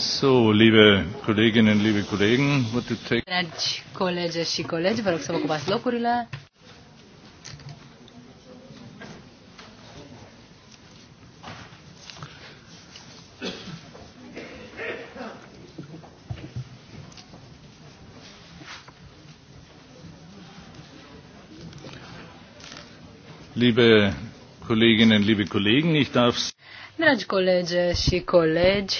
So, liebe Kolleginnen, liebe Kollegen, would you take... Dragi colege și colegi, vă rog să vă ocupați locurile. Liebe Kolleginnen, liebe Kollegen, ich darf Dragi colege și colegi,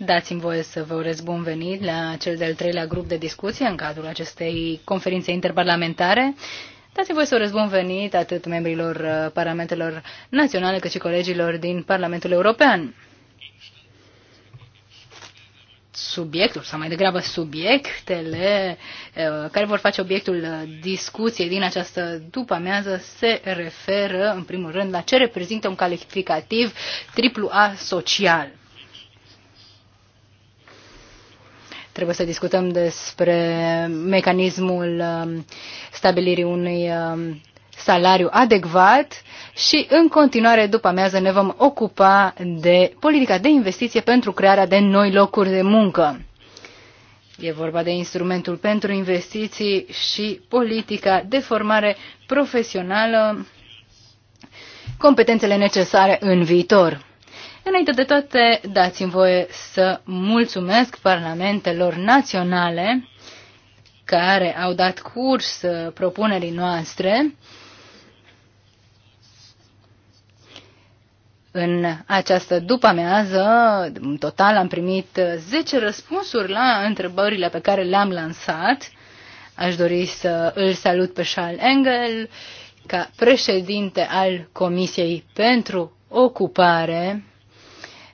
Dați-mi voie să vă urez bun venit la cel de-al treilea grup de discuție în cadrul acestei conferințe interparlamentare. Dați-mi voie să urez bun venit atât membrilor uh, parlamentelor naționale cât și colegilor din Parlamentul European. Subiectul, sau mai degrabă subiectele uh, care vor face obiectul uh, discuției din această după-amiază se referă, în primul rând, la ce reprezintă un calificativ AAA social. Trebuie să discutăm despre mecanismul um, stabilirii unui um, salariu adecvat și în continuare după amiază ne vom ocupa de politica de investiție pentru crearea de noi locuri de muncă. E vorba de instrumentul pentru investiții și politica de formare profesională, competențele necesare în viitor. Înainte de toate, dați-mi voie să mulțumesc parlamentelor naționale care au dat curs uh, propunerii noastre În această după-amiază, în total, am primit 10 uh, răspunsuri la întrebările pe care le-am lansat. Aș dori să îl salut pe Charles Engel ca președinte al Comisiei pentru Ocupare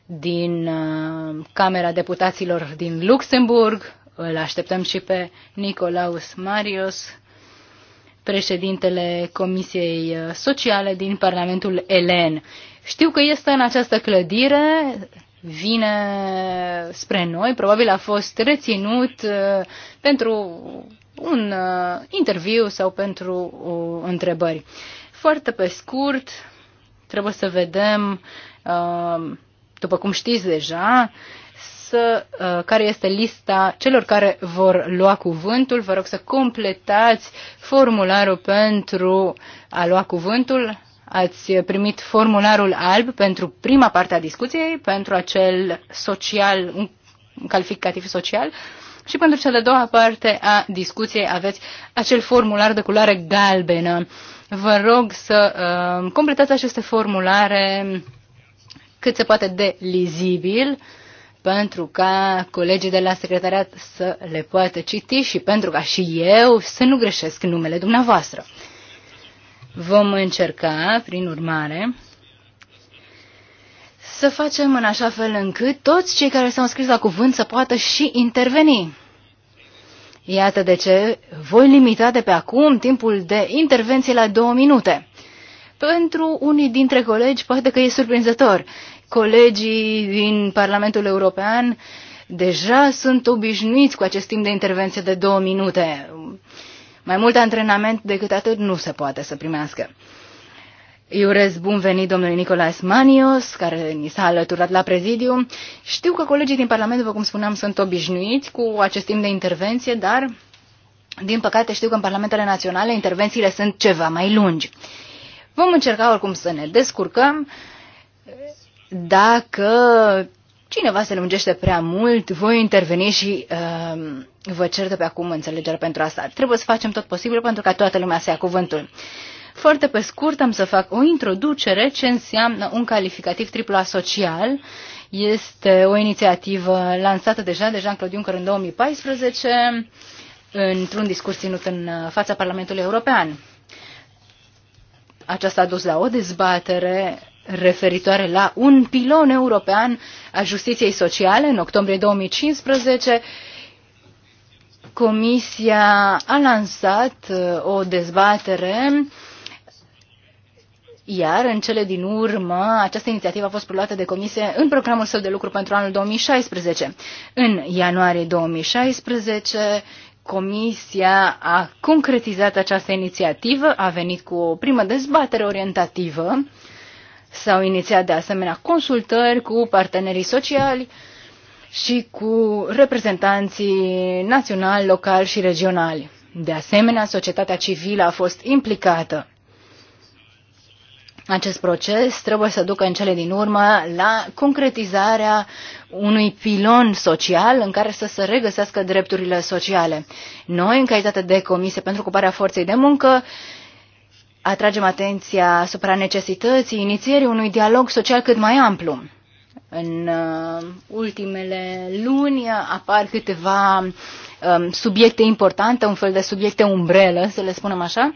din uh, Camera Deputaților din Luxemburg. Îl așteptăm și pe Nicolaus Marius, președintele Comisiei uh, Sociale din Parlamentul Elen. Știu că este în această clădire, vine spre noi, probabil a fost reținut uh, pentru un interviu sau pentru întrebări. Foarte pe scurt, trebuie să vedem uh, după cum știți deja, să, uh, care este lista celor care vor lua cuvântul. Vă rog să completați formularul pentru a lua cuvântul. Ați primit formularul alb pentru prima parte a discuției, pentru acel social, un calificativ social. Și pentru cea de-a doua parte a discuției aveți acel formular de culoare galbenă. Vă rog să uh, completați aceste formulare cât se poate de lizibil pentru ca colegii de la secretariat să le poată citi și pentru ca și eu să nu greșesc numele dumneavoastră. Vom încerca, prin urmare, să facem în așa fel încât toți cei care s-au scris la cuvânt să poată și interveni. Iată de ce voi limita de pe acum timpul de intervenție la două minute. Pentru unii dintre colegi poate că e surprinzător, colegii din Parlamentul European deja sunt obișnuiți cu acest timp de intervenție de două minute. Mai mult antrenament decât atât nu se poate să primească. Îi urez bun venit domnului Nicolae Manios, care ni s-a alăturat la prezidiu. Știu că colegii din Parlament, după cum spuneam, sunt obișnuiți cu acest timp de intervenție, dar, din păcate, știu că în Parlamentele Naționale intervențiile sunt ceva mai lungi. Vom încerca oricum să ne descurcăm. Dacă cineva se lungește prea mult, voi interveni și uh, vă cer de pe acum înțelegere pentru asta. Trebuie să facem tot posibil pentru ca toată lumea să ia cuvântul. Foarte pe scurt am să fac o introducere ce înseamnă un calificativ triplu social. Este o inițiativă lansată deja de Jean-Claude Juncker în 2014 într-un discurs ținut în uh, fața Parlamentului European. Aceasta a dus la o dezbatere referitoare la un pilon european a justiției sociale în octombrie 2015. Comisia a lansat uh, o dezbatere iar în cele din urmă, această inițiativă a fost preluată de comisie în programul său de lucru pentru anul 2016. În ianuarie 2016, comisia a concretizat această inițiativă, a venit cu o primă dezbatere orientativă S-au inițiat de asemenea consultări cu partenerii sociali și cu reprezentanții naționali, locali și regionali. De asemenea, societatea civilă a fost implicată. Acest proces trebuie să ducă în cele din urmă la concretizarea unui pilon social în care să se regăsească drepturile sociale. Noi, în calitate de Comisie pentru Ocuparea Forței de Muncă, atragem atenția asupra necesității inițierii unui dialog social cât mai amplu. În uh, ultimele luni apar câteva um, subiecte importante, un fel de subiecte umbrelă, să le spunem așa.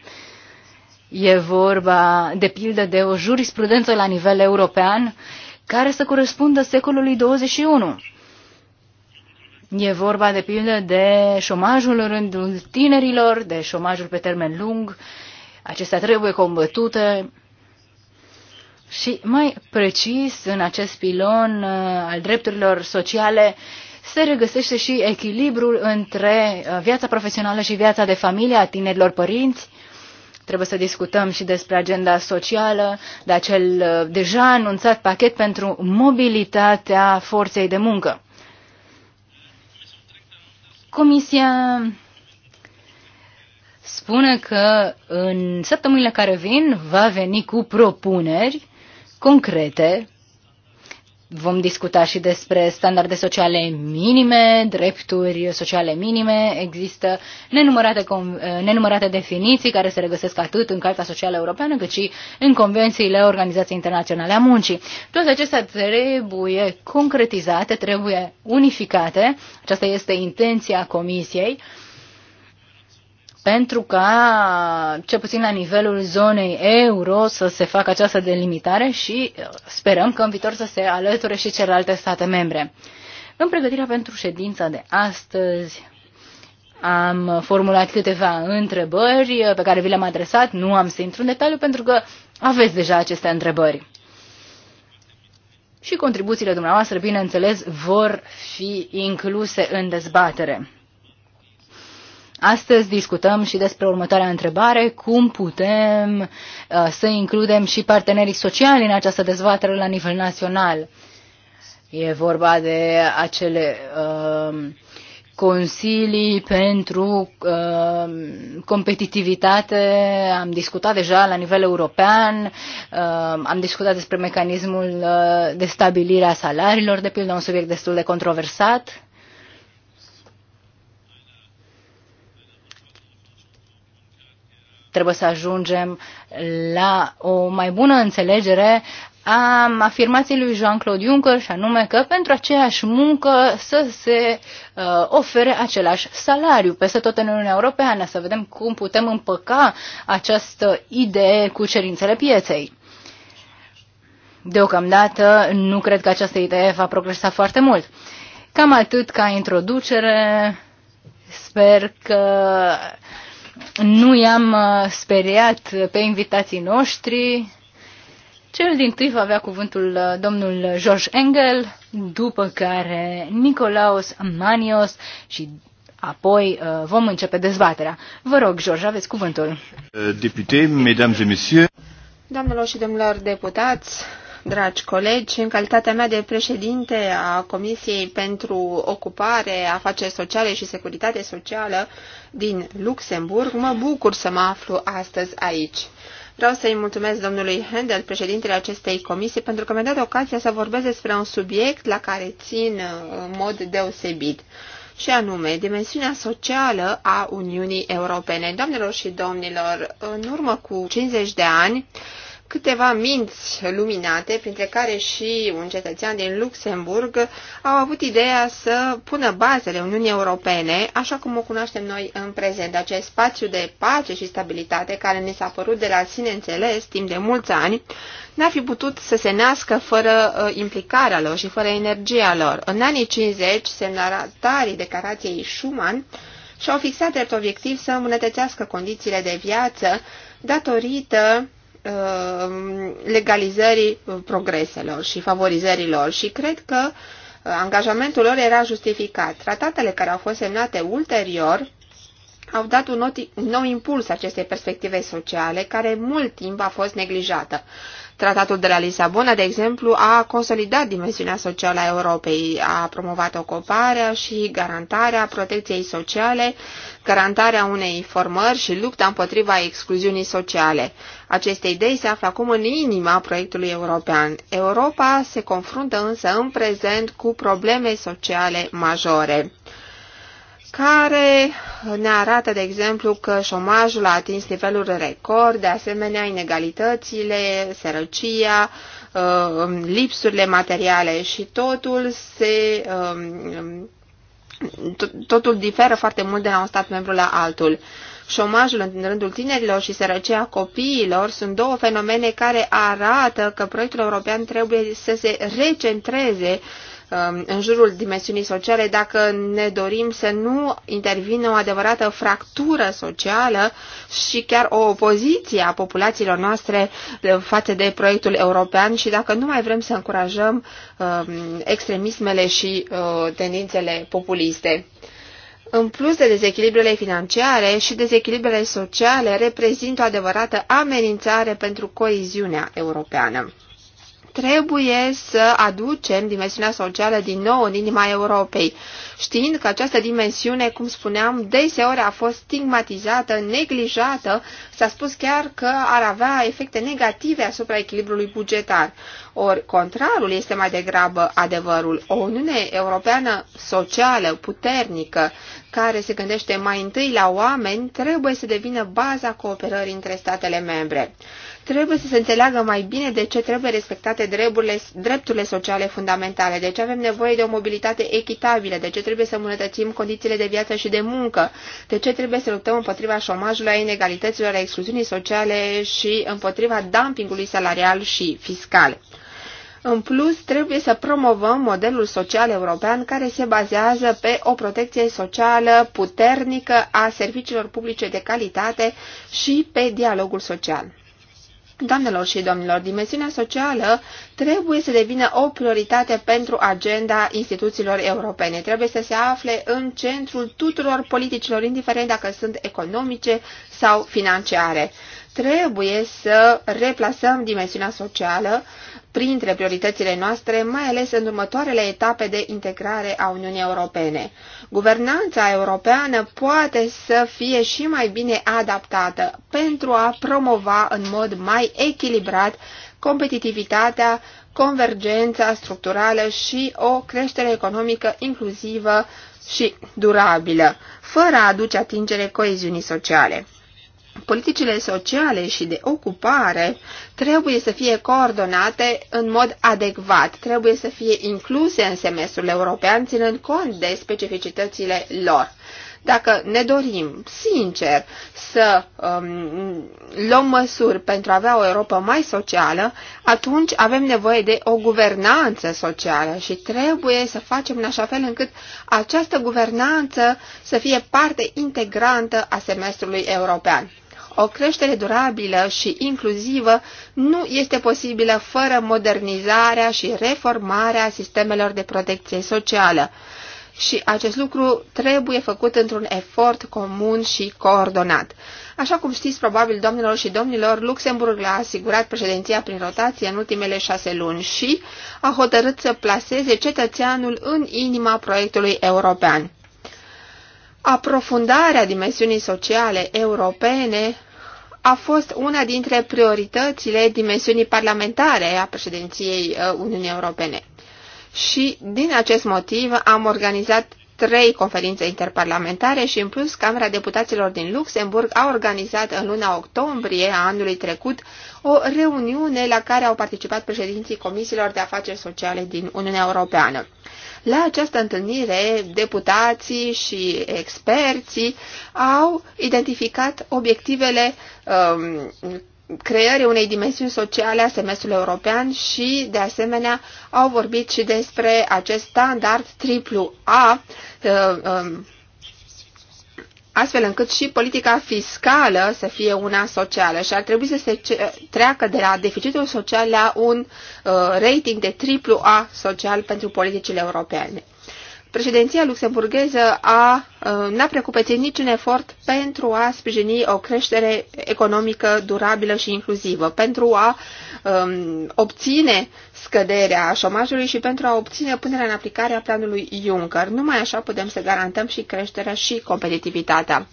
E vorba, de pildă, de o jurisprudență la nivel european care să corespundă secolului 21. E vorba, de pildă, de șomajul în rândul tinerilor, de șomajul pe termen lung, uh, Acestea trebuie combătute și mai precis în acest pilon uh, al drepturilor sociale se regăsește și echilibrul între uh, viața profesională și viața de familie a tinerilor părinți. Trebuie să discutăm și despre agenda socială, de acel uh, deja anunțat pachet pentru mobilitatea forței de muncă. Comisia spune că în săptămânile care vin va veni cu propuneri concrete. Vom discuta și despre standarde sociale minime, drepturi sociale minime. Există nenumărate, nenumărate definiții care se regăsesc atât în Carta Socială Europeană cât și în convențiile Organizației Internaționale a Muncii. Toate acestea trebuie concretizate, trebuie unificate. Aceasta este intenția Comisiei pentru ca, cel puțin la nivelul zonei euro, să se facă această delimitare și uh, sperăm că în viitor să se alăture și celelalte state membre. În pregătirea pentru ședința de astăzi am formulat câteva întrebări uh, pe care vi le-am adresat, nu am să intru în detaliu pentru că aveți deja aceste întrebări. Și contribuțiile dumneavoastră, bineînțeles, vor fi incluse în dezbatere. Astăzi discutăm și despre următoarea întrebare, cum putem uh, să includem și partenerii sociali în această dezbatere la nivel național. E vorba de acele uh, consilii pentru uh, competitivitate. Am discutat deja la nivel european, uh, am discutat despre mecanismul uh, de stabilire a salariilor, de pildă un subiect destul de controversat Trebuie să ajungem la o mai bună înțelegere a afirmației lui Jean-Claude Juncker și anume că pentru aceeași muncă să se uh, ofere același salariu peste tot în Uniunea Europeană, să vedem cum putem împăca această idee cu cerințele pieței. Deocamdată nu cred că această idee va progresa foarte mult. Cam atât ca introducere. Sper că uh, nu i-am uh, speriat pe invitații noștri. Cel din tâi va avea cuvântul uh, domnul George Engel, după care Nicolaos Manios și apoi uh, vom începe dezbaterea. Vă rog, George, aveți cuvântul. Deputate, mesdames et messieurs. Doamnelor și domnilor deputați, dragi colegi, în calitatea mea de președinte a Comisiei pentru Ocupare, Afaceri Sociale și Securitate Socială din Luxemburg, mă bucur să mă aflu astăzi aici. Vreau să-i mulțumesc domnului Handel, președintele acestei comisii, pentru că mi-a dat ocazia să vorbesc despre un subiect la care țin în mod deosebit și anume dimensiunea socială a Uniunii Europene. Doamnelor și domnilor, în urmă cu 50 de ani, câteva minți luminate, printre care și un cetățean din Luxemburg, au avut ideea să pună bazele Uniunii Europene, așa cum o cunoaștem noi în prezent, acest spațiu de pace și stabilitate care ne s-a părut de la sine înțeles timp de mulți ani, n-ar fi putut să se nască fără uh, implicarea lor și fără energia lor. În anii 50, semnatarii declarației Schumann și-au fixat drept obiectiv să îmbunătățească condițiile de viață datorită Uh, legalizării progreselor și favorizărilor și cred că uh, angajamentul lor era justificat. Tratatele care au fost semnate ulterior au dat un nou impuls acestei perspective sociale, care mult timp a fost neglijată. Tratatul de la Lisabona, de exemplu, a consolidat dimensiunea socială a Europei, a promovat ocuparea și garantarea protecției sociale, garantarea unei formări și lupta împotriva excluziunii sociale. Aceste idei se află acum în inima proiectului european. Europa se confruntă însă în prezent cu probleme sociale majore care ne arată, de exemplu, că șomajul a atins niveluri record, de asemenea inegalitățile, sărăcia, um, lipsurile materiale și totul se um, totul diferă foarte mult de la un stat membru la altul. Șomajul în rândul tinerilor și sărăcia copiilor sunt două fenomene care arată că proiectul european trebuie să se recentreze Um, în jurul dimensiunii sociale dacă ne dorim să nu intervină o adevărată fractură socială și chiar o opoziție a populațiilor noastre uh, față de proiectul european și dacă nu mai vrem să încurajăm um, extremismele și uh, tendințele populiste. În plus de dezechilibrele financiare și dezechilibrele sociale, reprezintă o adevărată amenințare pentru coeziunea europeană trebuie să aducem dimensiunea socială din nou în inima Europei, știind că această dimensiune, cum spuneam, deseori a fost stigmatizată, neglijată, s-a spus chiar că ar avea efecte negative asupra echilibrului bugetar. Ori contrarul este mai degrabă adevărul. O Uniune Europeană socială, puternică, care se gândește mai întâi la oameni, trebuie să devină baza cooperării între statele membre trebuie să se înțeleagă mai bine de ce trebuie respectate drepturile, drepturile sociale fundamentale, de ce avem nevoie de o mobilitate echitabilă, de ce trebuie să îmbunătățim condițiile de viață și de muncă, de ce trebuie să luptăm împotriva șomajului, a inegalităților, a excluziunii sociale și împotriva dumpingului salarial și fiscal. În plus, trebuie să promovăm modelul social european care se bazează pe o protecție socială puternică a serviciilor publice de calitate și pe dialogul social. Doamnelor și domnilor, dimensiunea socială trebuie să devină o prioritate pentru agenda instituțiilor europene. Trebuie să se afle în centrul tuturor politicilor, indiferent dacă sunt economice sau financiare. Trebuie să replasăm dimensiunea socială printre prioritățile noastre, mai ales în următoarele etape de integrare a Uniunii Europene. Guvernanța europeană poate să fie și mai bine adaptată pentru a promova în mod mai echilibrat competitivitatea, convergența structurală și o creștere economică inclusivă și durabilă, fără a aduce atingere coeziunii sociale politicile sociale și de ocupare trebuie să fie coordonate în mod adecvat, trebuie să fie incluse în semestrul european, ținând cont de specificitățile lor. Dacă ne dorim, sincer, să um, luăm măsuri pentru a avea o Europa mai socială, atunci avem nevoie de o guvernanță socială și trebuie să facem în așa fel încât această guvernanță să fie parte integrantă a semestrului european o creștere durabilă și inclusivă nu este posibilă fără modernizarea și reformarea sistemelor de protecție socială. Și acest lucru trebuie făcut într-un efort comun și coordonat. Așa cum știți, probabil, domnilor și domnilor, Luxemburg l-a asigurat președinția prin rotație în ultimele șase luni și a hotărât să placeze cetățeanul în inima proiectului european. Aprofundarea dimensiunii sociale europene a fost una dintre prioritățile dimensiunii parlamentare a președinției uh, Uniunii Europene. Și din acest motiv am organizat trei conferințe interparlamentare și, în plus, Camera Deputaților din Luxemburg a organizat în luna octombrie a anului trecut o reuniune la care au participat președinții Comisiilor de Afaceri Sociale din Uniunea Europeană. La această întâlnire, deputații și experții au identificat obiectivele um, creării unei dimensiuni sociale a semestrului european și, de asemenea, au vorbit și despre acest standard triplu A, uh, um, astfel încât și politica fiscală să fie una socială și ar trebui să se treacă de la deficitul social la un uh, rating de triplu A social pentru politicile europene. Președinția luxemburgheză a, n-a precupețit niciun efort pentru a sprijini o creștere economică durabilă și inclusivă, pentru a um, obține scăderea șomajului și pentru a obține punerea în aplicare a planului Juncker. Numai așa putem să garantăm și creșterea și competitivitatea.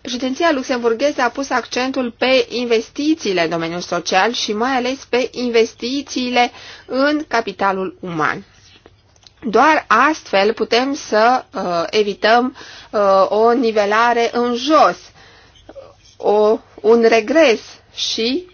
Președinția luxemburgheză a pus accentul pe investițiile în domeniul social și mai ales pe investițiile în capitalul uman. Doar astfel putem să uh, evităm uh, o nivelare în jos, o, un regres și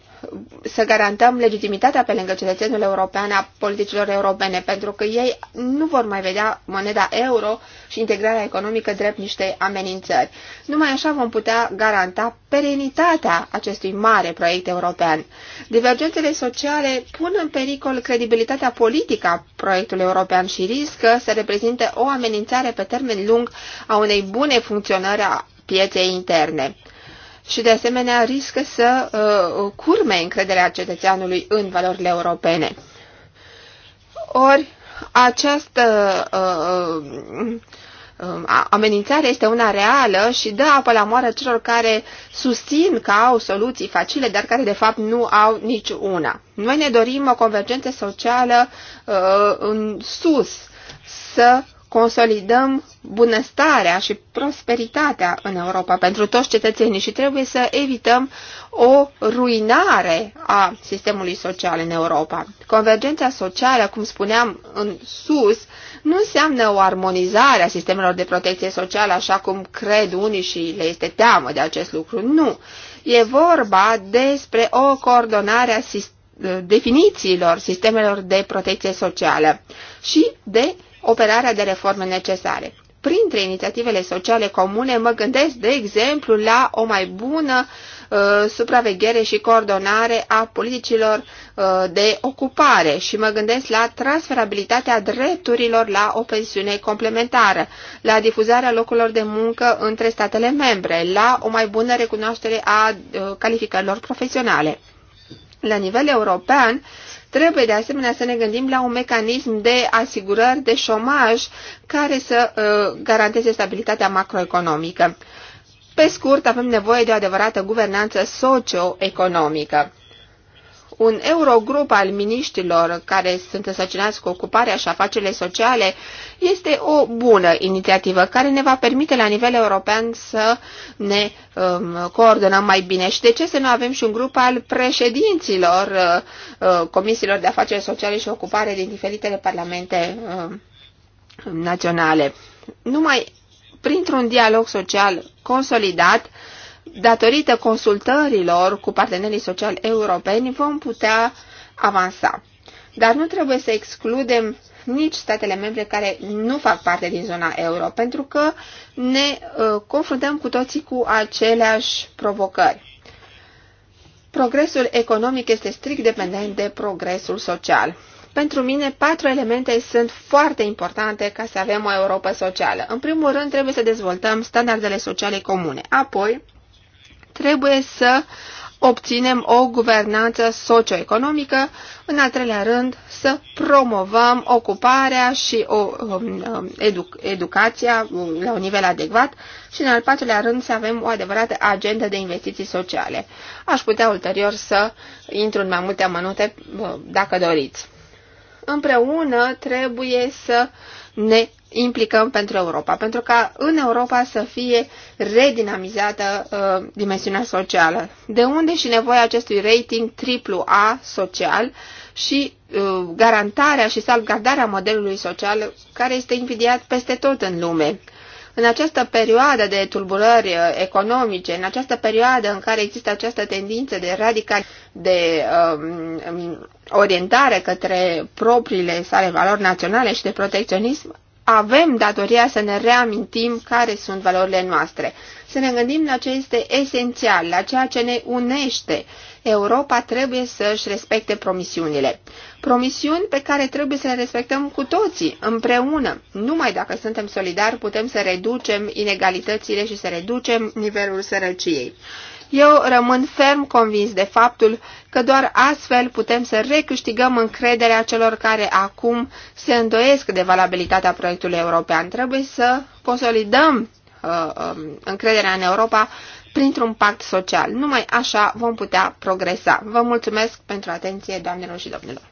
să garantăm legitimitatea pe lângă cetățenul european a politicilor europene, pentru că ei nu vor mai vedea moneda euro și integrarea economică drept niște amenințări. Numai așa vom putea garanta perenitatea acestui mare proiect european. Divergențele sociale pun în pericol credibilitatea politică a proiectului european și riscă să reprezinte o amenințare pe termen lung a unei bune funcționări a pieței interne și de asemenea riscă să uh, curme încrederea cetățeanului în valorile europene. Ori această uh, uh, uh, amenințare este una reală și dă apă la moară celor care susțin că au soluții facile, dar care de fapt nu au niciuna. Noi ne dorim o convergență socială uh, în sus, să consolidăm bunăstarea și prosperitatea în Europa pentru toți cetățenii și trebuie să evităm o ruinare a sistemului social în Europa. Convergența socială, cum spuneam în sus, nu înseamnă o armonizare a sistemelor de protecție socială așa cum cred unii și le este teamă de acest lucru. Nu. E vorba despre o coordonare a sistemelor definițiilor sistemelor de protecție socială și de operarea de reforme necesare. Printre inițiativele sociale comune mă gândesc, de exemplu, la o mai bună uh, supraveghere și coordonare a politicilor uh, de ocupare și mă gândesc la transferabilitatea drepturilor la o pensiune complementară, la difuzarea locurilor de muncă între statele membre, la o mai bună recunoaștere a uh, calificărilor profesionale. La nivel european, uh, Trebuie de asemenea să ne gândim la un mecanism de asigurări de șomaj care să uh, garanteze stabilitatea macroeconomică. Pe scurt, avem nevoie de o adevărată guvernanță socioeconomică un eurogrup al miniștilor care sunt însăcinați cu ocuparea și afacerile sociale este o bună inițiativă care ne va permite la nivel european să ne um, coordonăm mai bine. Și de ce să nu avem și un grup al președinților uh, uh, comisiilor de afaceri sociale și ocupare din diferitele parlamente uh, naționale? Numai printr-un dialog social consolidat, datorită consultărilor cu partenerii sociali europeni, vom putea avansa. Dar nu trebuie să excludem nici statele membre care nu fac parte din zona euro, pentru că ne uh, confruntăm cu toții cu aceleași provocări. Progresul economic este strict dependent de progresul social. Pentru mine, patru elemente sunt foarte importante ca să avem o Europa socială. În primul rând, trebuie să dezvoltăm standardele sociale comune. Apoi, trebuie să obținem o guvernanță socioeconomică, în al treilea rând să promovăm ocuparea și o, um, um, edu, educația um, la un nivel adecvat și în al patrulea rând să avem o adevărată agendă de investiții sociale. Aș putea ulterior să intru în mai multe amănunte uh, dacă doriți. Împreună trebuie să ne implicăm pentru Europa, pentru ca în Europa să fie redinamizată uh, dimensiunea socială. De unde și nevoia acestui rating triplu A social și uh, garantarea și salvgardarea modelului social care este invidiat peste tot în lume. În această perioadă de tulburări uh, economice, în această perioadă în care există această tendință de radical, de um, um, orientare către propriile sale valori naționale și de protecționism, avem datoria să ne reamintim care sunt valorile noastre, să ne gândim la ce este esențial, la ceea ce ne unește. Europa trebuie să-și respecte promisiunile promisiuni pe care trebuie să le respectăm cu toții, împreună. Numai dacă suntem solidari putem să reducem inegalitățile și să reducem nivelul sărăciei. Eu rămân ferm convins de faptul că doar astfel putem să recâștigăm încrederea celor care acum se îndoiesc de valabilitatea proiectului european. Trebuie să consolidăm uh, um, încrederea în Europa printr-un pact social. Numai așa vom putea progresa. Vă mulțumesc pentru atenție, doamnelor și domnilor.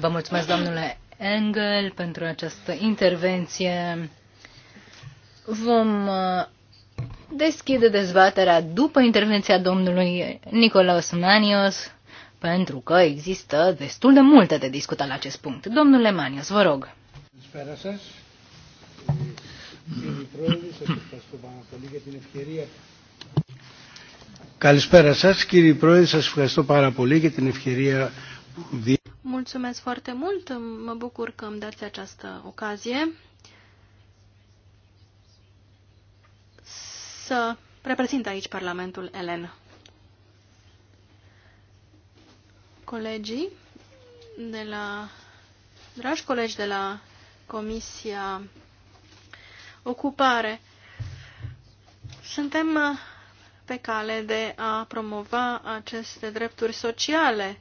Vă mulțumesc, domnule Engel, pentru această intervenție. Vom uh, deschide dezbaterea după intervenția domnului Nicolaus Manios pentru că există destul de multe de discutat la acest punct. Domnule Manius, vă rog. Καλησπέρα σας, κύριε Πρόεδρε, σας ευχαριστώ πάρα πολύ για την ευκαιρία Mulțumesc foarte mult, mă bucur că îmi dați această ocazie să reprezint aici Parlamentul Elen. colegii de la, dragi colegi de la Comisia Ocupare, suntem pe cale de a promova aceste drepturi sociale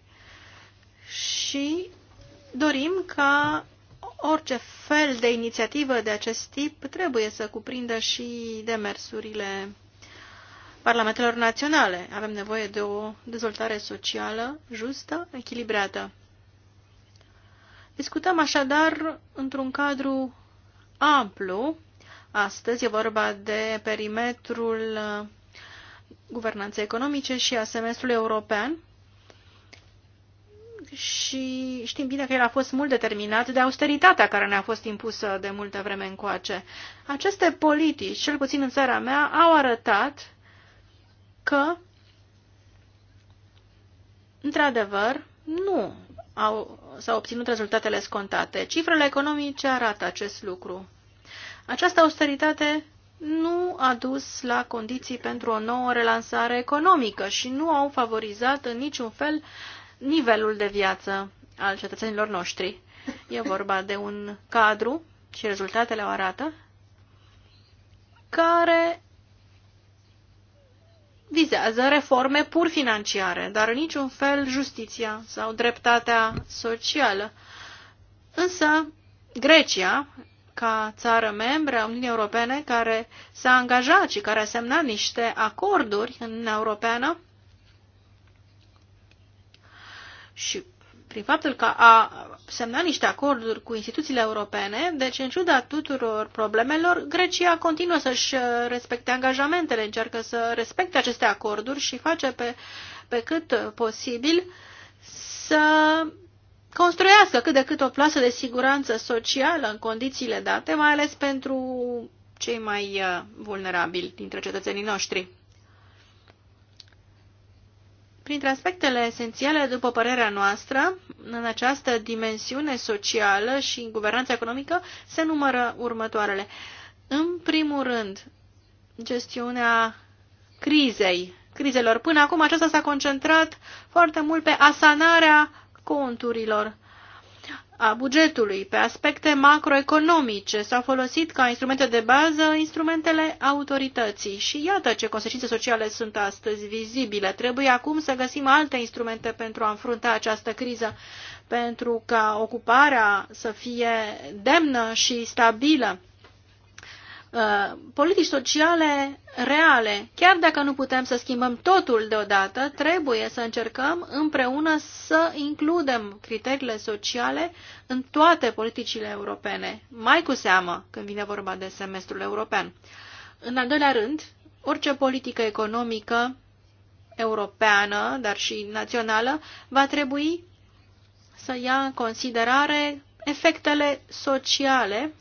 și dorim ca orice fel de inițiativă de acest tip trebuie să cuprindă și demersurile parlamentelor naționale. Avem nevoie de o dezvoltare socială justă, echilibrată. Discutăm așadar într-un cadru amplu. Astăzi e vorba de perimetrul guvernanței economice și a semestrului european. Și știm bine că el a fost mult determinat de austeritatea care ne-a fost impusă de multă vreme încoace. Aceste politici, cel puțin în țara mea, au arătat că, într-adevăr, nu au, s-au obținut rezultatele scontate. Cifrele economice arată acest lucru. Această austeritate nu a dus la condiții pentru o nouă relansare economică și nu au favorizat în niciun fel nivelul de viață al cetățenilor noștri. E vorba de un cadru, și rezultatele o arată, care vizează reforme pur financiare, dar în niciun fel justiția sau dreptatea socială. Însă, Grecia, ca țară membră a Uniunii Europene, care s-a angajat și care a semnat niște acorduri în Uniunea Europeană și prin faptul că a semnat niște acorduri cu instituțiile europene, deci în ciuda tuturor problemelor, Grecia continuă să-și uh, respecte angajamentele, încearcă să respecte aceste acorduri și face pe, pe cât posibil să construiască cât de cât o plasă de siguranță socială în condițiile date, mai ales pentru cei mai uh, vulnerabili dintre cetățenii noștri. Printre aspectele esențiale, după părerea noastră, în această dimensiune socială și în guvernanța economică se numără următoarele. În primul rând, gestiunea crizei, crizelor. Până acum aceasta s-a concentrat foarte mult pe asanarea conturilor a bugetului, pe aspecte macroeconomice, s-au folosit ca instrumente de bază instrumentele autorității. Și iată ce consecințe sociale sunt astăzi vizibile. Trebuie acum să găsim alte instrumente pentru a înfrunta această criză, pentru ca ocuparea să fie demnă și stabilă. Uh, politici sociale reale. Chiar dacă nu putem să schimbăm totul deodată, trebuie să încercăm împreună să includem criteriile sociale în toate politicile europene, mai cu seamă când vine vorba de semestrul european. În al doilea rând, orice politică economică europeană, dar și națională, va trebui să ia în considerare efectele sociale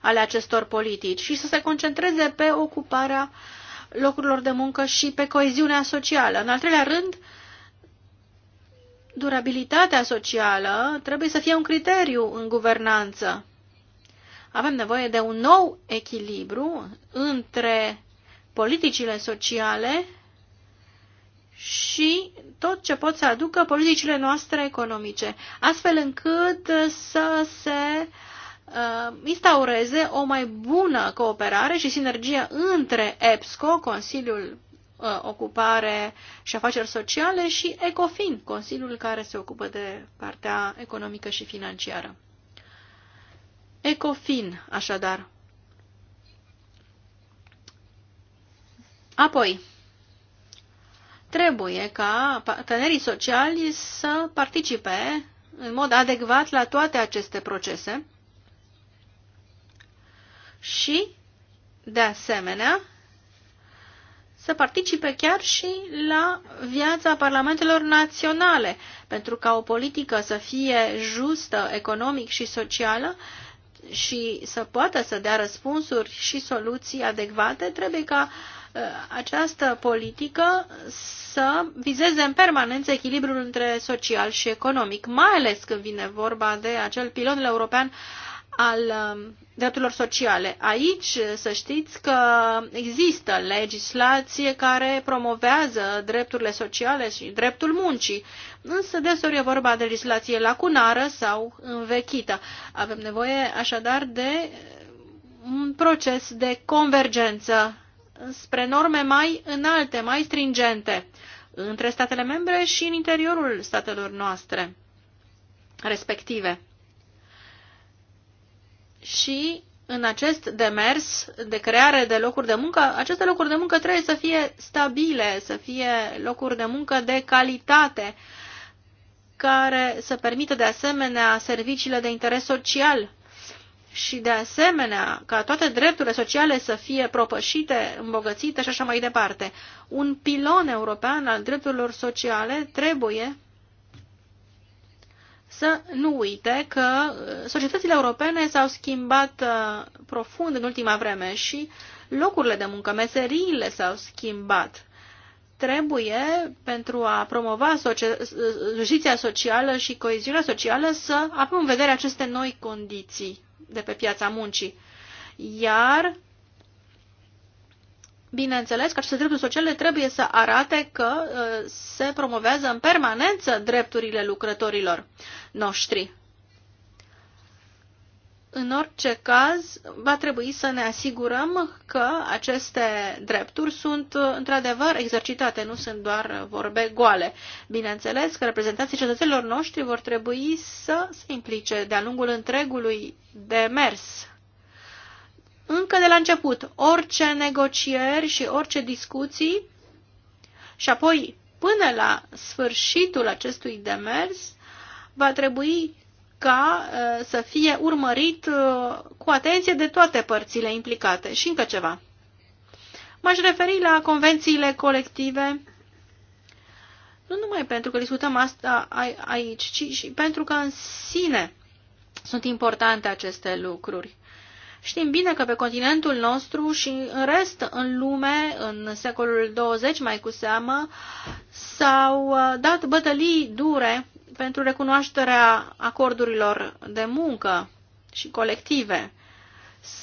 ale acestor politici și să se concentreze pe ocuparea locurilor de muncă și pe coeziunea socială. În al treilea rând, durabilitatea socială trebuie să fie un criteriu în guvernanță. Avem nevoie de un nou echilibru între politicile sociale și tot ce pot să aducă politicile noastre economice, astfel încât să se Uh, instaureze o mai bună cooperare și sinergie între EPSCO, Consiliul uh, Ocupare și Afaceri Sociale, și ECOFIN, Consiliul care se ocupă de partea economică și financiară. ECOFIN, așadar. Apoi, trebuie ca partenerii sociali să participe în mod adecvat la toate aceste procese și, de asemenea, să participe chiar și la viața parlamentelor naționale, pentru ca o politică să fie justă economic și socială și să poată să dea răspunsuri și soluții adecvate, trebuie ca uh, această politică să vizeze în permanență echilibrul între social și economic, mai ales când vine vorba de acel pilon european al um, drepturilor sociale. Aici să știți că există legislație care promovează drepturile sociale și dreptul muncii, însă desori e vorba de legislație lacunară sau învechită. Avem nevoie așadar de un proces de convergență spre norme mai înalte, mai stringente între statele membre și în interiorul statelor noastre respective și în acest demers de creare de locuri de muncă, aceste locuri de muncă trebuie să fie stabile, să fie locuri de muncă de calitate, care să permită de asemenea serviciile de interes social și de asemenea ca toate drepturile sociale să fie propășite, îmbogățite și așa mai departe. Un pilon european al drepturilor sociale trebuie să nu uite că uh, societățile europene s-au schimbat uh, profund în ultima vreme și locurile de muncă, meseriile s-au schimbat. Trebuie, pentru a promova uh, justiția socială și coeziunea socială, să avem în vedere aceste noi condiții de pe piața muncii. Iar Bineînțeles că aceste drepturi sociale trebuie să arate că uh, se promovează în permanență drepturile lucrătorilor noștri. În orice caz, va trebui să ne asigurăm că aceste drepturi sunt uh, într-adevăr exercitate, nu sunt doar vorbe goale. Bineînțeles că reprezentanții cetățenilor noștri vor trebui să se implice de-a lungul întregului demers încă de la început orice negocieri și orice discuții și apoi până la sfârșitul acestui demers va trebui ca uh, să fie urmărit uh, cu atenție de toate părțile implicate. Și încă ceva. M-aș referi la convențiile colective, nu numai pentru că discutăm asta aici, ci și pentru că în sine sunt importante aceste lucruri. Știm bine că pe continentul nostru și în rest în lume, în secolul 20 mai cu seamă, s-au uh, dat bătălii dure pentru recunoașterea acordurilor de muncă și colective.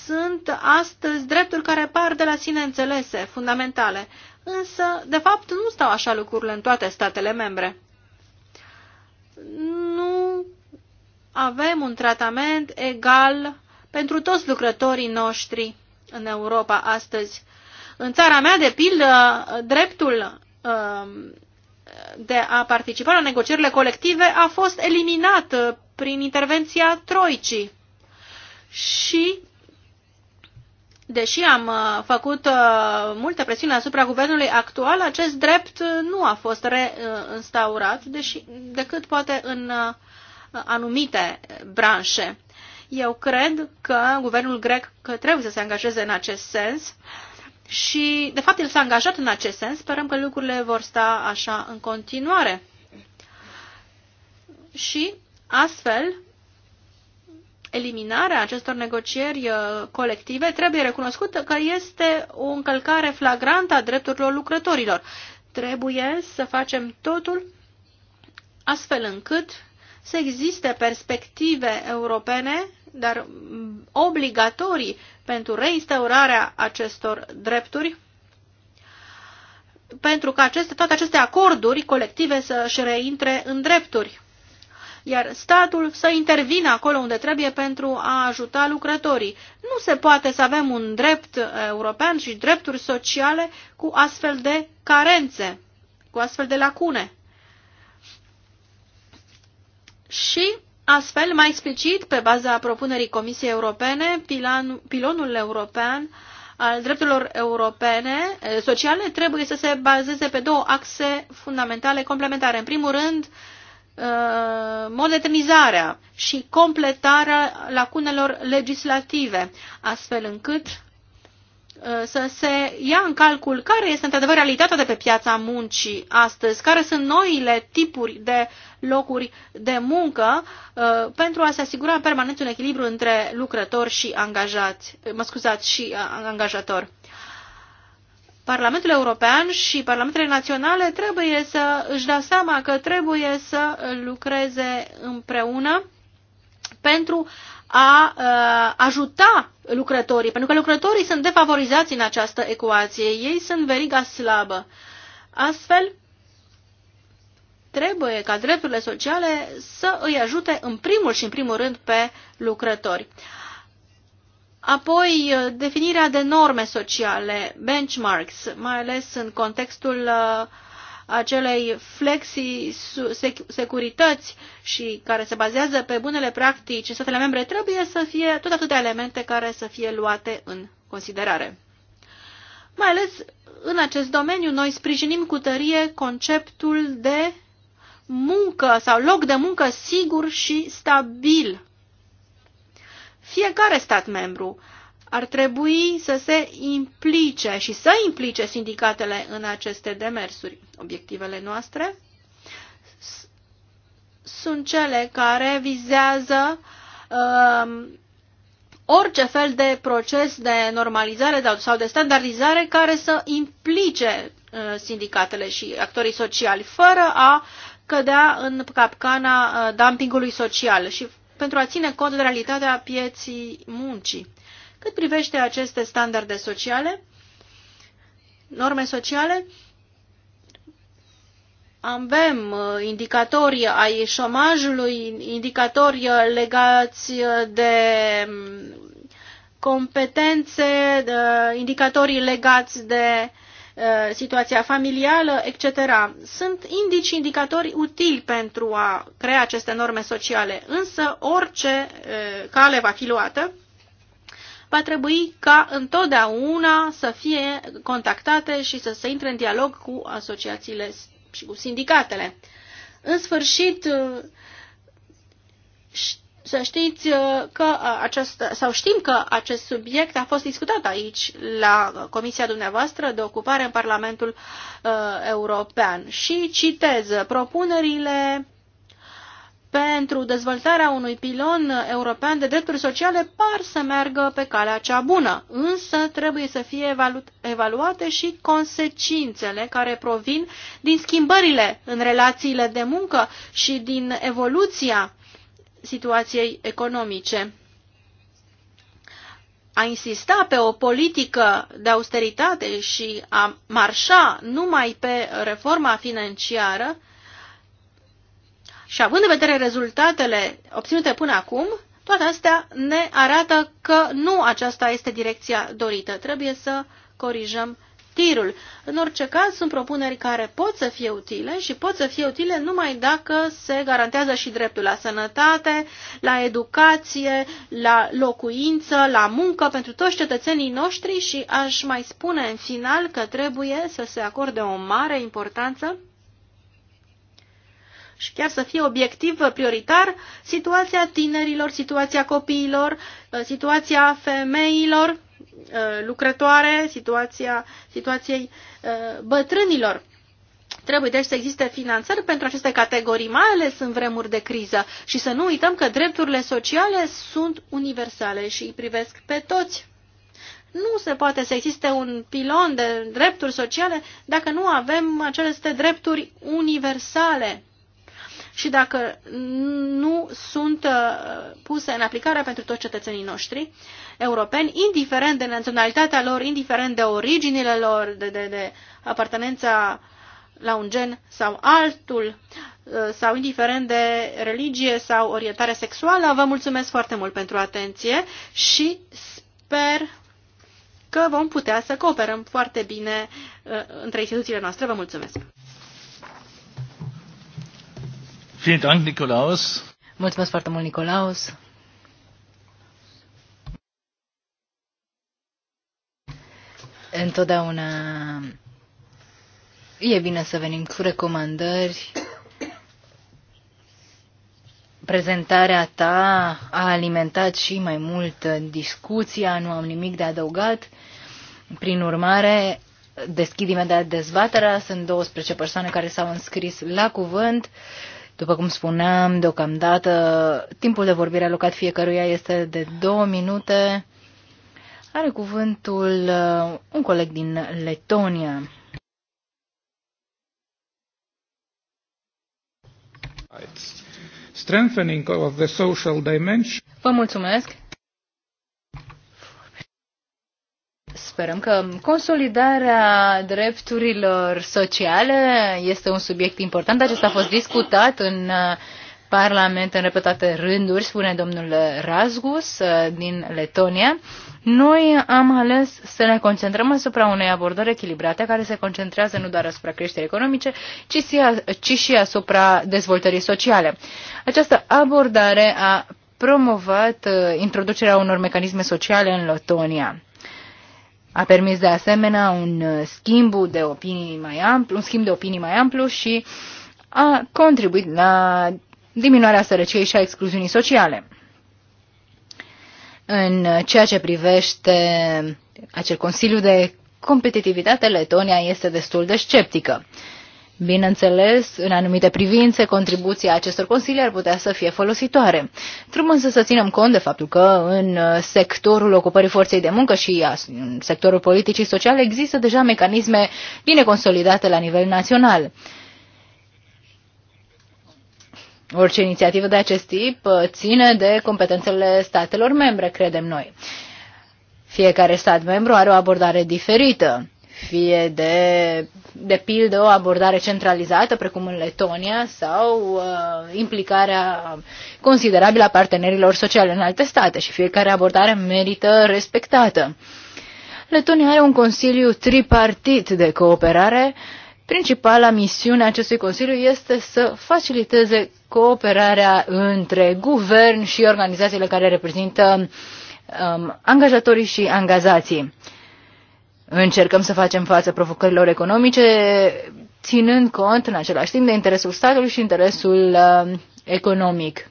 Sunt astăzi drepturi care par de la sine înțelese, fundamentale, însă, de fapt, nu stau așa lucrurile în toate statele membre. Nu avem un tratament egal pentru toți lucrătorii noștri în Europa astăzi. În țara mea, de pildă, dreptul um, de a participa la negocierile colective a fost eliminat uh, prin intervenția Troicii. Și, deși am uh, făcut uh, multe presiuni asupra guvernului actual, acest drept nu a fost reinstaurat, deși, decât poate în anumite branșe. Eu cred că guvernul grec că trebuie să se angajeze în acest sens și, de fapt, el s-a angajat în acest sens. Sperăm că lucrurile vor sta așa în continuare. Și, astfel, eliminarea acestor negocieri uh, colective trebuie recunoscută că este o încălcare flagrantă a drepturilor lucrătorilor. Trebuie să facem totul astfel încât să existe perspective europene, dar mm, obligatorii pentru reinstaurarea acestor drepturi, pentru ca aceste, toate aceste acorduri colective să-și reintre în drepturi, iar statul să intervină acolo unde trebuie pentru a ajuta lucrătorii. Nu se poate să avem un drept uh, european și drepturi sociale cu astfel de carențe, cu astfel de lacune și Astfel, mai explicit, pe baza propunerii Comisiei Europene, pilan, pilonul european al drepturilor europene eh, sociale trebuie să se bazeze pe două axe fundamentale complementare. În primul rând, eh, modernizarea și completarea lacunelor legislative, astfel încât Uh, să se ia în calcul care este într-adevăr realitatea de pe piața muncii astăzi, care sunt noile tipuri de locuri de muncă uh, pentru a se asigura permanent un echilibru între lucrători și angajați, mă scuzați, și uh, angajator. Parlamentul European și Parlamentele Naționale trebuie să își dea seama că trebuie să lucreze împreună pentru a uh, ajuta lucrătorii, pentru că lucrătorii sunt defavorizați în această ecuație, ei sunt veriga slabă. Astfel, trebuie ca drepturile sociale să îi ajute în primul și în primul rând pe lucrători. Apoi, definirea de norme sociale, benchmarks, mai ales în contextul uh, acelei flexi-securități și care se bazează pe bunele practici statele membre, trebuie să fie tot atâtea elemente care să fie luate în considerare. Mai ales în acest domeniu, noi sprijinim cu tărie conceptul de muncă sau loc de muncă sigur și stabil. Fiecare stat membru ar trebui să se implice și să implice sindicatele în aceste demersuri. Obiectivele noastre sunt cele care vizează uh, orice fel de proces de normalizare da, sau de standardizare care să implice uh, sindicatele și actorii sociali, fără a cădea în capcana uh, dumpingului social și pentru a ține cont de realitatea pieții muncii. Cât privește aceste standarde sociale, norme sociale, avem uh, indicatori ai șomajului, indicatori uh, legați uh, de um, competențe, indicatorii legați de situația familială, etc. Sunt indici, indicatori utili pentru a crea aceste norme sociale, însă orice cale va fi luată va trebui ca întotdeauna să fie contactate și să se intre în dialog cu asociațiile și cu sindicatele. În sfârșit, să știți uh, că uh, acest, sau știm că acest subiect a fost discutat aici la Comisia dumneavoastră de ocupare în Parlamentul uh, European și citez propunerile pentru dezvoltarea unui pilon european de drepturi sociale par să meargă pe calea cea bună, însă trebuie să fie evalu evaluate și consecințele care provin din schimbările în relațiile de muncă și din evoluția situației economice. A insista pe o politică de austeritate și a marșa numai pe reforma financiară și având în vedere rezultatele obținute până acum, toate astea ne arată că nu aceasta este direcția dorită. Trebuie să corijăm tirul. În orice caz, sunt propuneri care pot să fie utile și pot să fie utile numai dacă se garantează și dreptul la sănătate, la educație, la locuință, la muncă pentru toți cetățenii noștri și aș mai spune în final că trebuie să se acorde o mare importanță și chiar să fie obiectiv prioritar situația tinerilor, situația copiilor, uh, situația femeilor uh, lucrătoare, situația, situației uh, bătrânilor. Trebuie deci să existe finanțări pentru aceste categorii, mai ales în vremuri de criză și să nu uităm că drepturile sociale sunt universale și îi privesc pe toți. Nu se poate să existe un pilon de drepturi sociale dacă nu avem aceste drepturi universale și dacă nu sunt uh, puse în aplicare pentru toți cetățenii noștri europeni, indiferent de naționalitatea lor, indiferent de originile lor, de, de, de apartenența la un gen sau altul, uh, sau indiferent de religie sau orientare sexuală. Vă mulțumesc foarte mult pentru atenție și sper că vom putea să cooperăm foarte bine uh, între instituțiile noastre. Vă mulțumesc! Vielen Dank, Nikolaus. Mulțumesc foarte mult, Nicolaus. Întotdeauna e bine să venim cu recomandări. Prezentarea ta a alimentat și mai mult discuția, nu am nimic de adăugat. Prin urmare, deschid imediat dezbaterea. Sunt 12 persoane care s-au înscris la cuvânt. După cum spuneam, deocamdată timpul de vorbire alocat fiecăruia este de două minute. Are cuvântul uh, un coleg din Letonia. Strengthening of the social dimension. Vă mulțumesc. Sperăm că consolidarea drepturilor sociale este un subiect important. Acesta a fost discutat în uh, Parlament în repetate rânduri, spune domnul Razgus uh, din Letonia. Noi am ales să ne concentrăm asupra unei abordări echilibrate care se concentrează nu doar asupra creșterii economice, ci, ci și asupra dezvoltării sociale. Această abordare a promovat uh, introducerea unor mecanisme sociale în Letonia. A permis de asemenea un uh, schimb de opinii mai amplu, un schimb de opinii mai amplu și a contribuit la diminuarea sărăciei și a excluziunii sociale. În ceea ce privește acel Consiliu de Competitivitate, Letonia este destul de sceptică. Bineînțeles, în anumite privințe, contribuția acestor consilii ar putea să fie folositoare. Trebuie însă să ținem cont de faptul că în uh, sectorul ocupării forței de muncă și în sectorul politicii sociale există deja mecanisme bine consolidate la nivel național. Orice inițiativă de acest tip uh, ține de competențele statelor membre, credem noi. Fiecare stat membru are o abordare diferită fie de, de pildă, o abordare centralizată, precum în Letonia, sau uh, implicarea considerabilă a partenerilor sociale în alte state și fiecare abordare merită respectată. Letonia are un consiliu tripartit de cooperare. Principala misiune a acestui consiliu este să faciliteze cooperarea între guvern și organizațiile care reprezintă um, angajatorii și angajații Încercăm să facem față provocărilor economice, ținând cont în același timp de interesul statului și interesul uh, economic.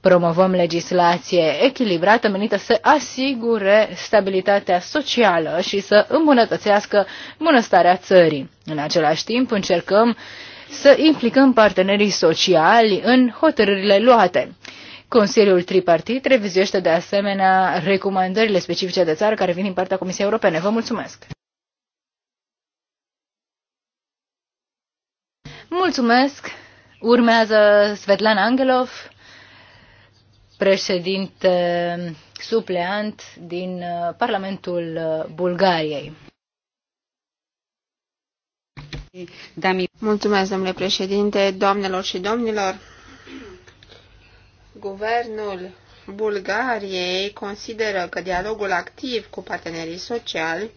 Promovăm legislație echilibrată menită să asigure stabilitatea socială și să îmbunătățească bunăstarea țării. În același timp încercăm să implicăm partenerii sociali în hotărârile luate. Consiliul tripartit revizuiește de asemenea recomandările specifice de țară care vin din partea Comisiei Europene. Vă mulțumesc! Mulțumesc! Urmează Svetlana Angelov, președinte supleant din uh, Parlamentul uh, Bulgariei. Mulțumesc, domnule președinte, doamnelor și domnilor! guvernul Bulgariei consideră că dialogul activ cu partenerii sociali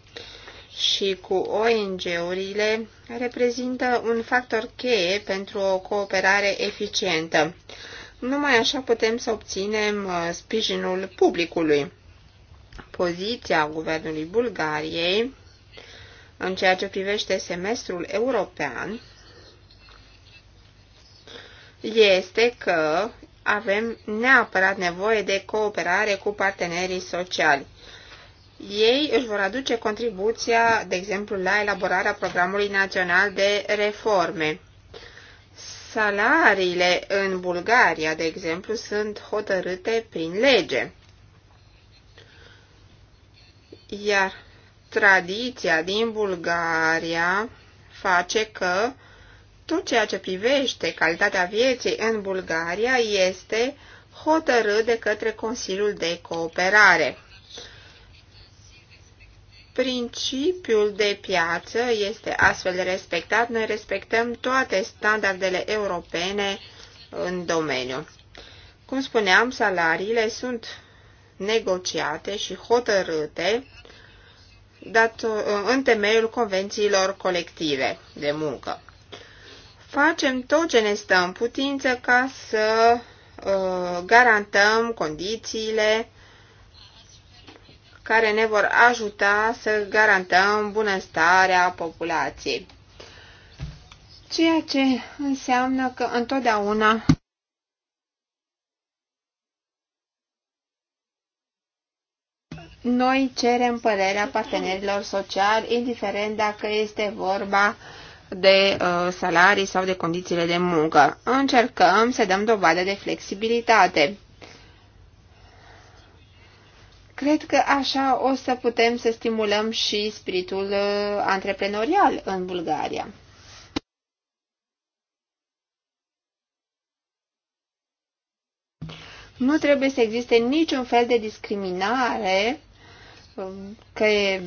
și cu ONG-urile reprezintă un factor cheie pentru o cooperare eficientă. Numai așa putem să obținem uh, sprijinul publicului. Poziția guvernului Bulgariei în ceea ce privește semestrul european este că avem neapărat nevoie de cooperare cu partenerii sociali. Ei își vor aduce contribuția, de exemplu, la elaborarea programului național de reforme. Salariile în Bulgaria, de exemplu, sunt hotărâte prin lege. Iar tradiția din Bulgaria face că tot ceea ce privește calitatea vieții în Bulgaria este hotărât de către Consiliul de Cooperare. Principiul de piață este astfel respectat. Noi respectăm toate standardele europene în domeniu. Cum spuneam, salariile sunt negociate și hotărâte dat, în temeiul convențiilor colective de muncă facem tot ce ne stă în putință ca să uh, garantăm condițiile care ne vor ajuta să garantăm bunăstarea populației. Ceea ce înseamnă că întotdeauna noi cerem părerea partenerilor sociali, indiferent dacă este vorba de uh, salarii sau de condițiile de muncă. Încercăm să dăm dovadă de flexibilitate. Cred că așa o să putem să stimulăm și spiritul uh, antreprenorial în Bulgaria. Nu trebuie să existe niciun fel de discriminare um, că e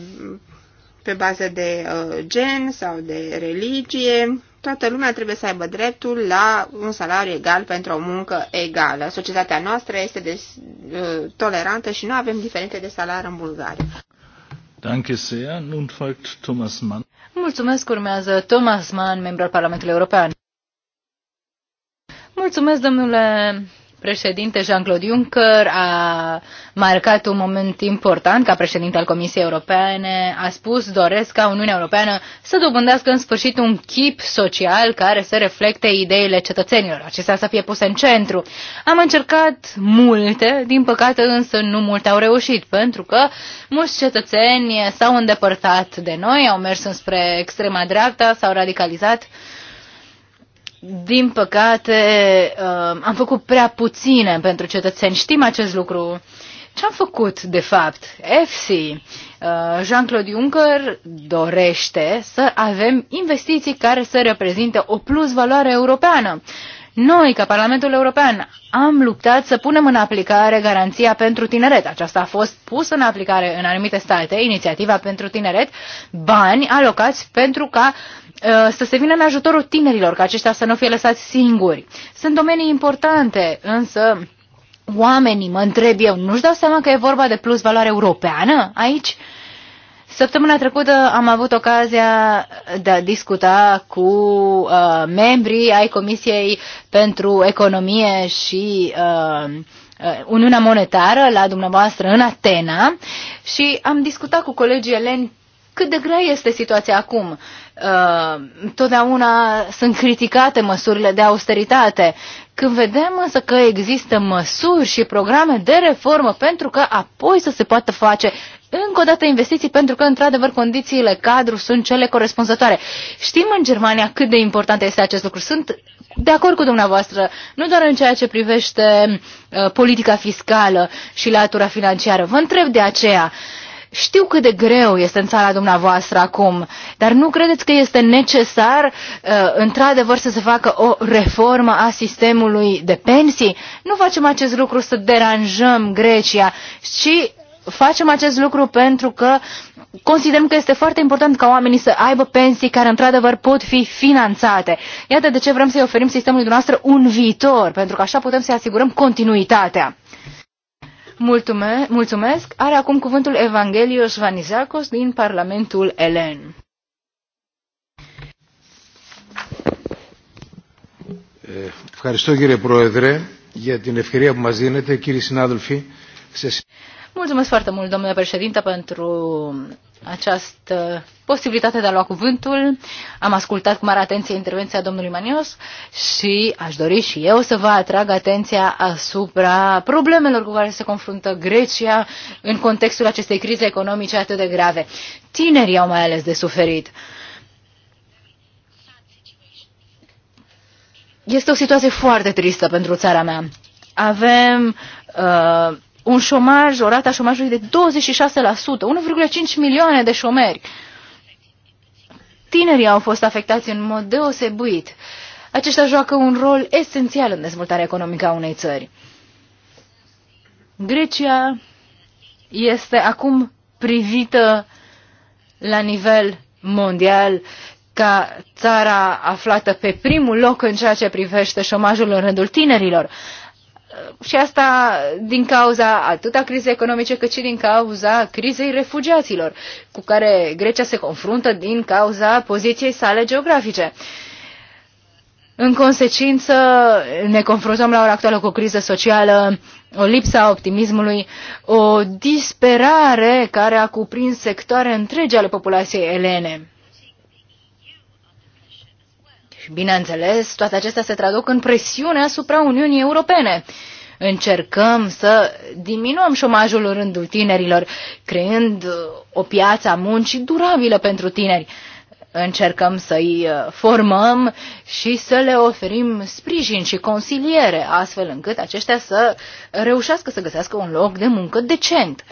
pe bază de uh, gen sau de religie. Toată lumea trebuie să aibă dreptul la un salariu egal pentru o muncă egală. Societatea noastră este de, uh, tolerantă și nu avem diferențe de salariu în Bulgaria. Danke sehr. Nun folgt Thomas Mann. Mulțumesc, urmează Thomas Mann, membru al Parlamentului European. Mulțumesc, domnule președinte Jean-Claude Juncker a marcat un moment important ca președinte al Comisiei Europene. A spus, doresc ca Uniunea Europeană să dobândească în sfârșit un chip social care să reflecte ideile cetățenilor, acestea să fie puse în centru. Am încercat multe, din păcate însă nu multe au reușit, pentru că mulți cetățeni s-au îndepărtat de noi, au mers înspre extrema dreapta, s-au radicalizat din păcate, uh, am făcut prea puține pentru cetățeni. Știm acest lucru. Ce am făcut, de fapt? EFSI, uh, Jean-Claude Juncker dorește să avem investiții care să reprezinte o plus valoare europeană. Noi, ca Parlamentul European, am luptat să punem în aplicare garanția pentru tineret. Aceasta a fost pusă în aplicare în anumite state, inițiativa pentru tineret, bani alocați pentru ca uh, să se vină în ajutorul tinerilor, ca aceștia să nu fie lăsați singuri. Sunt domenii importante, însă oamenii, mă întreb eu, nu-și dau seama că e vorba de plus valoare europeană aici? Uh, Săptămâna trecută am avut ocazia de a discuta cu uh, membrii ai Comisiei pentru Economie și uh, uh, Uniunea Monetară la dumneavoastră în Atena și am discutat cu colegii eleni cât de grea este situația acum. Uh, totdeauna sunt criticate măsurile de austeritate. Când vedem însă că există măsuri și programe de reformă pentru că apoi să se poată face încă o dată investiții pentru că, într-adevăr, condițiile cadru sunt cele corespunzătoare. Știm în Germania cât de important este acest lucru. Sunt de acord cu dumneavoastră, nu doar în ceea ce privește uh, politica fiscală și latura financiară. Vă întreb de aceea, știu cât de greu este în țara dumneavoastră acum, dar nu credeți că este necesar, uh, într-adevăr, să se facă o reformă a sistemului de pensii? Nu facem acest lucru să deranjăm Grecia, ci facem acest lucru pentru că considerăm că este foarte important ca oamenii să aibă pensii care într-adevăr pot fi finanțate. Iată de ce vrem să-i oferim sistemului dumneavoastră un viitor, pentru că așa putem să-i asigurăm continuitatea. Mulțume, mulțumesc. Are acum cuvântul Evangelios Vanizakos din Parlamentul Elen. Ευχαριστώ κύριε Πρόεδρε για την ευκαιρία που μας δίνετε, κύριοι συνάδελφοι. Σε... Mulțumesc foarte mult, domnule președinte, pentru această posibilitate de a lua cuvântul. Am ascultat cu mare atenție intervenția domnului Manios și aș dori și eu să vă atrag atenția asupra problemelor cu care se confruntă Grecia în contextul acestei crize economice atât de grave. Tinerii au mai ales de suferit. Este o situație foarte tristă pentru țara mea. Avem uh, un șomaj, o rată a șomajului de 26%, 1,5 milioane de șomeri. Tinerii au fost afectați în mod deosebit. Aceștia joacă un rol esențial în dezvoltarea economică a unei țări. Grecia este acum privită la nivel mondial ca țara aflată pe primul loc în ceea ce privește șomajul în rândul tinerilor. Uh, și asta din cauza atât a crizei economice cât și din cauza crizei refugiaților cu care Grecia se confruntă din cauza poziției sale geografice. În consecință, ne confruntăm la ora actuală cu o criză socială, o lipsă a optimismului, o disperare care a cuprins sectoare întregi ale populației elene bineînțeles, toate acestea se traduc în presiune asupra Uniunii Europene. Încercăm să diminuăm șomajul în rândul tinerilor, creând uh, o piață a muncii durabilă pentru tineri. Încercăm să-i uh, formăm și să le oferim sprijin și consiliere, astfel încât aceștia să reușească să găsească un loc de muncă decent.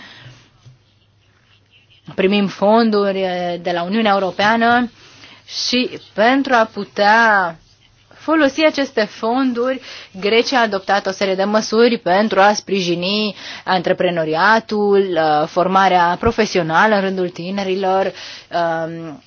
Primim fonduri uh, de la Uniunea Europeană și pentru a putea folosi aceste fonduri, Grecia a adoptat o serie de măsuri pentru a sprijini antreprenoriatul, uh, formarea profesională în rândul tinerilor um,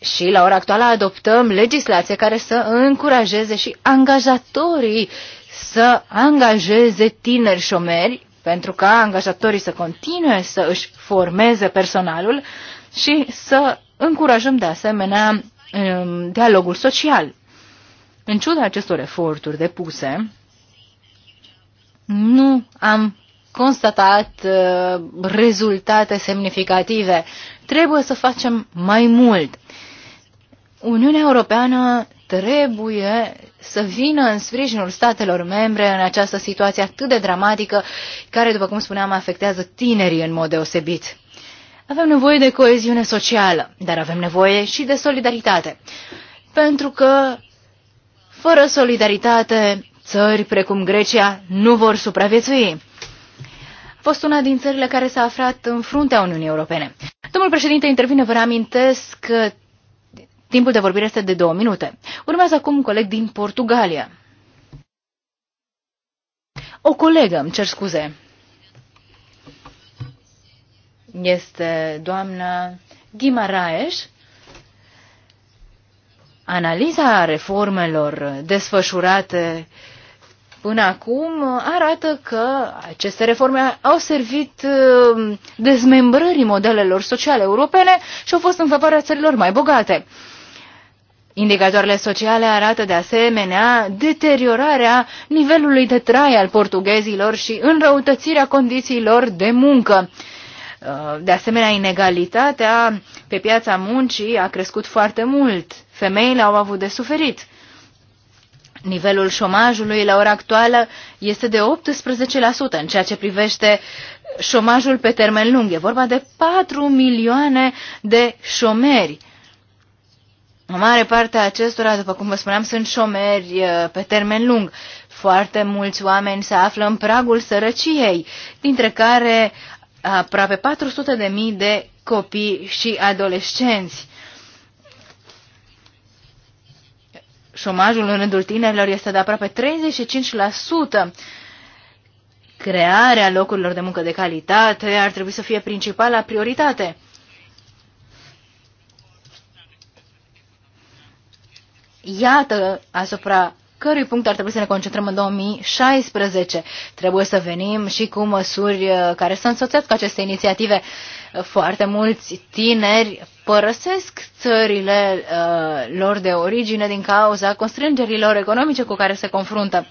și la ora actuală adoptăm legislație care să încurajeze și angajatorii să angajeze tineri șomeri pentru ca angajatorii să continue să își formeze personalul și să încurajăm de asemenea um, dialogul social. În ciuda acestor eforturi depuse, nu am constatat uh, rezultate semnificative. Trebuie să facem mai mult. Uniunea Europeană trebuie să vină în sprijinul statelor membre în această situație atât de dramatică, care, după cum spuneam, afectează tinerii în mod deosebit. Avem nevoie de coeziune socială, dar avem nevoie și de solidaritate. Pentru că, fără solidaritate, țări precum Grecia nu vor supraviețui. A fost una din țările care s-a aflat în fruntea Uniunii Europene. Domnul președinte intervine, vă reamintesc că timpul de vorbire este de două minute. Urmează acum un coleg din Portugalia. O colegă, îmi cer scuze, este doamna Ghimaraeș. Analiza reformelor desfășurate până acum arată că aceste reforme au servit uh, dezmembrării modelelor sociale europene și au fost în favoarea țărilor mai bogate. Indicatoarele sociale arată de asemenea deteriorarea nivelului de trai al portughezilor și înrăutățirea condițiilor de muncă. Uh, de asemenea, inegalitatea pe piața muncii a crescut foarte mult. Femeile au avut de suferit. Nivelul șomajului la ora actuală este de 18% în ceea ce privește șomajul pe termen lung. E vorba de 4 milioane de șomeri. O mare parte a acestora, după cum vă spuneam, sunt șomeri uh, pe termen lung. Foarte mulți oameni se află în pragul sărăciei, dintre care aproape 400 de mii de copii și adolescenți. Șomajul în rândul tinerilor este de aproape 35%. Crearea locurilor de muncă de calitate ar trebui să fie principala prioritate. Iată asupra cărui punct ar trebui să ne concentrăm în 2016. Trebuie să venim și cu măsuri uh, care să însoțească aceste inițiative. Uh, foarte mulți tineri părăsesc țările uh, lor de origine din cauza constrângerilor economice cu care se confruntă.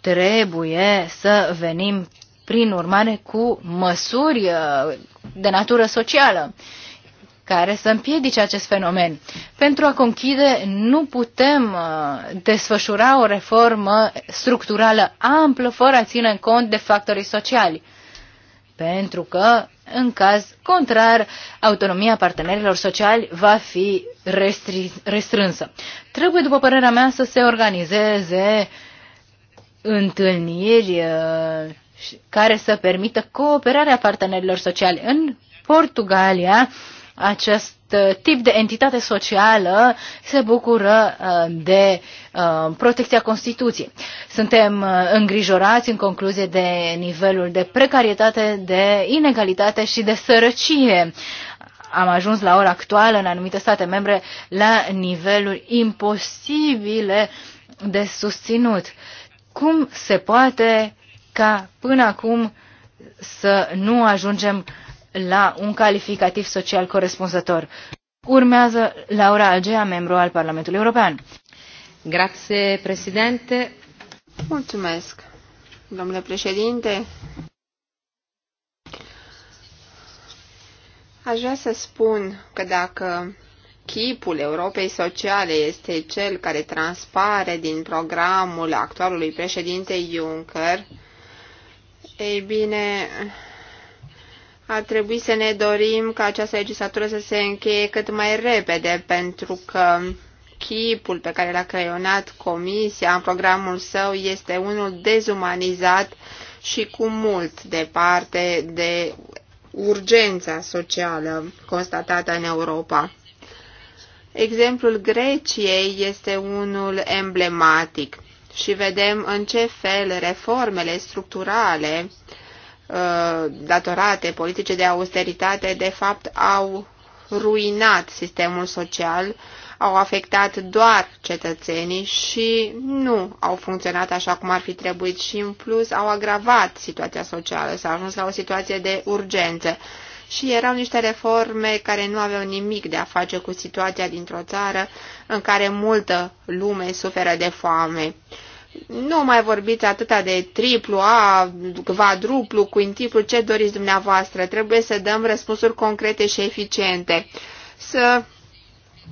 Trebuie să venim, prin urmare, cu măsuri uh, de natură socială. Uh, care să împiedice acest fenomen. Pentru a conchide, nu putem uh, desfășura o reformă structurală amplă fără a ține în cont de factorii sociali. Pentru că, în caz contrar, autonomia partenerilor sociali va fi restrânsă. Trebuie, după părerea mea, să se organizeze întâlniri uh, care să permită cooperarea partenerilor sociali. În Portugalia, acest uh, tip de entitate socială se bucură uh, de uh, protecția Constituției. Suntem îngrijorați în concluzie de nivelul de precarietate, de inegalitate și de sărăcie. Am ajuns la ora actuală în anumite state membre la niveluri imposibile de susținut. Cum se poate ca până acum să nu ajungem uh, la un calificativ social corespunzător. Urmează Laura Algea, membru al Parlamentului European. Grazie, președinte. Mulțumesc, domnule președinte. Aș vrea să spun că dacă chipul Europei Sociale este cel care transpare din programul actualului președinte Juncker, ei bine, ar trebui să ne dorim ca această legislatură să se încheie cât mai repede, pentru că chipul pe care l-a creionat Comisia în programul său este unul dezumanizat și cu mult departe de urgența socială constatată în Europa. Exemplul Greciei este unul emblematic și vedem în ce fel reformele structurale Uh, datorate politice de austeritate, de fapt au ruinat sistemul social, au afectat doar cetățenii și nu au funcționat așa cum ar fi trebuit și în plus au agravat situația socială, s-a ajuns la o situație de urgență. Și erau niște reforme care nu aveau nimic de a face cu situația dintr-o țară în care multă lume suferă de foame. Nu mai vorbiți atâta de triplu, A, quadruplu, quintiplu, ce doriți dumneavoastră. Trebuie să dăm răspunsuri concrete și eficiente. Să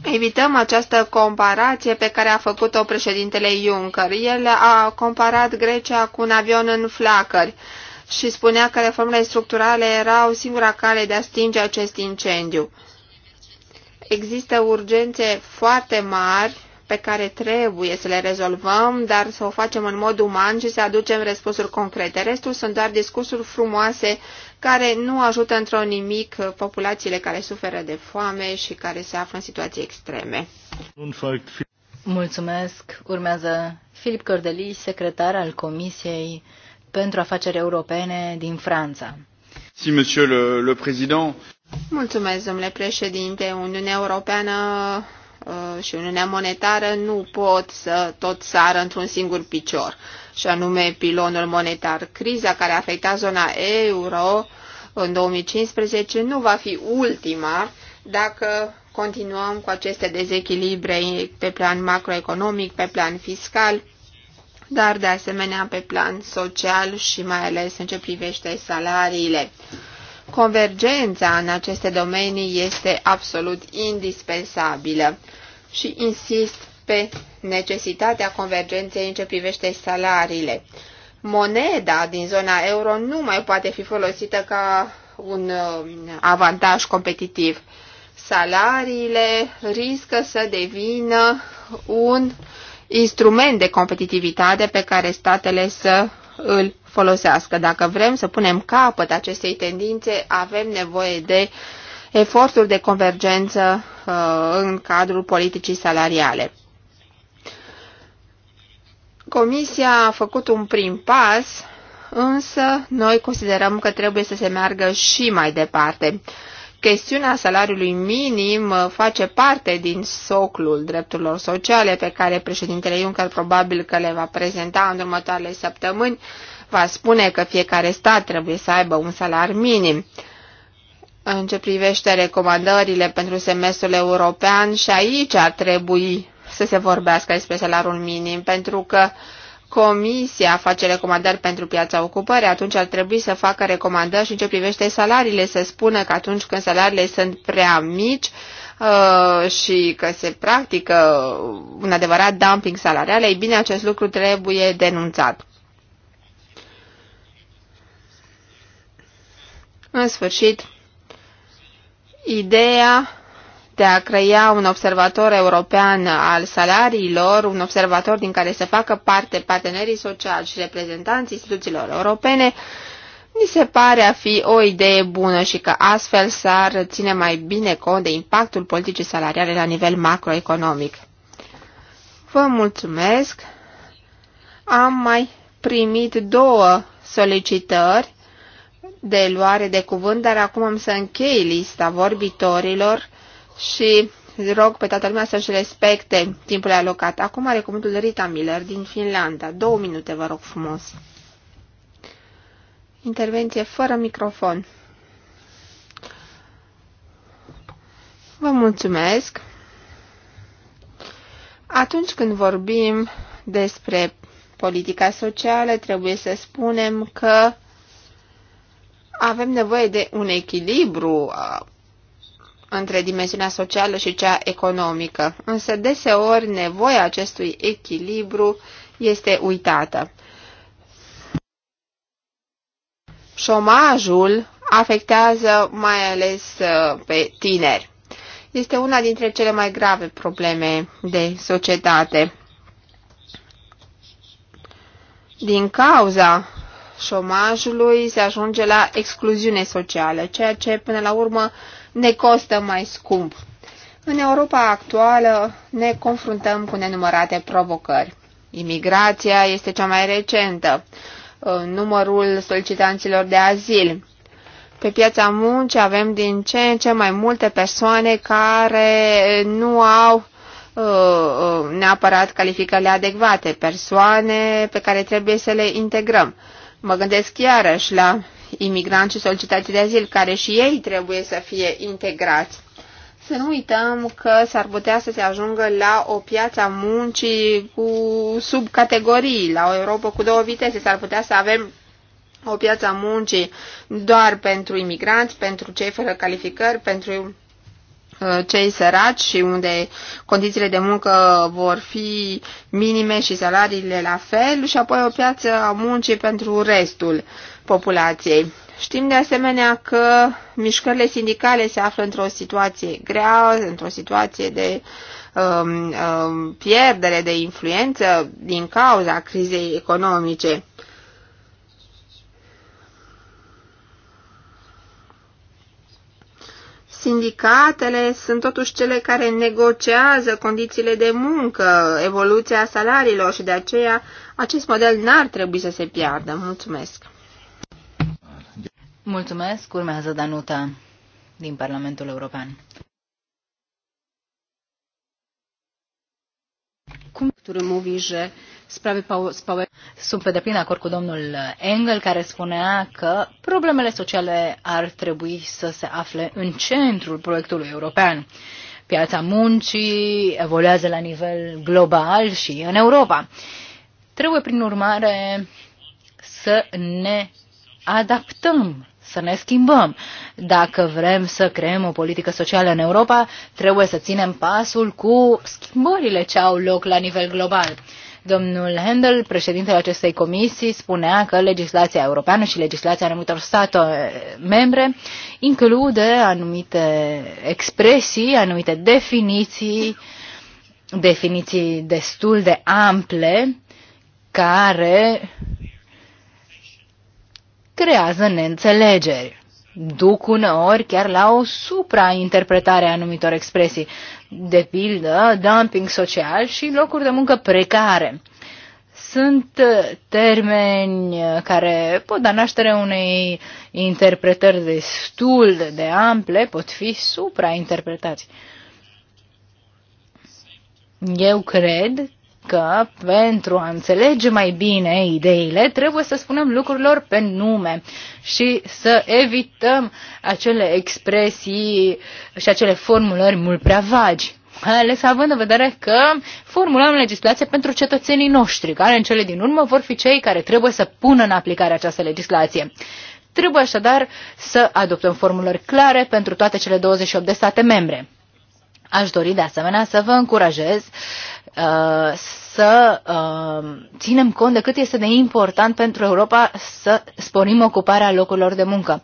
evităm această comparație pe care a făcut-o președintele Juncker. El a comparat Grecia cu un avion în flacări și spunea că reformele structurale erau singura cale de a stinge acest incendiu. Există urgențe foarte mari pe care trebuie să le rezolvăm, dar să o facem în mod uman și să aducem răspunsuri concrete. Restul sunt doar discursuri frumoase care nu ajută într-o nimic populațiile care suferă de foame și care se află în situații extreme. Mulțumesc. Urmează Filip Cordeli, secretar al Comisiei pentru Afaceri Europene din Franța. Si, monsieur le, le président. Mulțumesc, domnule președinte. Uniunea Europeană Uh, și Uniunea Monetară nu pot să tot sară într-un singur picior, și anume pilonul monetar. Criza care a afectat zona euro în 2015 nu va fi ultima dacă continuăm cu aceste dezechilibre pe plan macroeconomic, pe plan fiscal, dar de asemenea pe plan social și mai ales în ce privește salariile. Convergența în aceste domenii este absolut indispensabilă și insist pe necesitatea convergenței în ce privește salariile. Moneda din zona euro nu mai poate fi folosită ca un uh, avantaj competitiv. Salariile riscă să devină un instrument de competitivitate pe care statele să îl folosească. Dacă vrem să punem capăt acestei tendințe, avem nevoie de eforturi de convergență uh, în cadrul politicii salariale. Comisia a făcut un prim pas, însă noi considerăm că trebuie să se meargă și mai departe. Uh, chestiunea salariului minim uh, face parte din soclul drepturilor sociale pe care președintele Juncker probabil că le va prezenta în următoarele săptămâni. Va spune că fiecare stat trebuie să aibă un salar minim. În ce privește recomandările pentru semestrul european și aici ar trebui să se vorbească despre salariul minim, pentru că uh, Comisia face recomandări pentru piața ocupării, atunci ar trebui să facă recomandări și în ce privește salariile, să spună că atunci când salariile sunt prea mici uh, și că se practică un adevărat dumping salarial, ei bine, acest lucru trebuie denunțat. În sfârșit, ideea de a crea un observator european al salariilor, un observator din care să facă parte partenerii sociali și reprezentanții instituțiilor europene, mi se pare a fi o idee bună și că astfel s-ar ține mai bine cont de impactul politicii salariale la nivel macroeconomic. Vă mulțumesc! Am mai primit două solicitări de luare de cuvânt, dar acum am să închei lista vorbitorilor și rog pe toată lumea să-și respecte timpul alocat. Acum are cuvântul Rita Miller din Finlanda. Două minute, vă rog frumos. Intervenție fără microfon. Vă mulțumesc. Atunci când vorbim despre politica socială, trebuie să spunem că avem nevoie de un echilibru între dimensiunea socială și cea economică, însă deseori nevoia acestui echilibru este uitată. Șomajul afectează mai ales uh, pe tineri. Este una dintre cele mai grave probleme de societate. Din cauza șomajului se ajunge la excluziune socială, ceea ce până la urmă ne costă mai scump. În Europa actuală ne confruntăm cu nenumărate provocări. Imigrația este cea mai recentă, uh, numărul solicitanților de azil. Pe piața muncii avem din ce în ce mai multe persoane care nu au uh, uh, neapărat calificările adecvate, persoane pe care trebuie să le integrăm. Mă gândesc iarăși la imigranți și solicitații de azil, care și ei trebuie să fie integrați. Să nu uităm că s-ar putea să se ajungă la o piață a muncii cu subcategorii, la o Europa cu două viteze. S-ar putea să avem o piață a muncii doar pentru imigranți, pentru cei fără calificări, pentru uh, cei săraci și unde condițiile de muncă vor fi minime și salariile la fel și apoi o piață a muncii pentru restul populației. Știm de asemenea că mișcările sindicale se află într-o situație grea, într-o situație de um, um, pierdere de influență din cauza crizei economice. Sindicatele sunt totuși cele care negociază condițiile de muncă, evoluția salariilor și de aceea acest model n-ar trebui să se piardă. Mulțumesc! Mulțumesc. Urmează Danuta din Parlamentul European. Cum mówi, że sprawy Sunt pe deplin acord cu domnul Engel, care spunea că problemele sociale ar trebui să se afle în centrul proiectului european. Piața muncii evoluează la nivel global și în Europa. Trebuie, prin urmare, să ne adaptăm să ne schimbăm. Dacă vrem să creăm o politică socială în Europa, trebuie să ținem pasul cu schimbările ce au loc la nivel global. Domnul Handel, președintele acestei comisii, spunea că legislația europeană și legislația anumitor state membre include anumite expresii, anumite definiții, definiții destul de ample, care creează neînțelegeri. Duc uneori chiar la o suprainterpretare a anumitor expresii, de pildă dumping social și locuri de muncă precare. Sunt uh, termeni uh, care pot da naștere unei interpretări destul de ample, pot fi suprainterpretați. Eu cred că pentru a înțelege mai bine ideile, trebuie să spunem lucrurilor pe nume și să evităm acele expresii și acele formulări mult prea vagi. Mai ales având în vedere că formulăm legislație pentru cetățenii noștri, care în cele din urmă vor fi cei care trebuie să pună în aplicare această legislație. Trebuie așadar să adoptăm formulări clare pentru toate cele 28 de state membre. Aș dori de asemenea să vă încurajez uh, să uh, ținem cont de cât este de important pentru Europa să sporim ocuparea locurilor de muncă.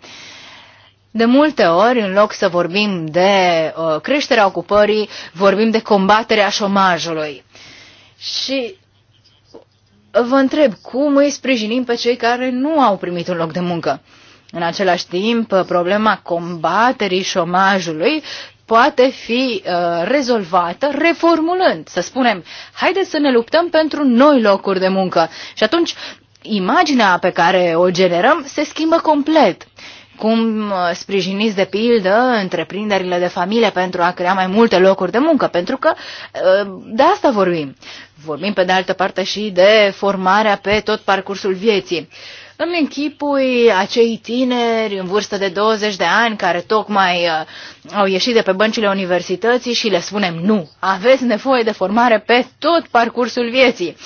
De multe ori, în loc să vorbim de uh, creșterea ocupării, vorbim de combaterea șomajului. Și vă întreb, cum îi sprijinim pe cei care nu au primit un loc de muncă? În același timp, problema combaterii șomajului poate fi uh, rezolvată reformulând, să spunem, haideți să ne luptăm pentru noi locuri de muncă. Și atunci imaginea pe care o generăm se schimbă complet. Cum uh, sprijiniți de pildă întreprinderile de familie pentru a crea mai multe locuri de muncă? Pentru că uh, de asta vorbim. Vorbim pe de altă parte și de formarea pe tot parcursul vieții. Îmi închipui acei tineri în vârstă de 20 de ani care tocmai uh, au ieșit de pe băncile universității și le spunem nu, aveți nevoie de formare pe tot parcursul vieții.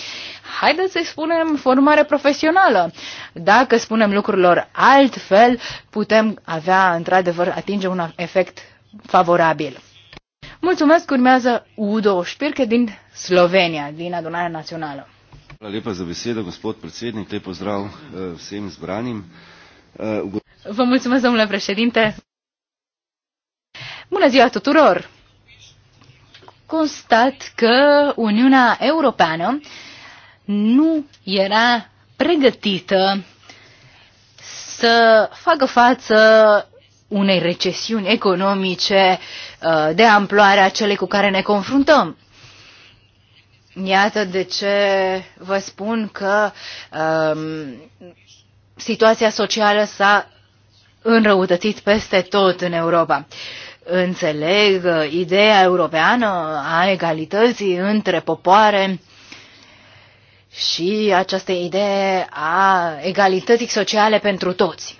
Haideți să-i spunem formare profesională. Dacă spunem lucrurilor altfel, putem avea, într-adevăr, atinge un efect favorabil. Mulțumesc, urmează Udo Șpirche din Slovenia, din Adunarea Națională. Hvala lepa za besedo, gospod predsednik. Lep pozdrav eh, vsem zbranim. Eh, Vă mulțumesc, domnule președinte. Bună ziua tuturor! Constat că Uniunea Europeană nu era pregătită să facă față unei recesiuni economice eh, de amploare a celei cu care ne confruntăm. Iată de ce vă spun că um, situația socială s-a înrăutățit peste tot în Europa. Înțeleg uh, ideea europeană a egalității între popoare și această idee a egalității sociale pentru toți.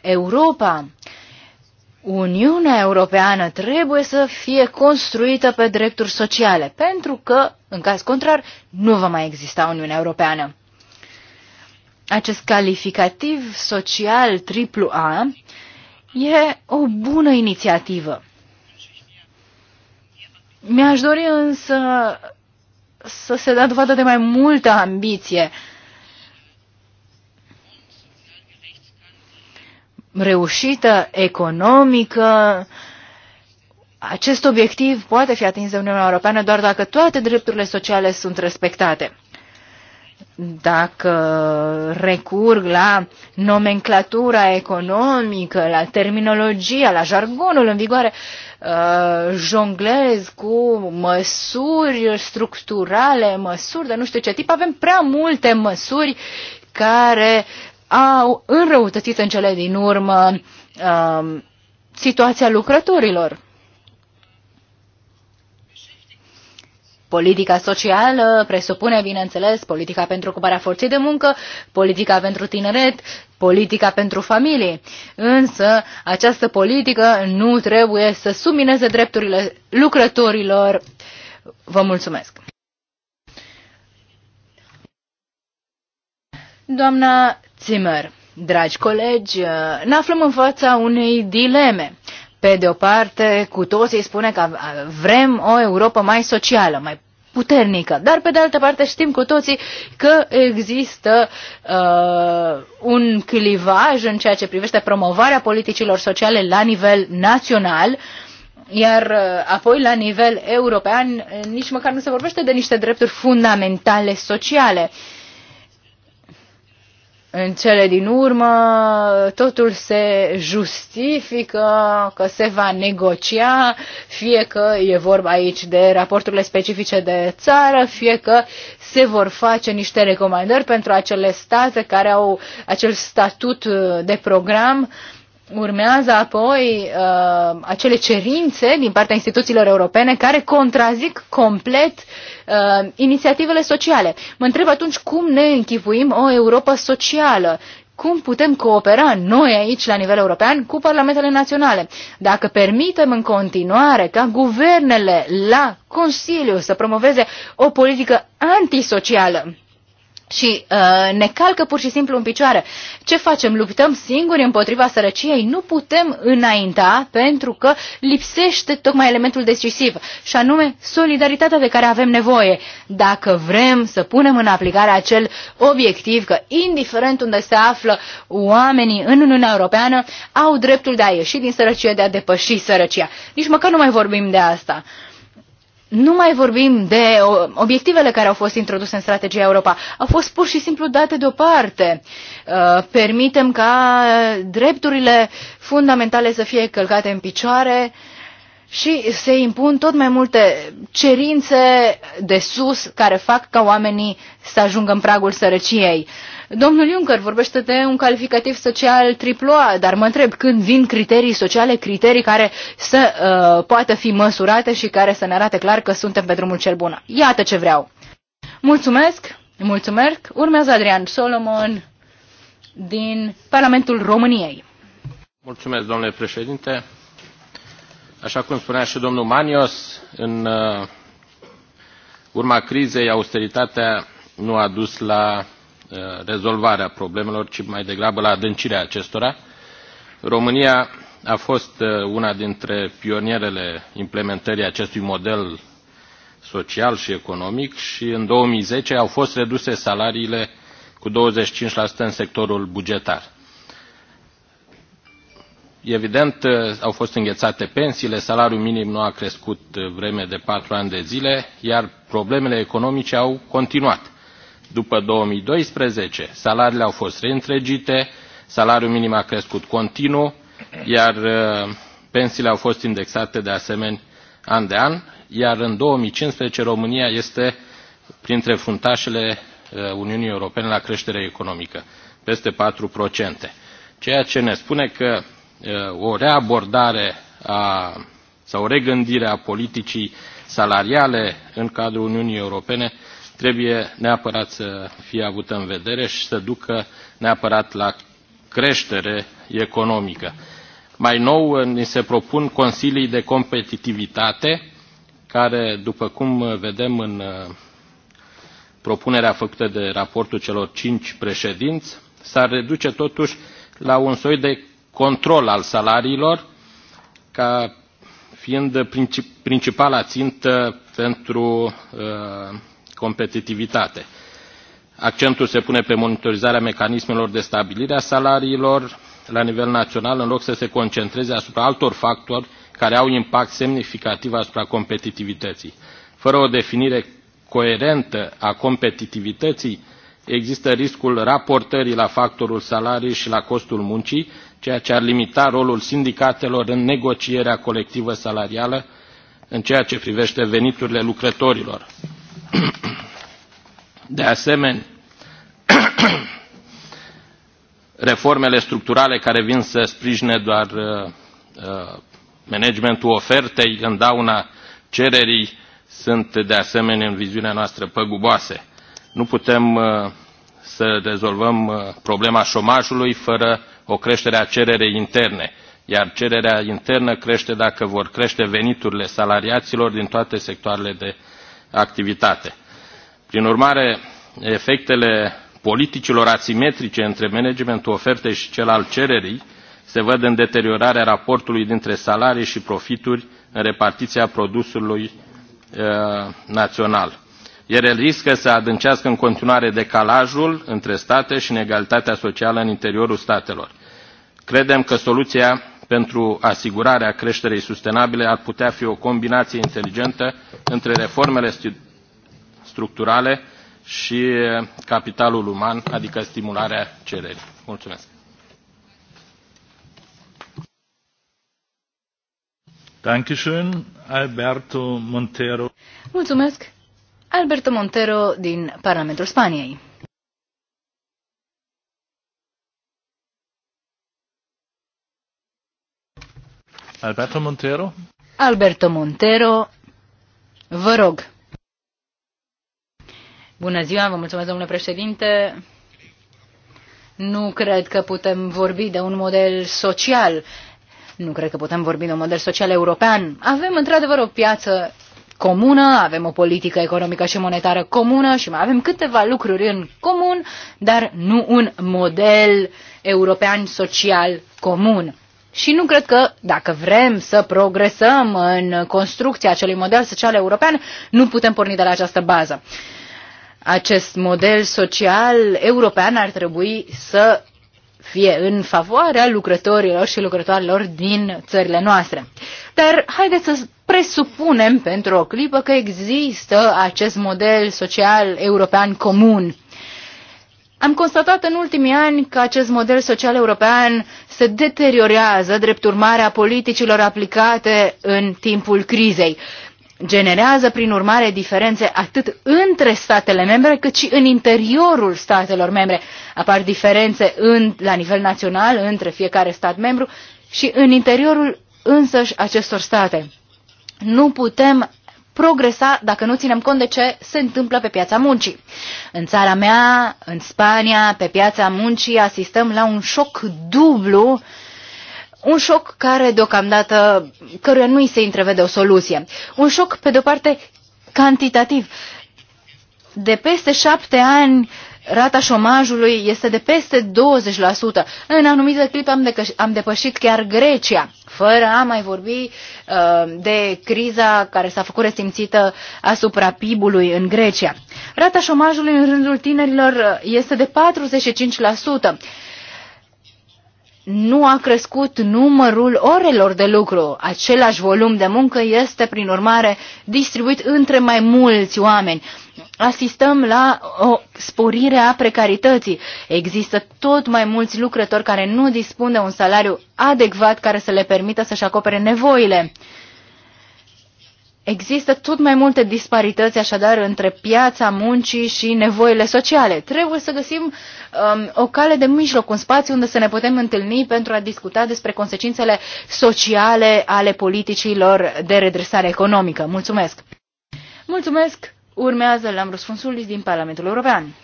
Europa Uniunea Europeană trebuie să fie construită pe drepturi sociale, pentru că, în caz contrar, nu va mai exista Uniunea Europeană. Acest calificativ social triplu A e o bună inițiativă. Mi-aș dori însă să se dea dovadă de mai multă ambiție uh, reușită economică, acest obiectiv poate fi atins de Uniunea Europeană doar dacă toate drepturile sociale sunt respectate. Dacă recurg la nomenclatura economică, la terminologia, la jargonul în vigoare, uh, jonglez cu măsuri structurale, măsuri de nu știu ce tip, avem prea multe măsuri care au înrăutățit în cele din urmă uh, situația lucrătorilor. Politica socială presupune, bineînțeles, politica pentru ocuparea forței de muncă, politica pentru tineret, politica pentru familie. Însă, această politică nu trebuie să submineze drepturile lucrătorilor. Vă mulțumesc! Doamna Zimmer, dragi colegi, ne aflăm în fața unei dileme. Pe de o parte, cu toții spune că vrem o Europa mai socială, mai puternică, dar pe de altă parte știm cu toții că există uh, un clivaj în ceea ce privește promovarea politicilor sociale la nivel național, iar uh, apoi la nivel european nici măcar nu se vorbește de niște drepturi fundamentale sociale. Uh, în cele din urmă, totul se justifică că se va negocia, fie că e vorba aici de raporturile specifice de țară, fie că se vor face niște recomandări pentru acele state care au acel statut de program uh, urmează apoi uh, acele cerințe din partea instituțiilor europene care contrazic complet uh, inițiativele sociale. Mă întreb atunci cum ne închivuim o Europa socială? Cum putem coopera noi aici, la nivel european, cu parlamentele naționale? Dacă permitem în continuare ca guvernele la Consiliu să promoveze o politică antisocială, și uh, ne calcă pur și simplu în picioare. Ce facem? Luptăm singuri împotriva sărăciei? Nu putem înainta pentru că lipsește tocmai elementul decisiv și anume solidaritatea de care avem nevoie. Dacă vrem să punem în aplicare acel obiectiv că indiferent unde se află oamenii în Uniunea Europeană au dreptul de a ieși din sărăcie, de a depăși sărăcia. Nici măcar nu mai vorbim de asta. Uh, nu mai vorbim de obiectivele care au fost introduse în strategia Europa. Au fost pur și simplu date deoparte. Uh, permitem ca drepturile fundamentale să fie călcate în picioare și se impun tot mai multe cerințe de sus care fac ca oamenii să ajungă în pragul sărăciei. Uh, Domnul Juncker vorbește de un calificativ social triplu dar mă întreb când vin criterii sociale, criterii care să uh, poată fi măsurate și care să ne arate clar că suntem pe drumul cel bun. Iată ce vreau. Mulțumesc, mulțumesc. Urmează Adrian Solomon din Parlamentul României. Mulțumesc, domnule președinte. Așa cum spunea și domnul Manios, în uh, urma crizei, austeritatea nu a dus la Uh, rezolvarea problemelor, ci mai degrabă la adâncirea acestora. România a fost uh, una dintre pionierele implementării acestui model social și economic și în 2010 au fost reduse salariile cu 25% în sectorul bugetar. Evident, uh, au fost înghețate pensiile, salariul minim nu a crescut vreme de patru ani de zile, iar problemele economice au continuat după 2012. Salariile au fost reîntregite, salariul minim a crescut continuu, iar uh, pensiile au fost indexate de asemenea an de an, iar în 2015 România este printre fruntașele uh, Uniunii Europene la creștere economică, peste 4%. Ceea ce ne spune că uh, o reabordare a, sau o regândire a politicii salariale în cadrul Uniunii Europene trebuie neapărat să fie avută în vedere și să ducă neapărat la creștere economică. Mai nou, ni se propun consilii de competitivitate, care, după cum vedem în uh, propunerea făcută de raportul celor cinci președinți, s-ar reduce totuși la un soi de control al salariilor, ca fiind principala țintă pentru uh, competitivitate. Accentul se pune pe monitorizarea mecanismelor de stabilire a salariilor la nivel național, în loc să se concentreze asupra altor factori care au impact semnificativ asupra competitivității. Fără o definire coerentă a competitivității, există riscul raportării la factorul salarii și la costul muncii, ceea ce ar limita rolul sindicatelor în negocierea colectivă salarială în ceea ce privește veniturile lucrătorilor. De asemenea, reformele structurale care vin să sprijine doar uh, uh, managementul ofertei în dauna cererii sunt de asemenea în viziunea noastră păguboase. Nu putem uh, să rezolvăm problema șomajului fără o creștere a cererei interne, iar cererea internă crește dacă vor crește veniturile salariaților din toate sectoarele de activitate. Prin urmare, efectele politicilor asimetrice între managementul ofertei și cel al cererii se văd în deteriorarea raportului dintre salarii și profituri în repartiția produsului uh, național. Ele riscă să adâncească în continuare decalajul între state și inegalitatea socială în interiorul statelor. Credem că soluția pentru asigurarea creșterii sustenabile ar putea fi o combinație inteligentă între reformele structurale și capitalul uman, adică stimularea cererii. Mulțumesc! Dankeschön, Alberto Montero. Mulțumesc, Alberto Montero din Parlamentul Spaniei. Alberto Montero. Alberto Montero, vă rog. Bună ziua, vă mulțumesc, domnule președinte. Nu cred că putem vorbi de un model social. Nu cred că putem vorbi de un model social european. Avem, într-adevăr, o piață comună, avem o politică economică și monetară comună și mai avem câteva lucruri în comun, dar nu un model european social comun. Și nu cred că, dacă vrem să progresăm în construcția acelui model social european, nu putem porni de la această bază. Acest model social european ar trebui să fie în favoarea lucrătorilor și lucrătoarelor din țările noastre. Dar haideți să presupunem pentru o clipă că există acest model social european comun. Am constatat în ultimii ani că acest model social european se deteriorează drept urmare a politicilor aplicate în timpul crizei. Generează, prin urmare, diferențe atât între statele membre, cât și în interiorul statelor membre. Apar diferențe în, la nivel național între fiecare stat membru și în interiorul însăși acestor state. Nu putem progresa dacă nu ținem cont de ce se întâmplă pe piața muncii. În țara mea, în Spania, pe piața muncii asistăm la un șoc dublu un șoc care deocamdată, căruia nu îi se întrevede o soluție. Un șoc, pe de-o parte, cantitativ. De peste șapte ani, rata șomajului este de peste 20%. În anumite clipe am, am depășit chiar Grecia fără a mai vorbi uh, de criza care s-a făcut resimțită asupra PIB-ului în Grecia. Rata șomajului în rândul tinerilor uh, este de 45% nu a crescut numărul orelor de lucru. Același volum de muncă este, prin urmare, distribuit între mai mulți oameni asistăm la o sporire a precarității. Există tot mai mulți lucrători care nu dispun de un salariu adecvat care să le permită să-și acopere nevoile. Există tot mai multe disparități așadar între piața muncii și nevoile sociale. Trebuie să găsim um, o cale de mijloc, un spațiu unde să ne putem întâlni pentru a discuta despre consecințele sociale ale politicilor de redresare economică. Mulțumesc! Mulțumesc! Urmează la am din Parlamentul European.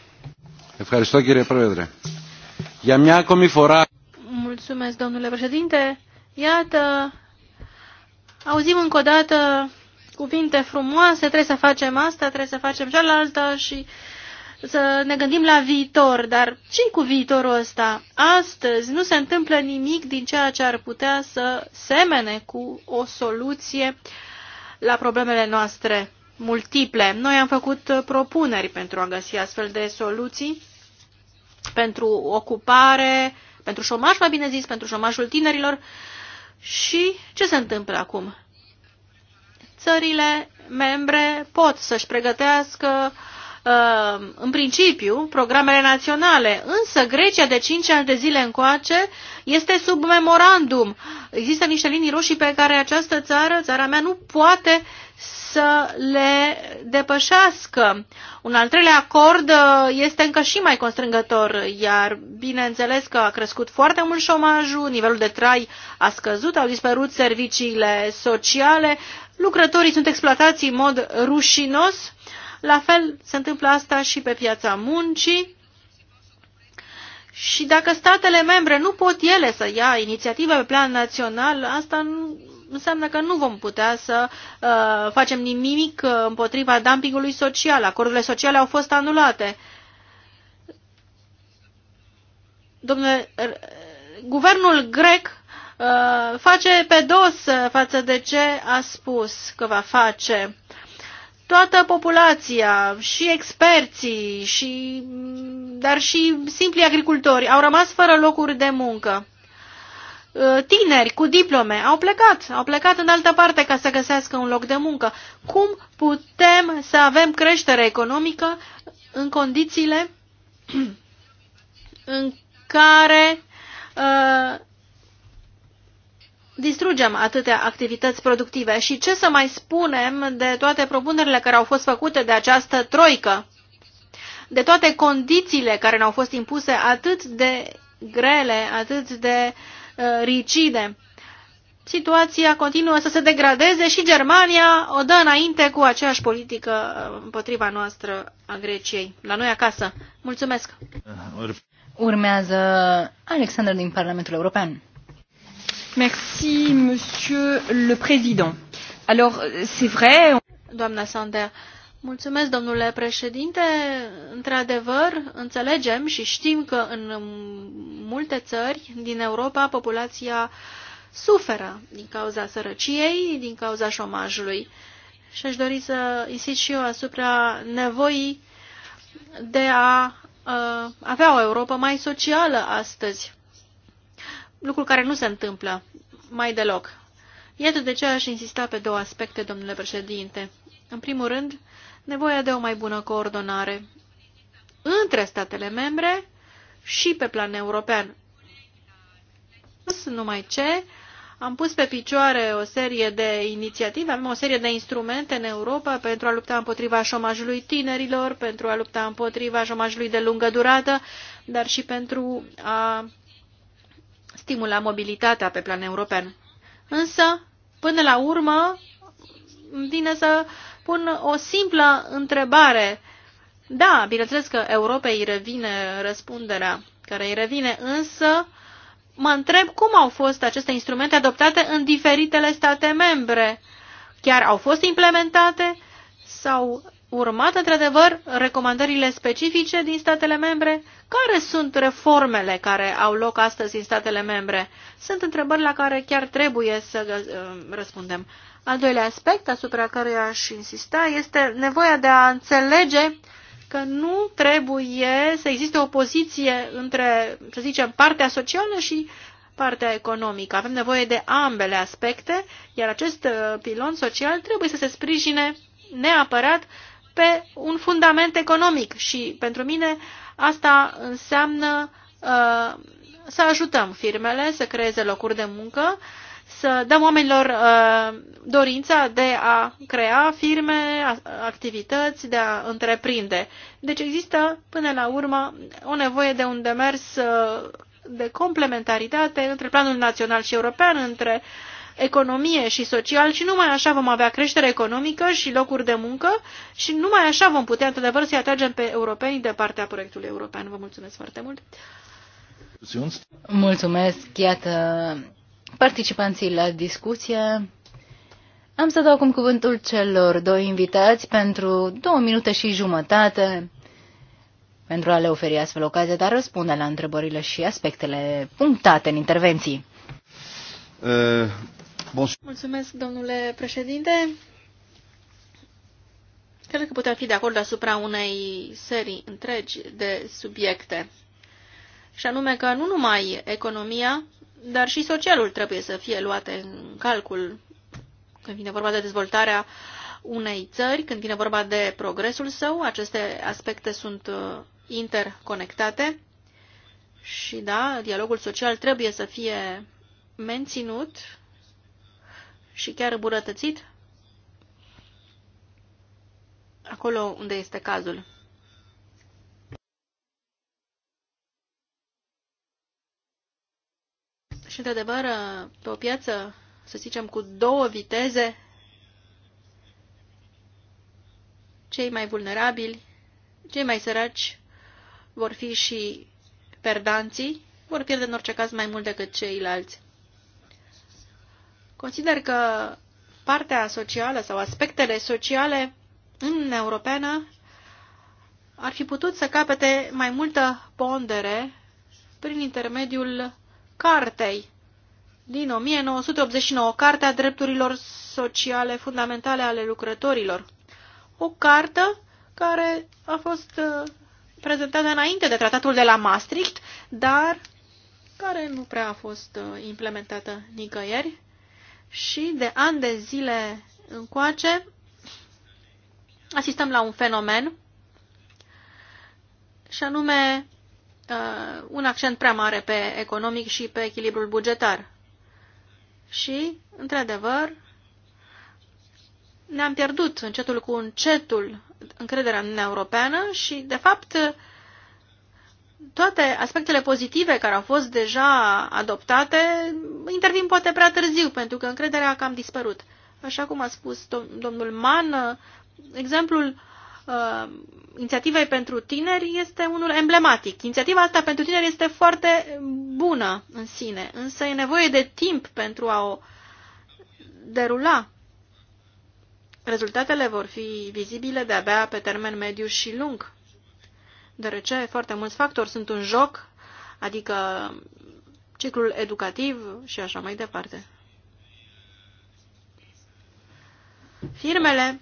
Mulțumesc, domnule președinte. Iată, auzim încă o dată cuvinte frumoase, trebuie să facem asta, trebuie să facem cealaltă și să ne gândim la viitor. Dar ce cu viitorul ăsta? Astăzi nu se întâmplă nimic din ceea ce ar putea să semene cu o soluție la problemele noastre multiple. Noi am făcut uh, propuneri pentru a găsi astfel de soluții pentru ocupare, pentru șomaj, mai bine zis, pentru șomajul tinerilor. Și ce se întâmplă acum? Țările membre pot să-și pregătească uh, în principiu programele naționale, însă Grecia de 5 ani de zile încoace este sub memorandum. Există niște linii roșii pe care această țară, țara mea, nu poate să le depășească. Un al treilea acord uh, este încă și mai constrângător, iar bineînțeles că a crescut foarte mult șomajul, nivelul de trai a scăzut, au dispărut serviciile sociale, lucrătorii sunt exploatați în mod rușinos, la fel se întâmplă asta și pe piața muncii. Și dacă statele membre nu pot ele să ia inițiativă pe plan național, asta nu, înseamnă că nu vom putea să uh, facem nimic uh, împotriva dumpingului social. Acordurile sociale au fost anulate. Domnule, uh, guvernul grec uh, face pe dos față de ce a spus că va face. Toată populația și experții, și, mm, dar și simpli agricultori au rămas fără locuri de muncă. Uh, tineri cu diplome au plecat, au plecat în altă parte ca să găsească un loc de muncă. Cum putem să avem creștere economică în condițiile în care uh, distrugem atâtea activități productive? Și ce să mai spunem de toate propunerile care au fost făcute de această troică? De toate condițiile care ne-au fost impuse atât de grele, atât de uh, Uh, ricide. Situația continuă să se degradeze și Germania o dă înainte cu aceeași politică uh, împotriva noastră a Greciei. La noi acasă. Mulțumesc! Urmează Alexandru din Parlamentul European. Merci, monsieur le président. Alors, c'est vrai... Doamna Sander, Mulțumesc, domnule președinte. Într-adevăr, înțelegem și știm că în multe țări din Europa populația suferă din cauza sărăciei, din cauza șomajului. Și aș dori să insist și eu asupra nevoii de a uh, avea o Europa mai socială astăzi. Lucru care nu se întâmplă mai deloc. Iată de ce aș insista pe două aspecte, domnule președinte. În primul rând, nevoia de o mai bună coordonare între statele membre și pe plan european. Numai ce, am pus pe picioare o serie de inițiative, avem o serie de instrumente în Europa pentru a lupta împotriva șomajului tinerilor, pentru a lupta împotriva șomajului de lungă durată, dar și pentru a stimula mobilitatea pe plan european. Însă, până la urmă, vine să uh, pun o simplă întrebare. Da, bineînțeles că Europei revine răspunderea care îi revine, însă mă întreb cum au fost aceste instrumente adoptate în diferitele state membre. Chiar au fost implementate sau urmat într-adevăr recomandările specifice din statele membre? Care sunt reformele care au loc astăzi în statele membre? Sunt întrebări la care chiar trebuie să uh, răspundem. Al doilea aspect asupra căruia aș insista este nevoia de a înțelege că nu trebuie să existe o poziție între, să zicem, partea socială și partea economică. Avem nevoie de ambele aspecte, iar acest uh, pilon social trebuie să se sprijine neapărat pe un fundament economic și pentru mine asta înseamnă uh, să ajutăm firmele să creeze locuri de muncă, să dăm oamenilor uh, dorința de a crea firme, activități, de a întreprinde. Deci există, până la urmă, o nevoie de un demers uh, de complementaritate între planul național și european, între economie și social și numai așa vom avea creștere economică și locuri de muncă și numai așa vom putea, într-adevăr, să-i atragem pe europenii de partea proiectului european. Vă mulțumesc foarte mult! Mulțumesc! Iată, participanții la discuție. Am să dau acum cuvântul celor doi invitați pentru două minute și jumătate pentru a le oferi astfel ocazia de a răspunde la întrebările și aspectele punctate în intervenții. Uh, Mulțumesc, domnule președinte. Cred că putem fi de acord asupra unei serii întregi de subiecte. Și anume că nu numai economia, dar și socialul trebuie să fie luate în calcul când vine vorba de dezvoltarea unei țări, când vine vorba de progresul său, aceste aspecte sunt uh, interconectate și da, dialogul social trebuie să fie menținut și chiar îmbunătățit acolo unde este cazul. Și, într-adevăr, pe o piață, să zicem, cu două viteze, cei mai vulnerabili, cei mai săraci vor fi și perdanții, vor pierde în orice caz mai mult decât ceilalți. Consider că partea socială sau aspectele sociale în Europeană ar fi putut să capete mai multă pondere prin intermediul cartei din 1989, Cartea Drepturilor Sociale Fundamentale ale Lucrătorilor. O cartă care a fost uh, prezentată înainte de tratatul de la Maastricht, dar care nu prea a fost uh, implementată nicăieri și de ani de zile încoace asistăm la un fenomen și anume uh, un accent prea mare pe economic și pe echilibrul bugetar. Și, într-adevăr, ne-am pierdut încetul cu încetul încrederea în Uniunea Europeană și, de fapt, toate aspectele pozitive care au fost deja adoptate intervin poate prea târziu, pentru că încrederea a cam dispărut. Așa cum a spus domnul Mann, exemplul Uh, inițiativei pentru tineri este unul emblematic. Inițiativa asta pentru tineri este foarte bună în sine, însă e nevoie de timp pentru a o derula. Rezultatele vor fi vizibile de-abia pe termen mediu și lung, deoarece foarte mulți factori sunt în joc, adică ciclul educativ și așa mai departe. Firmele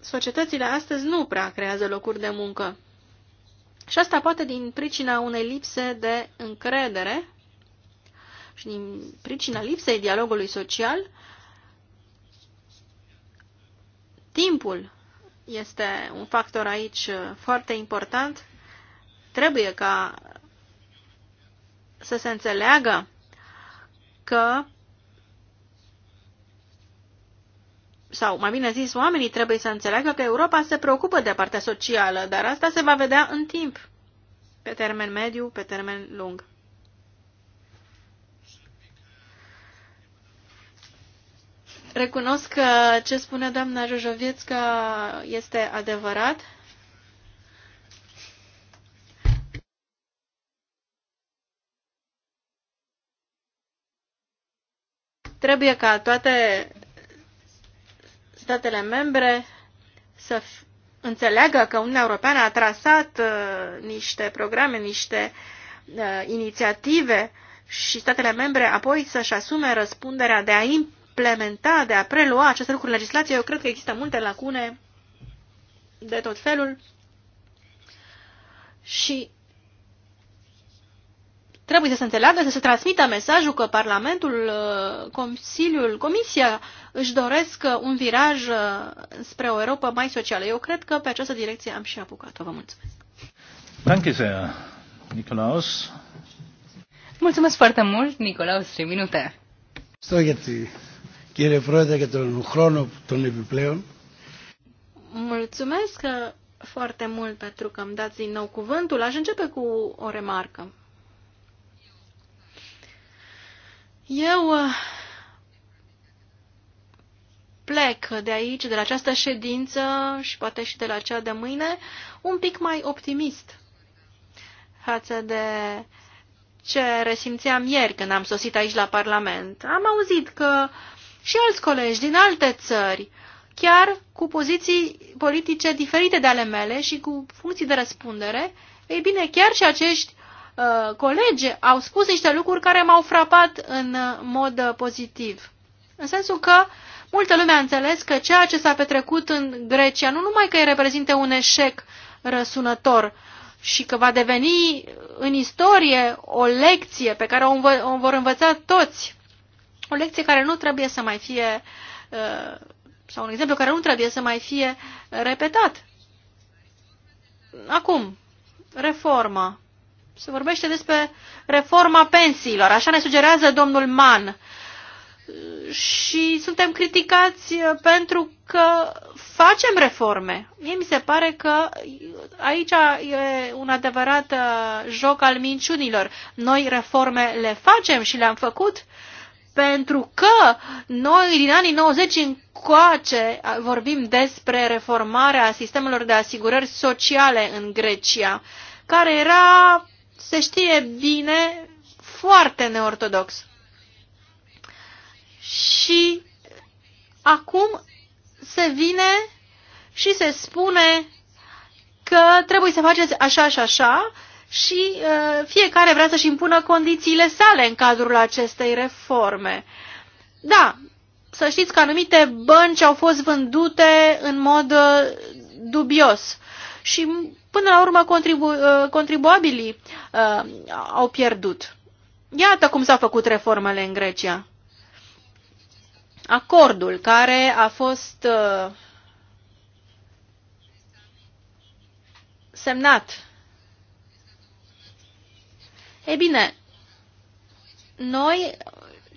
societățile astăzi nu prea creează locuri de muncă. Și asta poate din pricina unei lipse de încredere și din pricina lipsei dialogului social, timpul este un factor aici foarte important. Trebuie ca să se înțeleagă că sau mai bine zis, oamenii trebuie să înțeleagă că Europa se preocupă de partea socială, dar asta se va vedea în timp, pe termen mediu, pe termen lung. Recunosc că ce spune doamna Jojovietska este adevărat. Trebuie ca toate statele membre să înțeleagă că Uniunea Europeană a trasat uh, niște programe, niște uh, inițiative și statele membre apoi să-și asume răspunderea de a implementa, de a prelua aceste lucruri în legislație. Eu cred că există multe lacune de tot felul și trebuie să se înțeleagă, să se transmită mesajul că Parlamentul, uh, Consiliul, Comisia își doresc uh, un viraj uh, spre o Europa mai socială. Eu cred că pe această direcție am și apucat-o. Vă mulțumesc. Danke sehr, Nicolaus. Mulțumesc foarte mult, Nicolaus, 3 minute. Stau γιατί, κύριε Πρόεδρε, για τον χρόνο των επιπλέον. Mulțumesc foarte mult pentru că îmi dați din nou cuvântul. Aș începe cu o remarcă. Eu uh, plec de aici, de la această ședință și poate și de la cea de mâine, un pic mai optimist față de ce resimțeam ieri când am sosit aici la Parlament. Am auzit că și alți colegi din alte țări, chiar cu poziții politice diferite de ale mele și cu funcții de răspundere, ei bine, chiar și acești Uh, colegi au spus niște lucruri care m-au frapat în uh, mod uh, pozitiv. În sensul că multă lume a înțeles că ceea ce s-a petrecut în Grecia nu numai că îi reprezintă un eșec răsunător și că va deveni în istorie o lecție pe care o, vor învăța toți, o lecție care nu trebuie să mai fie sau un exemplu care nu trebuie să mai fie repetat. Acum, reforma. Se vorbește despre reforma pensiilor, așa ne sugerează domnul Mann. Și suntem criticați pentru că facem reforme. Mie mi se pare că aici e un adevărat uh, joc al minciunilor. Noi reforme le facem și le-am făcut pentru că noi din anii 90 încoace vorbim despre reformarea sistemelor de asigurări sociale în Grecia care era se știe bine, foarte neortodox. Și acum se vine și se spune că trebuie să faceți așa și așa și uh, fiecare vrea să-și impună condițiile sale în cadrul acestei reforme. Da, să știți că anumite bănci au fost vândute în mod uh, dubios și Până la urmă, contribu uh, contribuabilii uh, au pierdut. Iată cum s-au făcut reformele în Grecia. Acordul care a fost uh, semnat. Ei bine, noi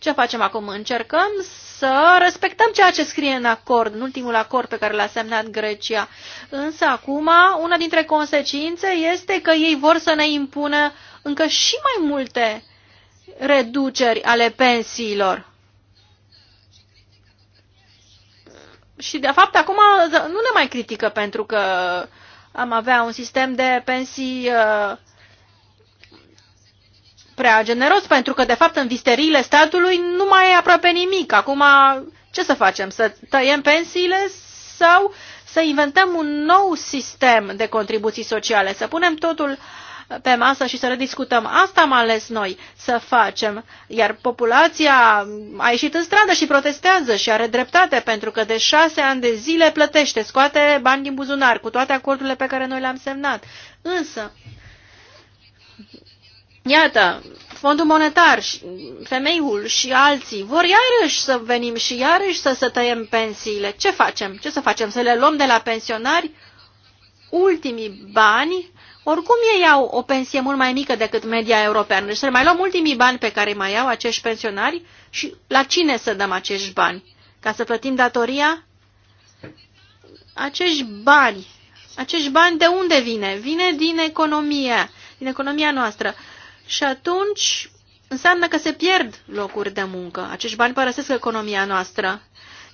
ce facem acum? Încercăm să respectăm ceea ce scrie în acord, în ultimul acord pe care l-a semnat Grecia. Însă acum, una dintre consecințe este că ei vor să ne impună încă și mai multe reduceri ale pensiilor. Și, de fapt, acum nu ne mai critică pentru că am avea un sistem de pensii uh, prea generos, pentru că, de fapt, în visteriile statului nu mai e aproape nimic. Acum, ce să facem? Să tăiem pensiile sau să inventăm un nou sistem de contribuții sociale, să punem totul pe masă și să le discutăm. Asta am ales noi să facem. Iar populația a ieșit în stradă și protestează și are dreptate, pentru că de șase ani de zile plătește, scoate bani din buzunar, cu toate acordurile pe care noi le-am semnat. Însă, Iată, Fondul Monetar, femeiul și alții vor iarăși să venim și iarăși să, să tăiem pensiile. Ce facem? Ce să facem? Să le luăm de la pensionari ultimii bani? Oricum ei au o pensie mult mai mică decât media europeană. Deci să le mai luăm ultimii bani pe care mai au acești pensionari și la cine să dăm acești bani? Ca să plătim datoria? Acești bani, acești bani de unde vine? Vine din economia, din economia noastră și atunci înseamnă că se pierd locuri de muncă. Acești bani părăsesc economia noastră,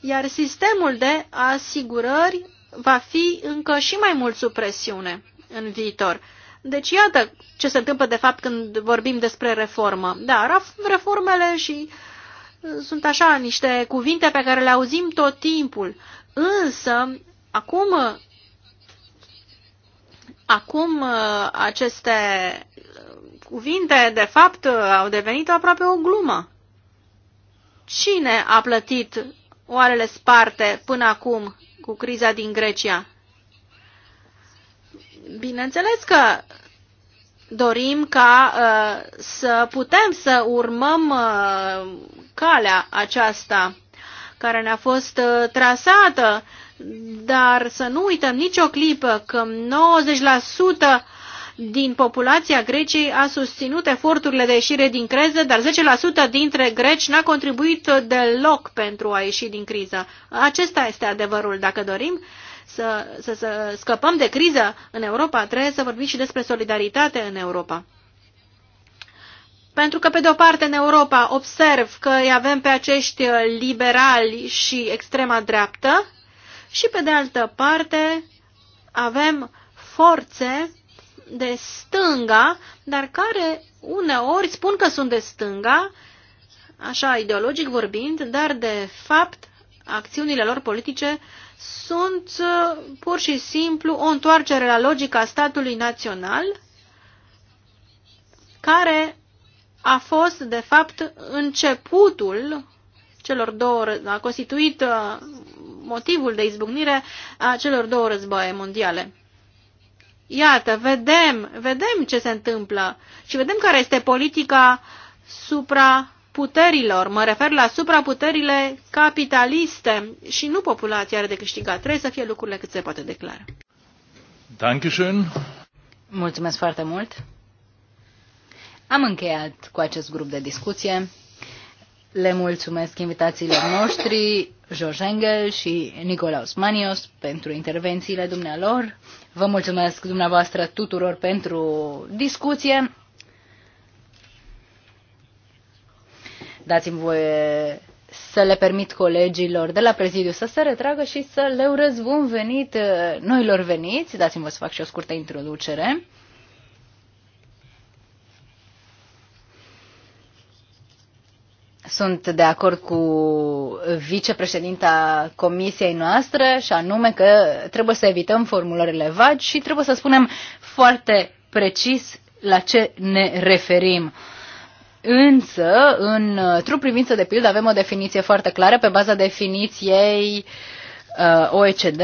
iar sistemul de asigurări va fi încă și mai mult sub presiune în viitor. Deci iată ce se întâmplă de fapt când vorbim despre reformă. Da, reformele și uh, sunt așa niște cuvinte pe care le auzim tot timpul. Însă, acum, acum uh, aceste cuvinte, de fapt, au devenit aproape o glumă. Cine a plătit oarele sparte până acum cu criza din Grecia? Bineînțeles că dorim ca uh, să putem să urmăm uh, calea aceasta care ne-a fost uh, trasată, dar să nu uităm nicio clipă că 90% din populația Greciei a susținut eforturile de ieșire din criză, dar 10% dintre greci n-a contribuit deloc pentru a ieși din criză. Acesta este adevărul. Dacă dorim să, să, să scăpăm de criză în Europa, trebuie să vorbim și despre solidaritate în Europa. Pentru că, pe de o parte, în Europa observ că îi avem pe acești liberali și extrema dreaptă și, pe de altă parte, avem forțe de stânga, dar care uneori spun că sunt de stânga, așa ideologic vorbind, dar de fapt acțiunile lor politice sunt uh, pur și simplu o întoarcere la logica statului național, care a fost, de fapt, începutul celor două, a constituit uh, motivul de izbucnire a celor două războaie mondiale. Iată, vedem, vedem ce se întâmplă și vedem care este politica supraputerilor. Mă refer la supraputerile capitaliste și nu populația are de câștigat. Trebuie să fie lucrurile cât se poate declara. Dankeschön. Mulțumesc foarte mult. Am încheiat cu acest grup de discuție. Le mulțumesc invitațiilor noștri. George Engel și Nicolaus Manios pentru intervențiile dumnealor. Vă mulțumesc dumneavoastră tuturor pentru discuție. Dați-mi voie să le permit colegilor de la prezidiu să se retragă și să le urez bun venit uh, noilor veniți. Dați-mi voie să fac și o scurtă introducere. Sunt de acord cu vicepreședinta comisiei noastre și anume că trebuie să evităm formulările vagi și trebuie să spunem foarte precis la ce ne referim. Însă, în true privință de pildă, avem o definiție foarte clară pe baza definiției uh, OECD.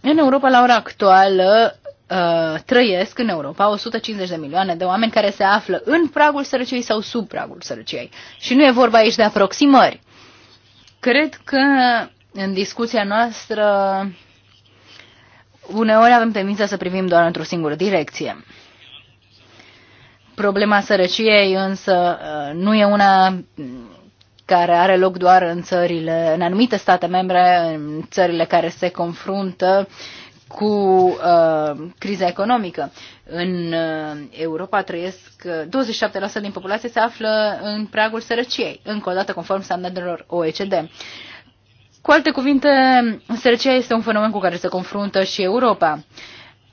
În Europa, la ora actuală, Uh, trăiesc în Europa 150 de milioane de oameni care se află în pragul sărăciei sau sub pragul sărăciei. Și nu e vorba aici de aproximări. Cred că în discuția noastră uneori avem tendința să privim doar într-o singură direcție. Problema sărăciei însă uh, nu e una care are loc doar în țările, în anumite state membre, în țările care se confruntă cu uh, criza economică. În uh, Europa trăiesc uh, 27% din populație se află în pragul sărăciei, încă o dată conform standardelor OECD. Cu alte cuvinte, sărăcia este un fenomen cu care se confruntă și Europa.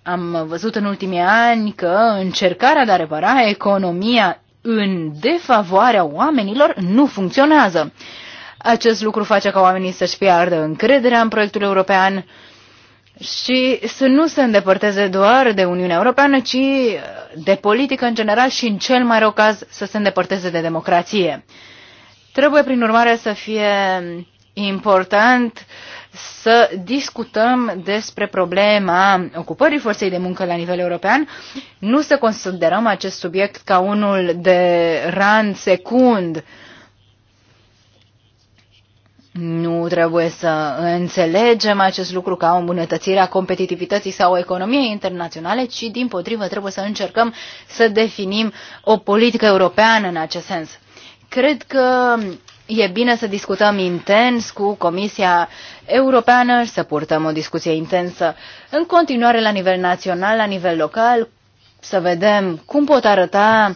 Am văzut în ultimii ani că încercarea de a repara economia în defavoarea oamenilor nu funcționează. Acest lucru face ca oamenii să-și piardă încrederea în proiectul european, și să nu se îndepărteze doar de Uniunea Europeană, ci uh, de politică în general și, în cel mai rău caz, să se îndepărteze de democrație. Trebuie, prin urmare, să fie important să discutăm despre problema ocupării forței de muncă la nivel european, nu să considerăm acest subiect ca unul de rand secund uh, nu trebuie să înțelegem acest lucru ca o îmbunătățire a competitivității sau a economiei internaționale, ci din potrivă trebuie să încercăm să definim o politică europeană în acest sens. Cred că e bine să discutăm intens cu Comisia Europeană, să purtăm o discuție intensă în continuare la nivel național, la nivel local, să vedem cum pot arăta uh,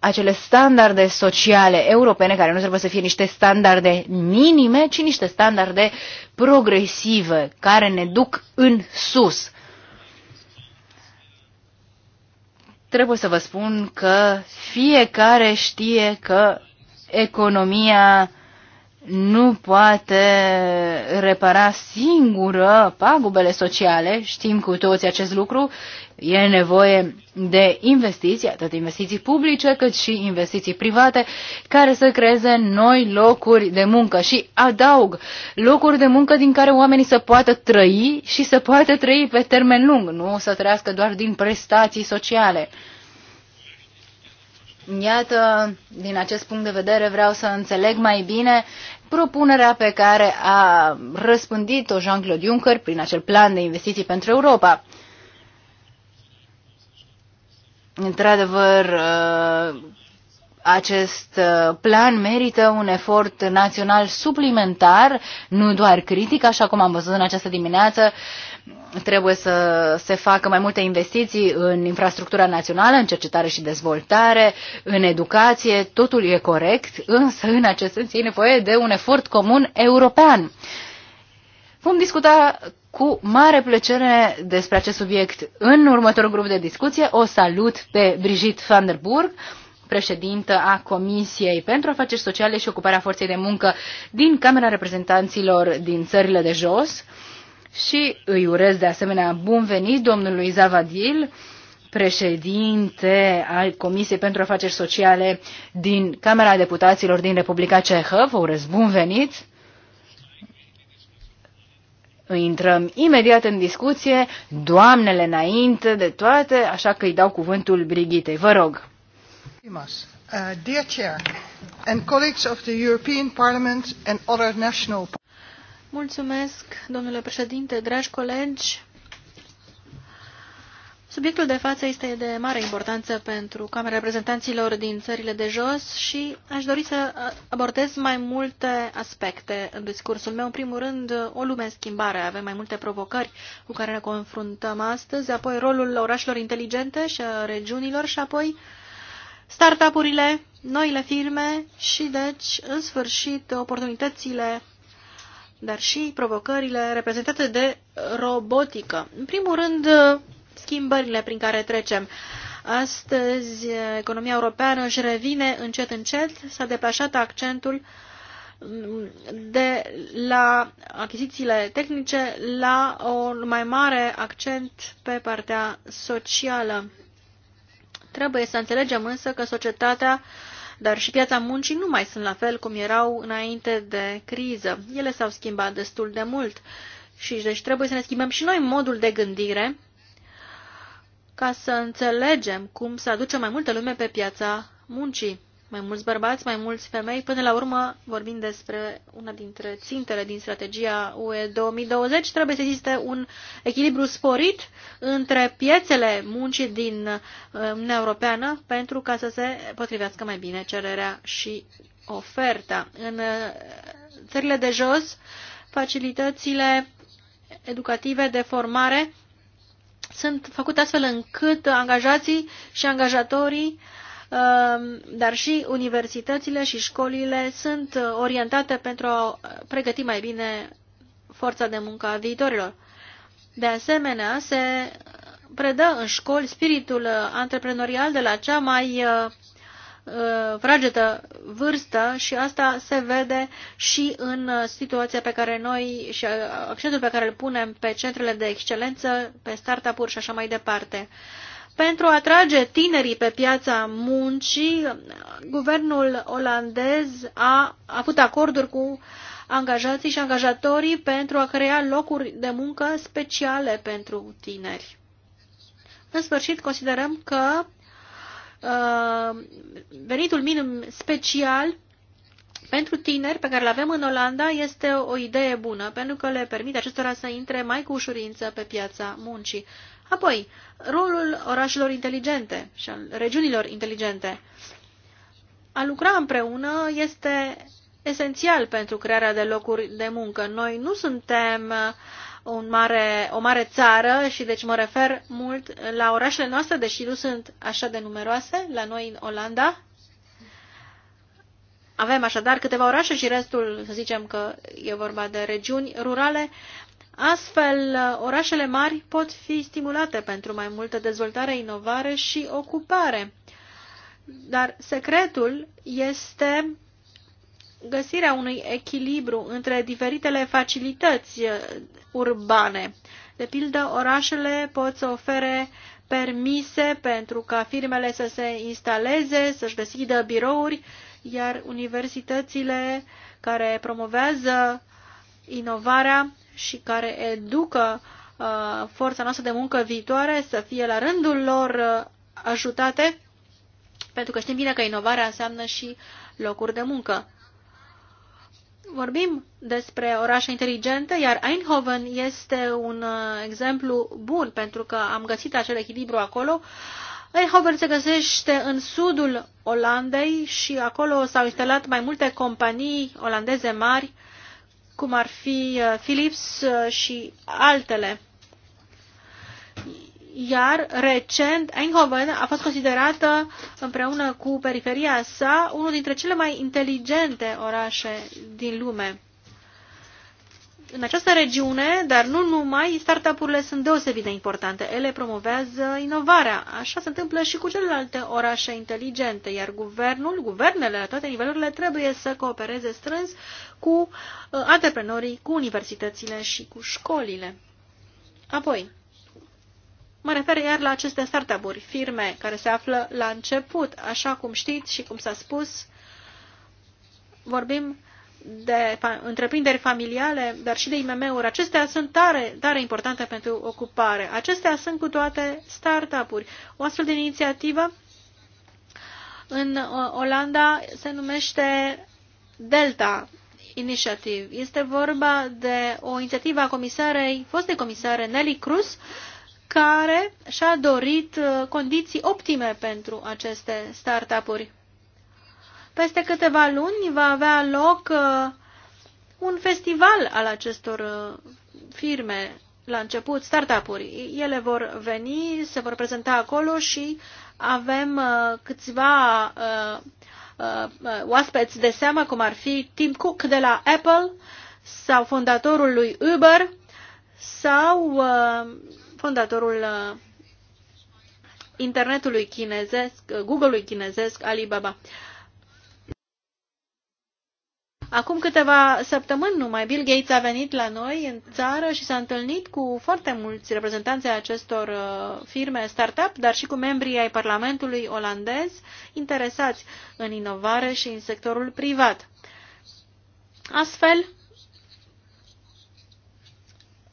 acele standarde sociale europene, care nu trebuie să fie niște standarde minime, ci niște standarde progresive, care ne duc în sus. Trebuie să vă spun că fiecare știe că economia nu poate repara singură pagubele sociale, știm cu toți acest lucru, e nevoie de investiții, atât investiții publice cât și investiții private, care să creeze noi locuri de muncă și adaug locuri de muncă din care oamenii să poată trăi și să poată trăi pe termen lung, nu să trăiască doar din prestații sociale. Iată, din acest punct de vedere vreau să înțeleg mai bine propunerea pe care a răspândit-o Jean-Claude Juncker prin acel plan de investiții pentru Europa. Într-adevăr, uh, acest uh, plan merită un efort național suplimentar, nu doar critic, așa cum am văzut în această dimineață, Trebuie să se facă mai multe investiții în infrastructura națională, în cercetare și dezvoltare, în educație, totul e corect, însă în acest sens e nevoie de un efort comun european. Vom discuta cu mare plăcere despre acest subiect în următorul grup de discuție. O salut pe Brigitte van der Burg, președintă a Comisiei pentru Afaceri Sociale și Ocuparea Forței de Muncă din Camera Reprezentanților din țările de jos și îi urez de asemenea bun venit domnului Zavadil, președinte al Comisiei pentru Afaceri Sociale din Camera Deputaților din Republica Cehă. Vă urez bun venit! Intrăm imediat în discuție, doamnele înainte de toate, așa că îi dau cuvântul Brigitei. Vă rog! Uh, dear Chair and colleagues of the European Parliament and other national Mulțumesc, domnule președinte, dragi colegi. Subiectul de față este de mare importanță pentru Camera Reprezentanților din țările de jos și aș dori să abordez mai multe aspecte în discursul meu. În primul rând, o lume în schimbare. Avem mai multe provocări cu care ne confruntăm astăzi, apoi rolul orașelor inteligente și a regiunilor și apoi up urile noile firme și, deci, în sfârșit, oportunitățile dar și provocările reprezentate de robotică. În primul rând, schimbările prin care trecem. Astăzi, economia europeană își revine încet, încet, s-a deplasat accentul de la achizițiile tehnice la un mai mare accent pe partea socială. Trebuie să înțelegem însă că societatea uh, dar și piața muncii nu mai sunt la fel cum erau înainte de criză. Ele s-au schimbat destul de mult și deci trebuie să ne schimbăm și noi modul de gândire ca să înțelegem cum să aducem mai multă lume pe piața muncii mai mulți bărbați, mai mulți femei. Până la urmă, vorbim despre una dintre țintele din strategia UE 2020. Trebuie să existe un echilibru sporit între piețele muncii din uh, Uniunea Europeană pentru ca să se potrivească mai bine cererea și oferta. În uh, țările de jos, facilitățile educative de formare sunt făcute astfel încât angajații și angajatorii uh, Um, dar și universitățile și școlile sunt orientate pentru a pregăti mai bine forța de muncă a viitorilor. De asemenea, se predă în școli spiritul antreprenorial de la cea mai uh, uh, fragetă vârstă și asta se vede și în uh, situația pe care noi și accentul pe care îl punem pe centrele de excelență, pe startup-uri și așa mai departe. Pentru a atrage tinerii pe piața muncii, guvernul olandez a avut acorduri cu angajații și angajatorii pentru a crea locuri de muncă speciale pentru tineri. În sfârșit, considerăm că uh, venitul minim special pentru tineri pe care îl avem în Olanda este o idee bună, pentru că le permite acestora să intre mai cu ușurință pe piața muncii. Apoi, rolul orașelor inteligente și al regiunilor inteligente. A lucra împreună este esențial pentru crearea de locuri de muncă. Noi nu suntem un mare, o mare țară și deci mă refer mult la orașele noastre, deși nu sunt așa de numeroase, la noi în Olanda. Avem așadar câteva orașe și restul, să zicem că e vorba de regiuni rurale Astfel, uh, orașele mari pot fi stimulate pentru mai multă dezvoltare, inovare și ocupare. Dar secretul este găsirea unui echilibru între diferitele facilități uh, urbane. De pildă, orașele pot să ofere permise pentru ca firmele să se instaleze, să-și deschidă birouri, iar universitățile care promovează inovarea și care educă uh, forța noastră de muncă viitoare să fie la rândul lor uh, ajutate, pentru că știm bine că inovarea înseamnă și locuri de muncă. Vorbim despre orașe inteligente, iar Eindhoven este un uh, exemplu bun, pentru că am găsit acel echilibru acolo. Eindhoven se găsește în sudul Olandei și acolo s-au instalat mai multe companii olandeze mari uh, cum ar fi uh, Philips uh, și altele. Iar recent, Eindhoven a fost considerată, împreună cu periferia sa, unul dintre cele mai inteligente orașe din lume în această regiune, dar nu numai, startup-urile sunt deosebit de importante. Ele promovează inovarea. Așa se întâmplă și cu celelalte orașe inteligente, iar guvernul, guvernele la toate nivelurile trebuie să coopereze strâns cu uh, antreprenorii, cu universitățile și cu școlile. Apoi, mă refer iar la aceste startup-uri, firme care se află la început, așa cum știți și cum s-a spus, vorbim de întreprinderi familiale, dar și de IMM-uri. Acestea sunt tare, tare importante pentru ocupare. Acestea sunt cu toate startup-uri. O astfel de inițiativă în uh, Olanda se numește Delta Initiative. Este vorba de o inițiativă a comisarei, fostei comisare Nelly Cruz, care și-a dorit uh, condiții optime pentru aceste startup-uri. Peste câteva luni va avea loc uh, un festival al acestor uh, firme la început, startup-uri. Ele vor veni, se vor prezenta acolo și avem uh, câțiva uh, uh, oaspeți de seamă, cum ar fi Tim Cook de la Apple sau fondatorul lui Uber sau uh, fondatorul uh, internetului chinezesc, uh, Google-ului chinezesc, Alibaba. Uh, Acum câteva săptămâni numai Bill Gates a venit la noi în țară și s-a întâlnit cu foarte mulți reprezentanți ai acestor uh, firme startup, dar și cu membrii ai Parlamentului olandez interesați în inovare și în sectorul privat. Astfel,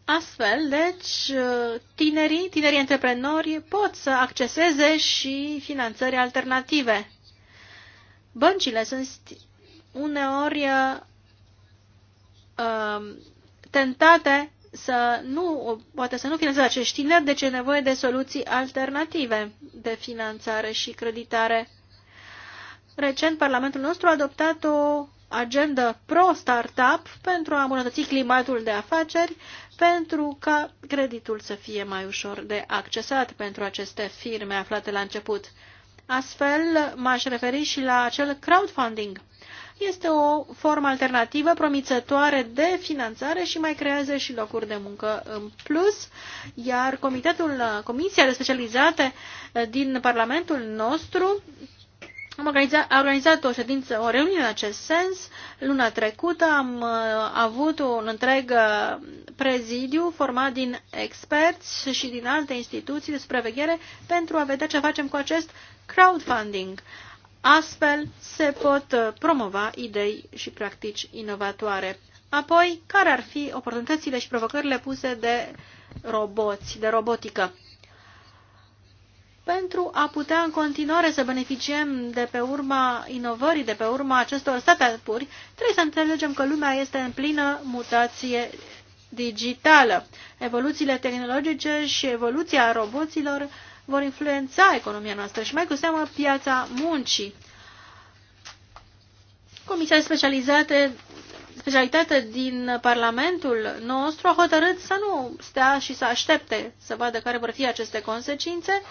Astfel, deci, uh, tinerii, tinerii antreprenori pot să acceseze și finanțări alternative. Băncile sunt uneori uh, um, tentate să nu, poate să nu finanțeze acești tineri, deci e nevoie de soluții alternative de finanțare și creditare. Recent, Parlamentul nostru a adoptat o agendă pro-startup pentru a îmbunătăți climatul de afaceri, pentru ca creditul să fie mai ușor de accesat pentru aceste firme aflate la început. Astfel, m-aș referi și la acel crowdfunding este o formă alternativă, promițătoare de finanțare și mai creează și locuri de muncă în plus, iar comitetul, Comisia de Specializate eh, din Parlamentul nostru am organizat, a organizat o ședință, o reuniune în acest sens. Luna trecută am uh, avut un întreg eh, prezidiu format din experți și din alte instituții de supraveghere pentru a vedea ce facem cu acest crowdfunding. Uh, Astfel se pot uh, promova idei și practici inovatoare. Apoi, care ar fi oportunitățile și provocările puse de roboți, de robotică? Pentru a putea în continuare să beneficiem de pe urma inovării, de pe urma acestor state uri trebuie să înțelegem că lumea este în plină mutație digitală. Evoluțiile tehnologice și evoluția roboților vor influența economia noastră și mai cu seamă piața muncii. Comisia specializată specialitate din Parlamentul nostru a hotărât să nu stea și să aștepte să vadă care vor fi aceste consecințe,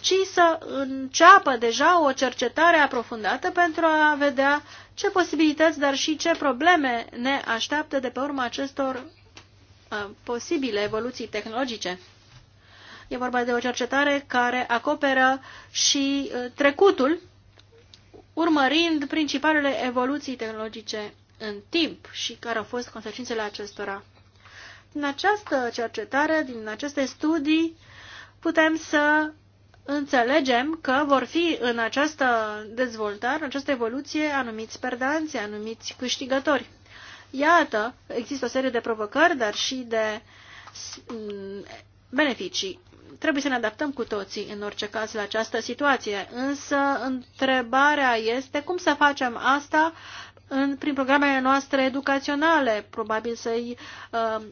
ci să înceapă deja o cercetare aprofundată pentru a vedea ce posibilități, dar și ce probleme ne așteaptă de pe urma acestor uh, posibile evoluții tehnologice. E vorba de o cercetare care acoperă și uh, trecutul, urmărind principalele evoluții tehnologice în timp și care au fost consecințele acestora. Din această cercetare, din aceste studii, putem să înțelegem că vor fi în această dezvoltare, în această evoluție, anumiți perdanți, anumiți câștigători. Iată, există o serie de provocări, dar și de mm, beneficii Trebuie să ne adaptăm cu toții, în orice caz, la această situație. Însă, întrebarea este cum să facem asta în, prin programele noastre educaționale. Probabil să-i uh,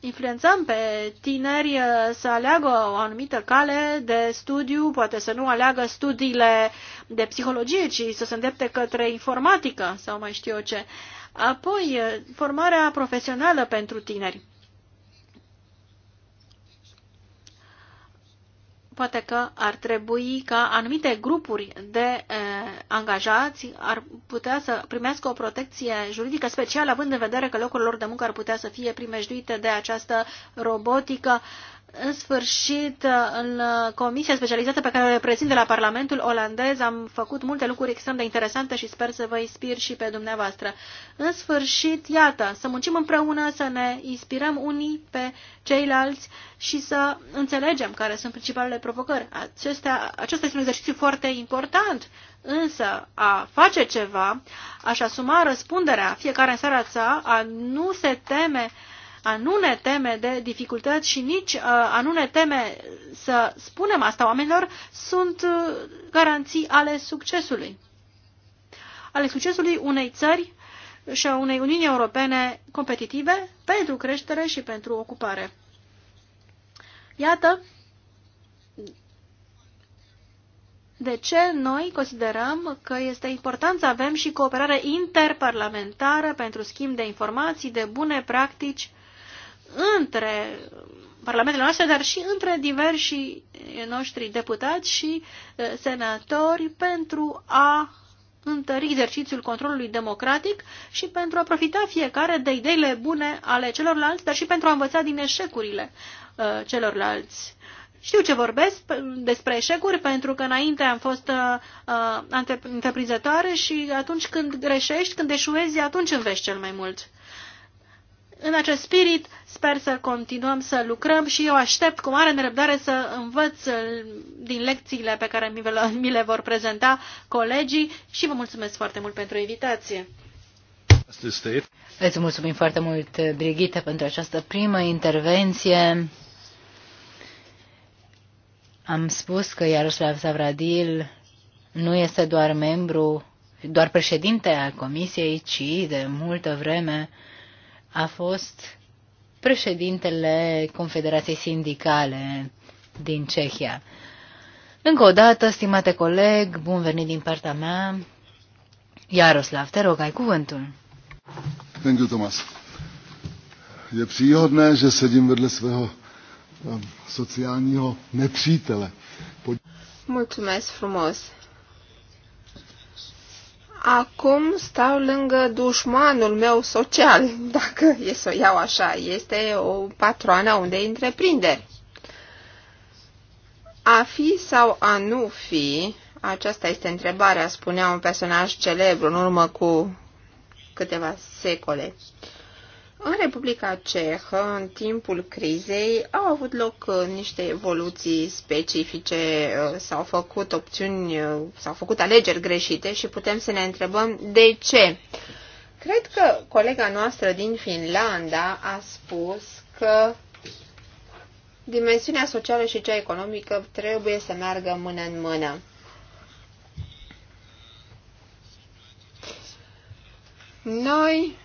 influențăm pe tineri uh, să aleagă o anumită cale de studiu, poate să nu aleagă studiile de psihologie, ci să se îndepte către informatică sau mai știu eu ce. Apoi, uh, formarea profesională pentru tineri. Poate că ar trebui ca anumite grupuri de e, angajați ar putea să primească o protecție juridică specială, având în vedere că locurile lor de muncă ar putea să fie primejduite de această robotică. E, în sfârșit, în comisia specializată pe care o reprezint de la Parlamentul olandez am făcut multe lucruri extrem de interesante și sper să vă inspir și pe dumneavoastră. În sfârșit, iată, să muncim împreună, să ne inspirăm unii pe ceilalți și să înțelegem care sunt principalele provocări. Acestea, acesta este un exercițiu foarte important, însă a face ceva, a-și asuma răspunderea fiecare în seara sa, a nu se teme uh, a nu ne teme de dificultăți și nici uh, a nu ne teme să spunem asta oamenilor sunt uh, garanții ale succesului. Ale succesului unei țări și a unei Uniuni Europene competitive pentru creștere și pentru ocupare. Iată de ce noi considerăm că este important să avem și cooperare interparlamentară pentru schimb de informații, de bune practici între parlamentele noastre, dar și între diversi eh, noștri deputați și eh, senatori pentru a întări exercițiul controlului democratic și pentru a profita fiecare de ideile bune ale celorlalți, dar și pentru a învăța din eșecurile eh, celorlalți. Știu ce vorbesc despre eșecuri, pentru că înainte am fost uh, întreprinzătoare și atunci când greșești, când eșuezi, atunci înveți cel mai mult. În acest spirit sper să continuăm să lucrăm și eu aștept cu mare nerăbdare să învăț uh, din lecțiile pe care mi le vor prezenta colegii și vă mulțumesc foarte mult pentru invitație. Îți mulțumim foarte mult, Brigitte, pentru această primă intervenție. Am spus că Iaroslav Zavradil nu este doar membru, doar președinte al Comisiei, ci de multă vreme a fost președintele Confederației Sindicale din Cehia. Încă o dată, stimate coleg, bun venit din partea mea. Iaroslav, te rog, ai cuvântul. Thank you, Thomas. Je příhodné, že sedím vedle svého um, sociálního nepřítele. Mulțumesc frumos acum stau lângă dușmanul meu social, dacă e să o iau așa. Este o patroană unde întreprinderi. A fi sau a nu fi, aceasta este întrebarea, spunea un personaj celebru în urmă cu câteva secole. Uh, în Republica Cehă, în timpul crizei, au avut loc uh, niște evoluții specifice, uh, s-au făcut opțiuni, uh, s-au făcut alegeri greșite și putem să ne întrebăm de ce. Cred că colega noastră din Finlanda a spus că dimensiunea socială și cea economică trebuie să meargă mână în mână. Noi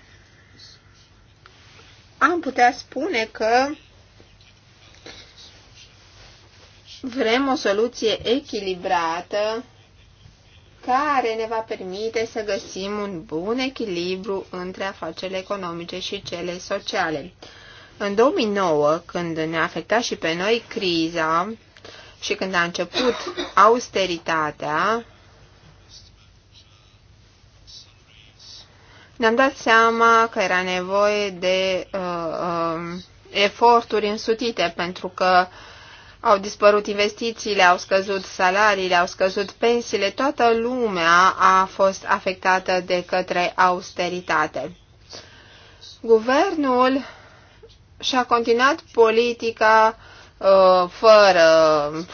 am putea spune că vrem o soluție echilibrată care ne va permite să găsim un bun echilibru între afacerile economice și cele sociale. În 2009, când ne-a afectat și pe noi criza și când a început austeritatea, ne-am dat seama că era nevoie de uh, uh, eforturi însutite pentru că au dispărut investițiile, au scăzut salariile, au scăzut pensiile, toată lumea a fost afectată de către austeritate. Guvernul și-a continuat politica uh, fără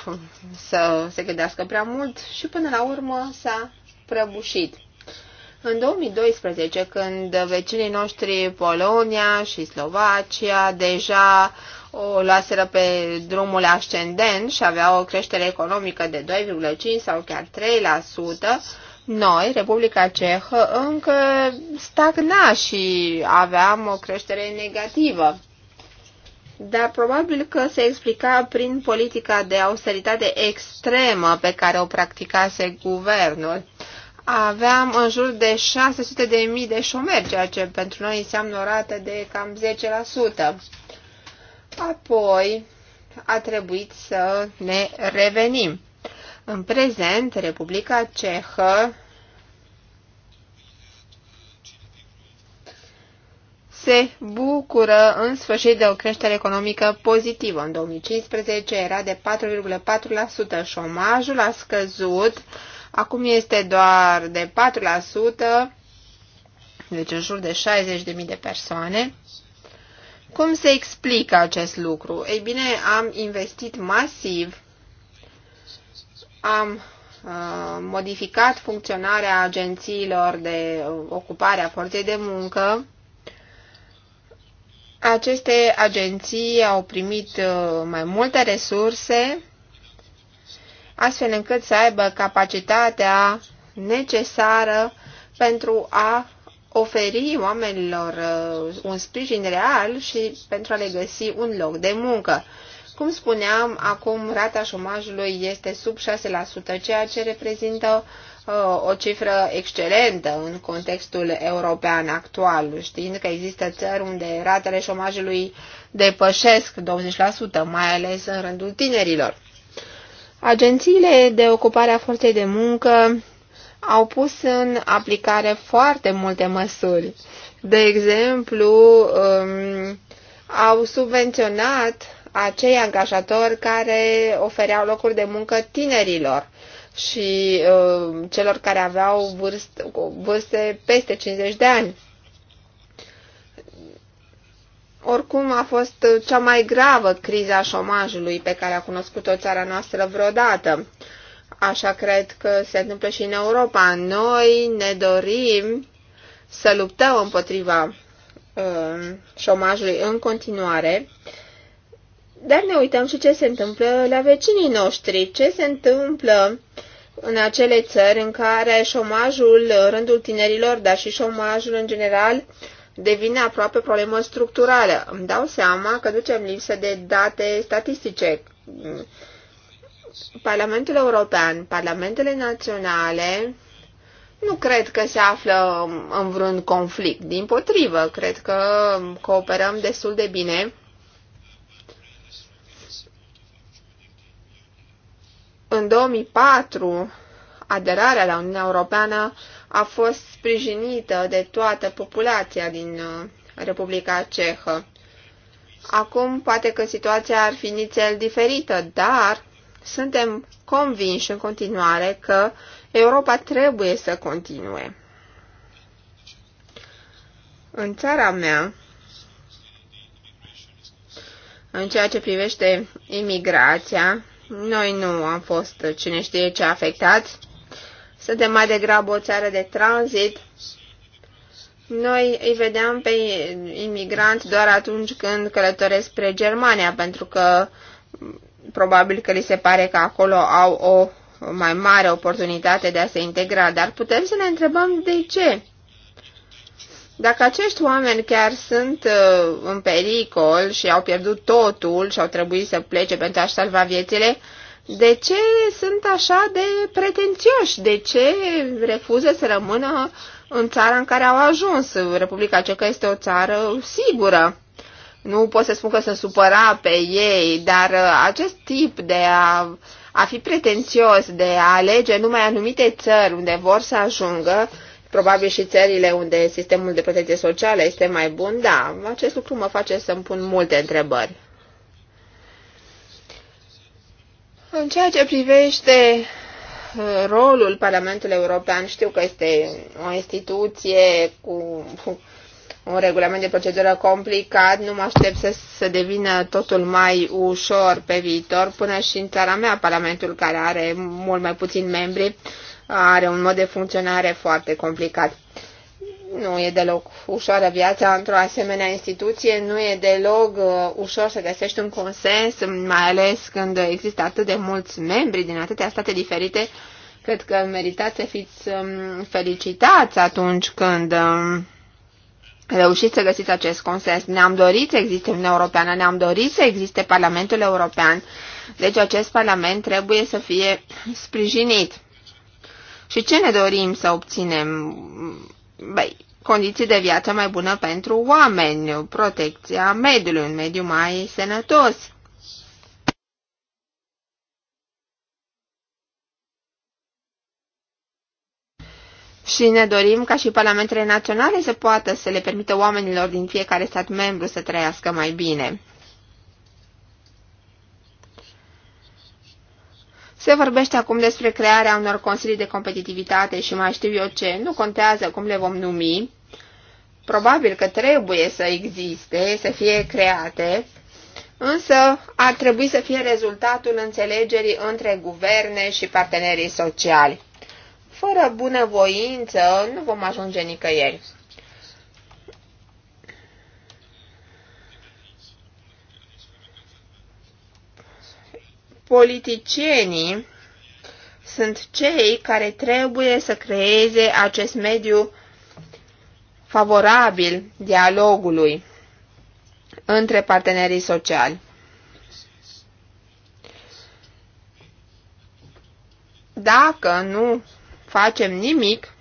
uh, să se gândească prea mult și până la urmă s-a prăbușit. În 2012, când vecinii noștri Polonia și Slovacia deja o luaseră pe drumul ascendent și aveau o creștere economică de 2,5 sau chiar 3%, noi, Republica Cehă, încă stagna și aveam o creștere negativă. Dar probabil că se explica prin politica de austeritate extremă pe care o practicase guvernul aveam în jur de 600 de mii de șomeri, ceea ce pentru noi înseamnă o rată de cam 10%. Apoi a trebuit să ne revenim. În prezent, Republica Cehă se bucură în sfârșit de o creștere economică pozitivă. În 2015 era de 4,4%. Șomajul a scăzut Acum este doar de 4%, deci în jur de 60.000 de persoane. Cum se explică acest lucru? Ei bine, am investit masiv, am uh, modificat funcționarea agențiilor de uh, ocupare a forței de muncă. Aceste agenții au primit uh, mai multe resurse astfel încât să aibă capacitatea necesară pentru a oferi oamenilor uh, un sprijin real și pentru a le găsi un loc de muncă. Cum spuneam, acum rata șomajului este sub 6%, ceea ce reprezintă uh, o cifră excelentă în contextul european actual, știind că există țări unde ratele șomajului depășesc 20%, mai ales în rândul tinerilor. Agențiile de ocupare a forței de muncă au pus în aplicare foarte multe măsuri. De exemplu, um, au subvenționat acei angajatori care ofereau locuri de muncă tinerilor și uh, celor care aveau vârst, vârste peste 50 de ani. Oricum a fost cea mai gravă criza șomajului pe care a cunoscut-o țara noastră vreodată. Așa cred că se întâmplă și în Europa. Noi ne dorim să luptăm împotriva uh, șomajului în continuare, dar ne uităm și ce se întâmplă la vecinii noștri, ce se întâmplă în acele țări în care șomajul rândul tinerilor, dar și șomajul în general, uh, devine aproape problemă structurală. Îmi dau seama că ducem lipsă de date statistice. Parlamentul European, parlamentele naționale nu cred că se află în vreun conflict. Din potrivă, cred că cooperăm destul de bine. În 2004, aderarea la Uniunea Europeană a fost sprijinită de toată populația din uh, Republica Cehă. Acum poate că situația ar fi nițel diferită, dar suntem convinși în continuare că Europa trebuie să continue. În țara mea, în ceea ce privește imigrația, noi nu am fost cine știe ce afectați suntem mai degrabă o țară de tranzit. Noi îi vedeam pe imigranți doar atunci când călătoresc spre Germania, pentru că probabil că li se pare că acolo au o mai mare oportunitate de a se integra, dar putem să ne întrebăm de ce. Dacă acești oameni chiar sunt uh, în pericol și au pierdut totul și au trebuit să plece pentru a-și salva viețile, uh, de ce sunt așa de pretențioși? De ce refuză să rămână în țara în care au ajuns? Republica Cecă este o țară sigură. Nu pot să spun că se supăra pe ei, dar uh, acest tip de a, a fi pretențios, de a alege numai anumite țări unde vor să ajungă, probabil și țările unde sistemul de protecție socială este mai bun, da, acest lucru mă face să-mi pun multe întrebări. În ceea ce privește uh, rolul Parlamentului European, știu că este o instituție cu un regulament de procedură complicat, nu mă aștept să, să devină totul mai ușor pe viitor, până și în țara mea, Parlamentul care are mult mai puțini membri, are un mod de funcționare foarte complicat nu e deloc ușoară viața într-o asemenea instituție, nu e deloc uh, ușor să găsești un consens, mai ales când există atât de mulți membri din atâtea state diferite. Cred că meritați să fiți um, felicitați atunci când um, reușiți să găsiți acest consens. Ne-am dorit să existe Uniunea Europeană, ne-am dorit să existe Parlamentul European, deci acest Parlament trebuie să fie sprijinit. Și ce ne dorim să obținem? băi, condiții de viață mai bună pentru oameni, protecția mediului, un mediu mai sănătos. Și ne dorim ca și parlamentele naționale să poată să le permită oamenilor din fiecare stat membru să trăiască mai bine. Se vorbește acum despre crearea unor consilii de competitivitate și mai știu eu ce. Nu contează cum le vom numi. Probabil că trebuie să existe, să fie create, însă ar trebui să fie rezultatul înțelegerii între guverne și partenerii sociali. Fără bunăvoință nu vom ajunge nicăieri. politicienii sunt cei care trebuie să creeze acest mediu favorabil dialogului între partenerii sociali. Dacă nu facem nimic,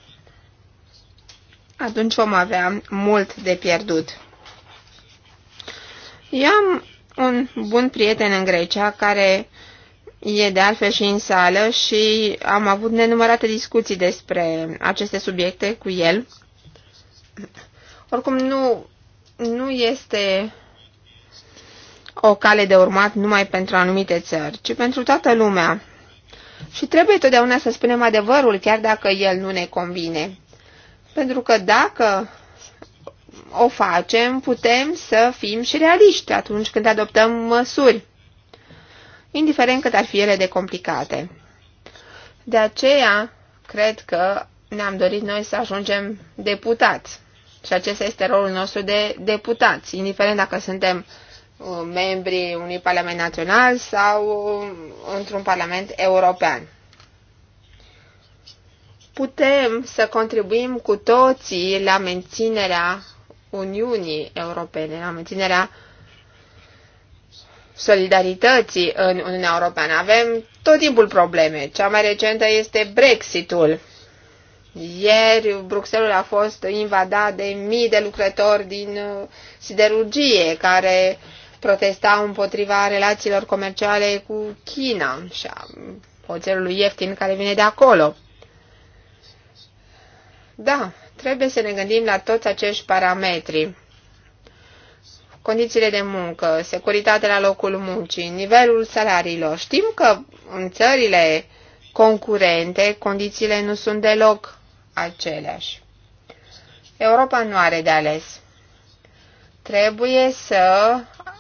atunci vom avea mult de pierdut. Eu am un bun prieten în Grecia care e de altfel și în sală și am avut nenumărate discuții despre aceste subiecte cu el. Oricum, nu, nu este o cale de urmat numai pentru anumite țări, ci pentru toată lumea. Și trebuie totdeauna să spunem adevărul, chiar dacă el nu ne convine. Pentru că dacă o facem, putem să fim și realiști atunci când adoptăm măsuri indiferent cât ar fi ele de complicate. De aceea, cred că ne-am dorit noi să ajungem deputați. Și acesta este rolul nostru de deputați, indiferent dacă suntem uh, membri unui parlament național sau uh, într-un parlament european. Putem să contribuim cu toții la menținerea Uniunii Europene, la menținerea uh, solidarității în Uniunea Europeană. Avem tot timpul probleme. Cea mai recentă este Brexitul. Ieri Bruxelles a fost invadat de mii de lucrători din uh, siderurgie care protestau împotriva relațiilor comerciale cu China și a oțelului ieftin care vine de acolo. Da, trebuie să ne gândim la toți acești parametri condițiile de muncă, securitatea la locul muncii, nivelul salariilor. Știm că în țările concurente condițiile nu sunt deloc aceleași. Europa nu are de ales. Trebuie să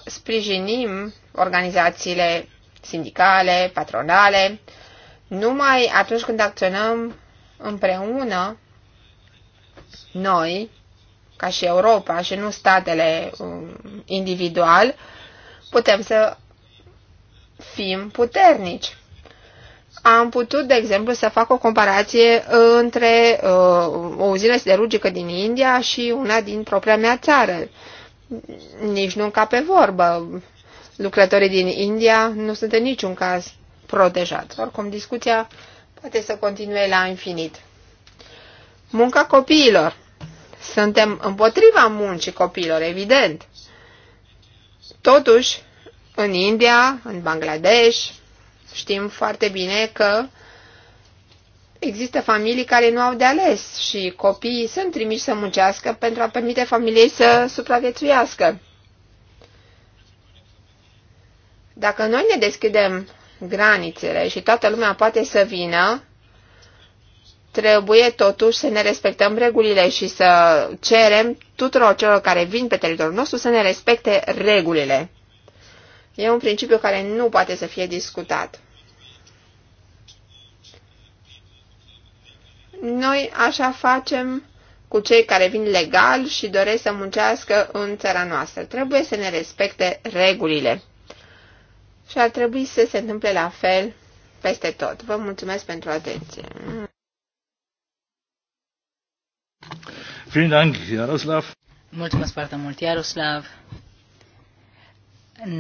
sprijinim organizațiile sindicale, patronale, numai atunci când acționăm împreună, noi ca și Europa și nu statele um, individual, putem să fim puternici. Am putut, de exemplu, să fac o comparație între uh, o uzină siderurgică din India și una din propria mea țară. Nici nu ca pe vorbă. Lucrătorii din India nu sunt în niciun caz protejați. Oricum, discuția poate să continue la infinit. Munca copiilor. Suntem împotriva muncii copiilor, evident. Totuși, în India, în Bangladesh, știm foarte bine că există familii care nu au de ales și copiii sunt trimiși să muncească pentru a permite familiei să supraviețuiască. Dacă noi ne deschidem granițele și toată lumea poate să vină, Trebuie totuși să ne respectăm regulile și să cerem tuturor celor care vin pe teritoriul nostru să ne respecte regulile. E un principiu care nu poate să fie discutat. Noi așa facem cu cei care vin legal și doresc să muncească în țara noastră. Trebuie să ne respecte regulile. Și ar trebui să se întâmple la fel peste tot. Vă mulțumesc pentru atenție. Vielen Dank, Jaroslav. Mulțumesc foarte mult, Iaroslav.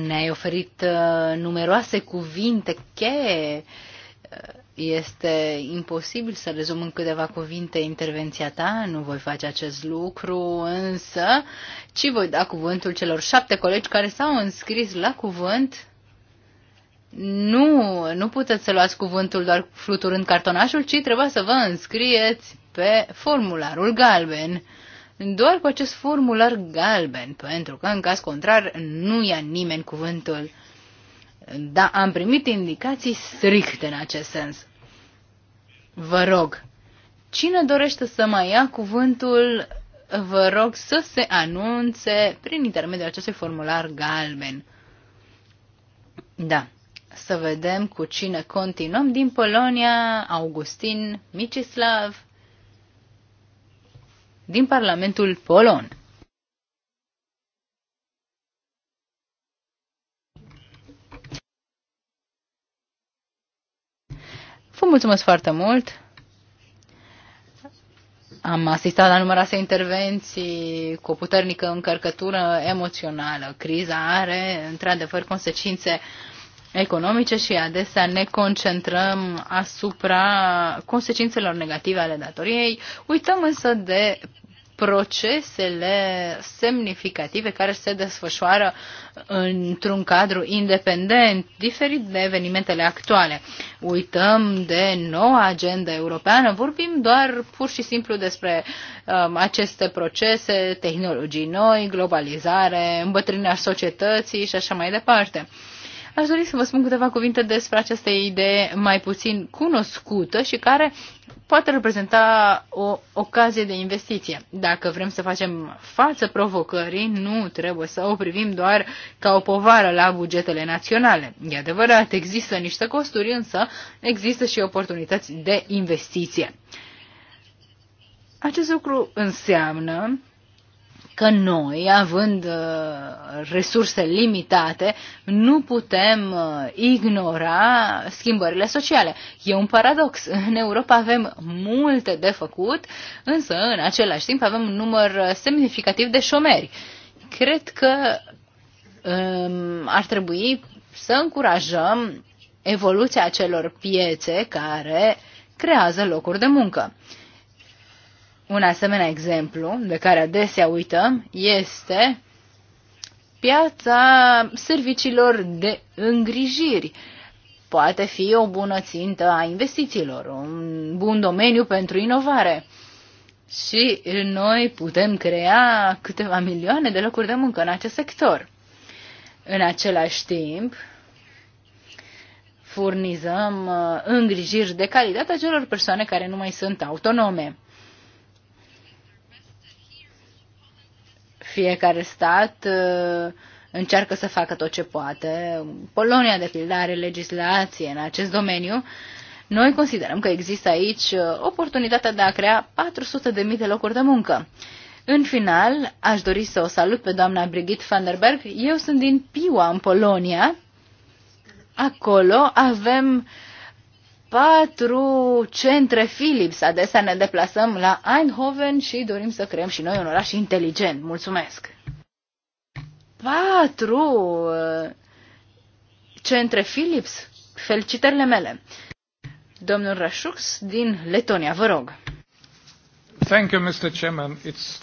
Ne-ai oferit uh, numeroase cuvinte cheie. Uh, este imposibil să rezum în câteva cuvinte intervenția ta, nu voi face acest lucru, însă, ci voi da cuvântul celor șapte colegi care s-au înscris la cuvânt. Nu, nu puteți să luați cuvântul doar fluturând cartonașul, ci trebuie să vă înscrieți pe formularul galben. Doar cu acest formular galben, pentru că în caz contrar nu ia nimeni cuvântul. Dar am primit indicații stricte în acest sens. Vă rog, cine dorește să mai ia cuvântul, vă rog să se anunțe prin intermediul acestui formular galben. Da, să vedem cu cine continuăm. Din Polonia, Augustin Micislav din Parlamentul Polon. Vă mulțumesc foarte mult! Am asistat la numeroase intervenții cu o puternică încărcătură emoțională. Criza are, într-adevăr, consecințe uh, economice și adesea ne concentrăm asupra consecințelor negative ale datoriei, uităm însă de procesele semnificative care se desfășoară într-un cadru independent, diferit de evenimentele actuale. Uităm de noua agenda europeană, vorbim doar pur și simplu despre um, aceste procese, tehnologii noi, globalizare, îmbătrânirea societății și așa mai departe. Aș dori să vă spun câteva cuvinte despre această idee mai puțin cunoscută și care poate reprezenta o ocazie de investiție. Dacă vrem să facem față provocării, nu trebuie să o privim doar ca o povară la bugetele naționale. E adevărat, există niște costuri, însă există și oportunități de investiție. Acest lucru înseamnă că noi, având uh, resurse limitate, nu putem uh, ignora schimbările sociale. E un paradox. În Europa avem multe de făcut, însă în același timp avem un număr semnificativ de șomeri. Cred că um, ar trebui să încurajăm evoluția acelor piețe care creează locuri de muncă. Un asemenea exemplu de care adesea uităm este piața serviciilor de îngrijiri. Poate fi o bună țintă a investițiilor, un bun domeniu pentru inovare. Și noi putem crea câteva milioane de locuri de muncă în acest sector. În același timp, furnizăm uh, îngrijiri de calitate celor persoane care nu mai sunt autonome. Fiecare stat uh, încearcă să facă tot ce poate. Polonia, de pildă, are legislație în acest domeniu. Noi considerăm că există aici uh, oportunitatea de a crea 400.000 de locuri de muncă. În final, aș dori să o salut pe doamna Brigitte van der Berg. Eu sunt din Piua, în Polonia. Acolo avem patru centre Philips. Adesea ne deplasăm la Eindhoven și dorim să creăm și noi un oraș inteligent. Mulțumesc! Patru uh, centre Philips? Felicitările mele! Domnul Rașux din Letonia, vă rog. Thank you, Mr. Chairman. It's...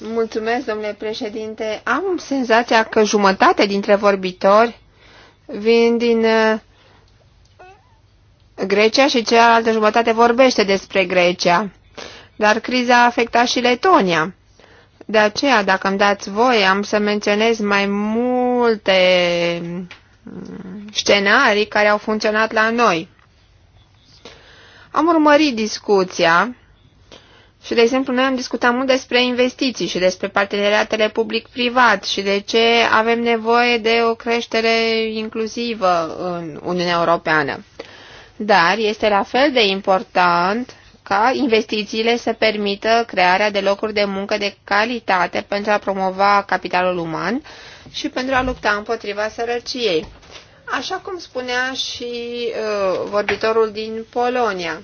Mulțumesc, domnule președinte. Am senzația că jumătate dintre vorbitori vin din uh, Grecia și cealaltă jumătate vorbește despre Grecia. Dar criza a afectat și Letonia. De aceea, dacă îmi dați voie, am să menționez mai multe mm, scenarii care au funcționat la noi. Am urmărit discuția și, de exemplu, noi am discutat mult despre investiții și despre parteneriatele public-privat și de ce avem nevoie de o creștere inclusivă în Uniunea Europeană dar este la fel de important ca investițiile să permită crearea de locuri de muncă de calitate pentru a promova capitalul uman și pentru a lupta împotriva sărăciei. Așa cum spunea și uh, vorbitorul din Polonia,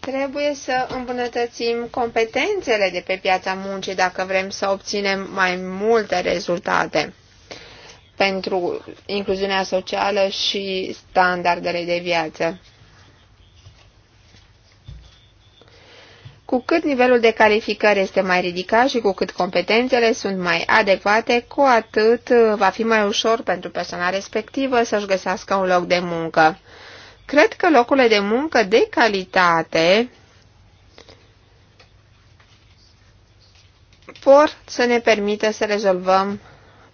trebuie să îmbunătățim competențele de pe piața muncii dacă vrem să obținem mai multe rezultate pentru incluziunea socială și standardele de viață. Cu cât nivelul de calificare este mai ridicat și cu cât competențele sunt mai adecvate, cu atât uh, va fi mai ușor pentru persoana respectivă să-și găsească un loc de muncă. Cred că locurile de muncă de calitate vor să ne permită să rezolvăm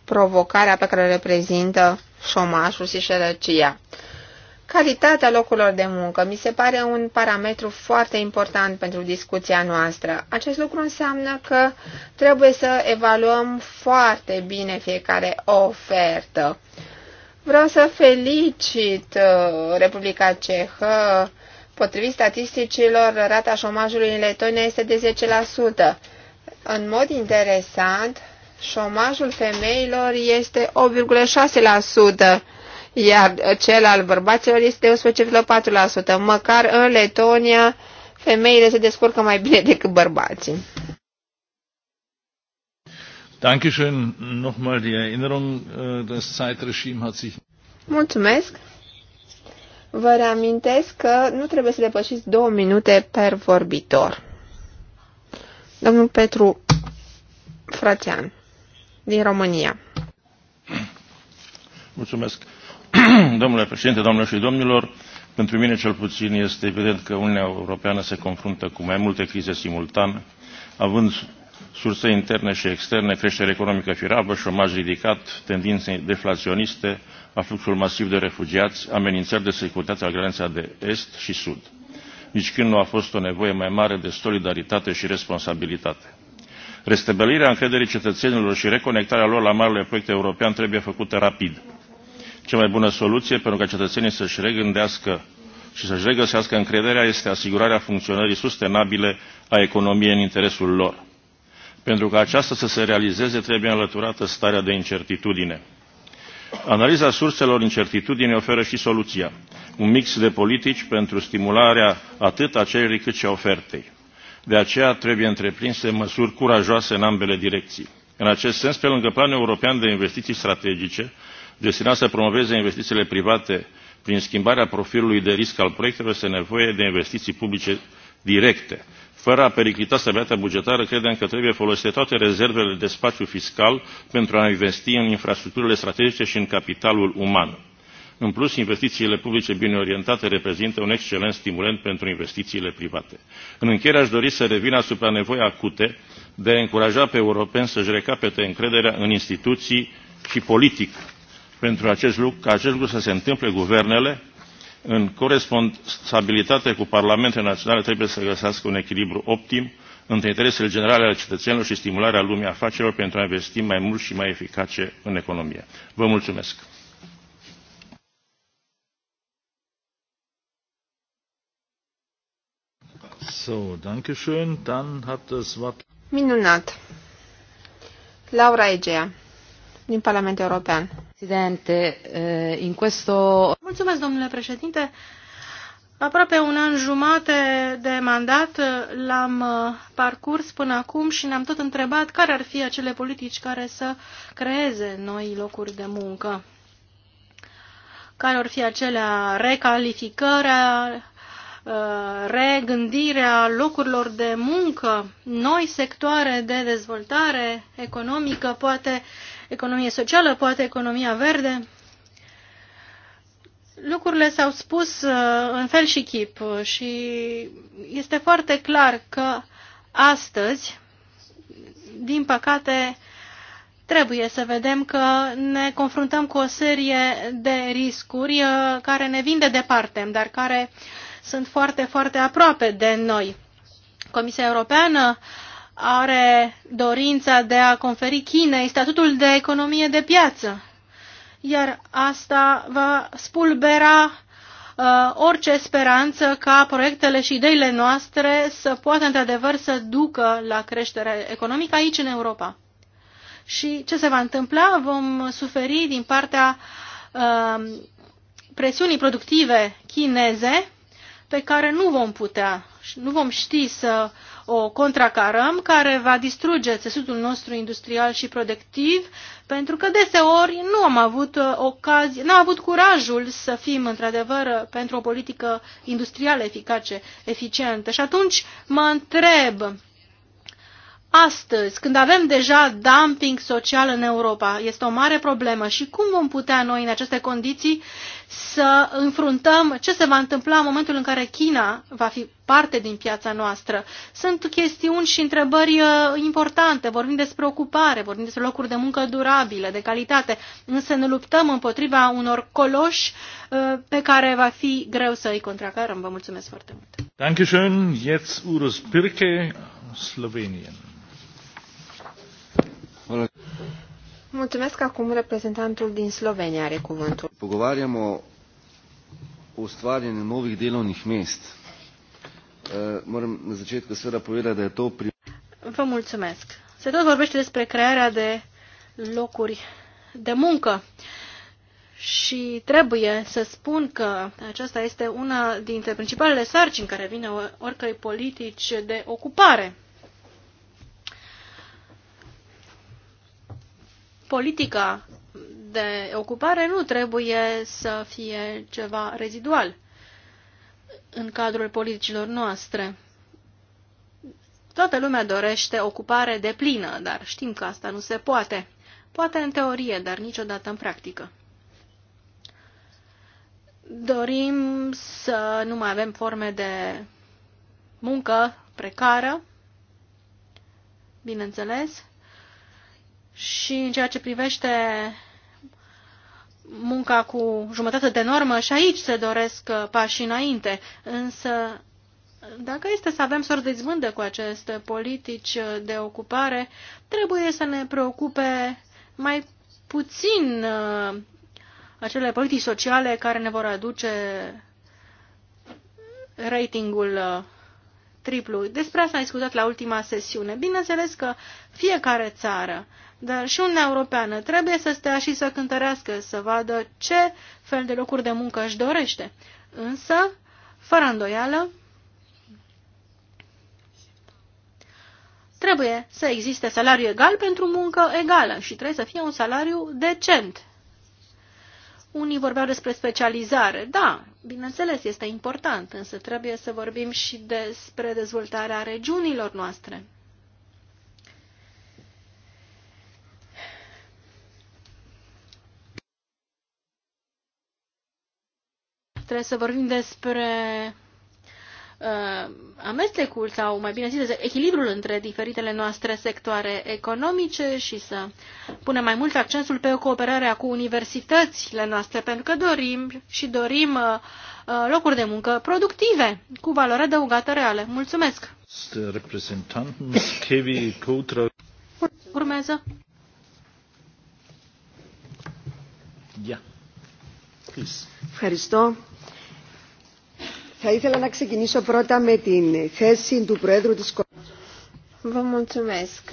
provocarea pe care o reprezintă șomașul și sărăcia. Calitatea locurilor de muncă mi se pare un parametru foarte important pentru discuția noastră. Acest lucru înseamnă că trebuie să evaluăm foarte bine fiecare ofertă. Vreau să felicit uh, Republica Cehă. Potrivit statisticilor, rata șomajului în Letonia este de 10%. În mod interesant, șomajul femeilor este 8,6%, iar cel al bărbaților este 11,4%. Măcar în Letonia, femeile se descurcă mai bine decât bărbații. Dankeschön. Nochmal die Erinnerung, äh, das Zeitregime hat sich... Mulțumesc. Vă reamintesc că nu trebuie să depășiți două minute per vorbitor. Domnul Petru Frațean din România. Mulțumesc, domnule președinte, domnilor și domnilor. Pentru mine, cel puțin, este evident că Uniunea Europeană se confruntă cu mai multe crize simultan, având surse interne și externe, creștere economică firavă, șomaj ridicat, tendințe deflaționiste, afluxul masiv de refugiați, amenințări de securitate la granița de est și sud. Nici când nu a fost o nevoie mai mare de solidaritate și responsabilitate restabilirea încrederii cetățenilor și reconectarea lor la marele proiect european trebuie făcută rapid. Cea mai bună soluție pentru ca cetățenii să-și regândească și să-și regăsească încrederea este asigurarea funcționării sustenabile a economiei în interesul lor. Pentru ca aceasta să se realizeze, trebuie înlăturată starea de incertitudine. Analiza surselor incertitudinii oferă și soluția, un mix de politici pentru stimularea atât a cererii cât și a ofertei. De aceea trebuie întreprinse măsuri curajoase în ambele direcții. În acest sens, pe lângă planul european de investiții strategice, destinat să promoveze investițiile private prin schimbarea profilului de risc al proiectelor, este nevoie de investiții publice directe. Fără a periclita stabilitatea bugetară, credem că trebuie folosite toate rezervele de spațiu fiscal pentru a investi în infrastructurile strategice și în capitalul uman. În plus, investițiile publice bine orientate reprezintă un excelent stimulent pentru investițiile private. În încheiere aș dori să revin asupra nevoii acute de a încuraja pe europeni să-și recapete încrederea în instituții și politic. Pentru acest lucru, ca acest lucru să se întâmple, guvernele, în corespondabilitate cu parlamentele naționale, trebuie să găsească un echilibru optim între interesele generale ale cetățenilor și stimularea lumii afacerilor pentru a investi mai mult și mai eficace în economie. Vă mulțumesc! So, danke schön. Dann hat das Wort... Minunat. Laura Egea, din Parlamentul European. Presidente, in eh, questo... Mulțumesc, domnule președinte. Aproape un an jumate de mandat eh, l-am eh, parcurs până acum și ne-am tot întrebat care ar fi acele politici care să creeze noi locuri de muncă. Care ar fi acelea recalificări Uh, regândirea locurilor de muncă, noi sectoare de dezvoltare economică, poate economie socială, poate economia verde. Lucrurile s-au spus uh, în fel și chip și este foarte clar că astăzi, din păcate, trebuie să vedem că ne confruntăm cu o serie de riscuri uh, care ne vin de departe, dar care uh, sunt foarte, foarte aproape de noi. Comisia Europeană are dorința de a conferi Chinei statutul de economie de piață, iar asta va spulbera uh, orice speranță ca proiectele și ideile noastre să poată într-adevăr să ducă la creștere economică aici în Europa. Și ce se va întâmpla? Vom suferi din partea uh, presiunii productive chineze pe care nu vom putea, nu vom ști să o contracarăm, care va distruge țesutul nostru industrial și productiv, pentru că deseori nu am avut uh, ocazie, n-am avut curajul să fim într-adevăr uh, pentru o politică industrială eficace, eficientă. Și atunci mă întreb, astăzi, când avem deja dumping social în Europa, este o mare problemă și cum vom putea noi în aceste condiții să înfruntăm ce se va întâmpla în momentul în care China va fi parte din piața noastră. Sunt chestiuni și întrebări uh, importante, vorbim despre ocupare, vorbim despre locuri de muncă durabile, de calitate, însă ne luptăm împotriva unor coloși uh, pe care va fi greu să îi contracarăm. Vă mulțumesc foarte mult. Dankeschön. Jetzt Urus Pirke, Slovenien. Mulțumesc acum reprezentantul din Slovenia are cuvântul. Pogovarjamo o ustvarjanju novih delovnih mest. Moram na začetku seveda povedati, da je to pri... Vă mulțumesc. Se tot vorbește despre crearea de locuri de muncă. Și trebuie să spun că aceasta este una dintre principalele sarcini care vine oricărei politici de ocupare politica de ocupare nu trebuie să fie ceva rezidual în cadrul politicilor noastre. Toată lumea dorește ocupare de plină, dar știm că asta nu se poate. Poate în teorie, dar niciodată în practică. Dorim să nu mai avem forme de muncă precară, bineînțeles, și în ceea ce privește munca cu jumătate de normă și aici se doresc uh, pași înainte. Însă, dacă este să avem sort de izbândă cu aceste politici uh, de ocupare, trebuie să ne preocupe mai puțin uh, acele politici sociale care ne vor aduce ratingul triplu. Despre asta am discutat la ultima sesiune. Bineînțeles că fiecare țară dar și Uniunea Europeană trebuie să stea și să cântărească, să vadă ce fel de locuri de muncă își dorește. Însă, fără îndoială, trebuie să existe salariu egal pentru muncă egală și trebuie să fie un salariu decent. Unii vorbeau despre specializare. Da, bineînțeles, este important, însă trebuie să vorbim și despre dezvoltarea regiunilor noastre. trebuie să vorbim despre uh, amestecul sau, mai bine zis, echilibrul între diferitele noastre sectoare economice și să punem mai mult accentul pe cooperarea cu universitățile noastre, pentru că dorim și dorim uh, uh, locuri de muncă productive, cu valoare adăugată reală. Mulțumesc! Urmează. Yeah. Please. Ευχαριστώ. Θα ήθελα να ξεκινήσω πρώτα με την θέση του Προέδρου της Vă mulțumesc,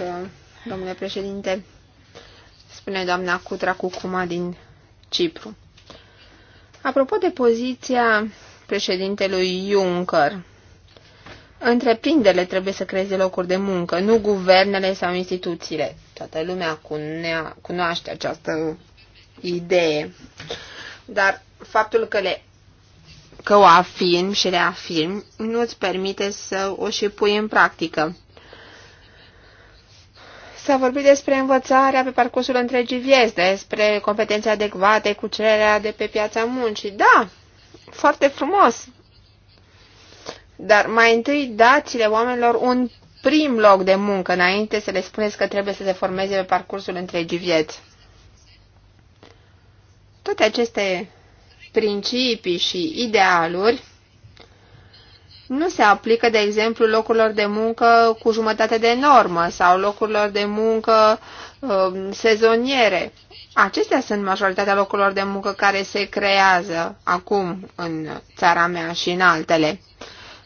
domnule președinte, spune doamna Cutra Cucuma din Cipru. Apropo de poziția președintelui Juncker, întreprinderile trebuie să creeze locuri de muncă, nu guvernele sau instituțiile. Toată lumea cunoaște această idee. Dar faptul că le că o afirm și reafirm nu îți permite să o și pui în practică. S-a vorbit despre învățarea pe parcursul întregii vieți, despre competențe adecvate cu cererea de pe piața muncii. Da, foarte frumos. Dar mai întâi dați-le oamenilor un prim loc de muncă înainte să le spuneți că trebuie să se formeze pe parcursul întregii vieți. Toate aceste principii și idealuri nu se aplică, de exemplu, locurilor de muncă cu jumătate de normă sau locurilor de muncă uh, sezoniere. Acestea sunt majoritatea locurilor de muncă care se creează acum în țara mea și în altele.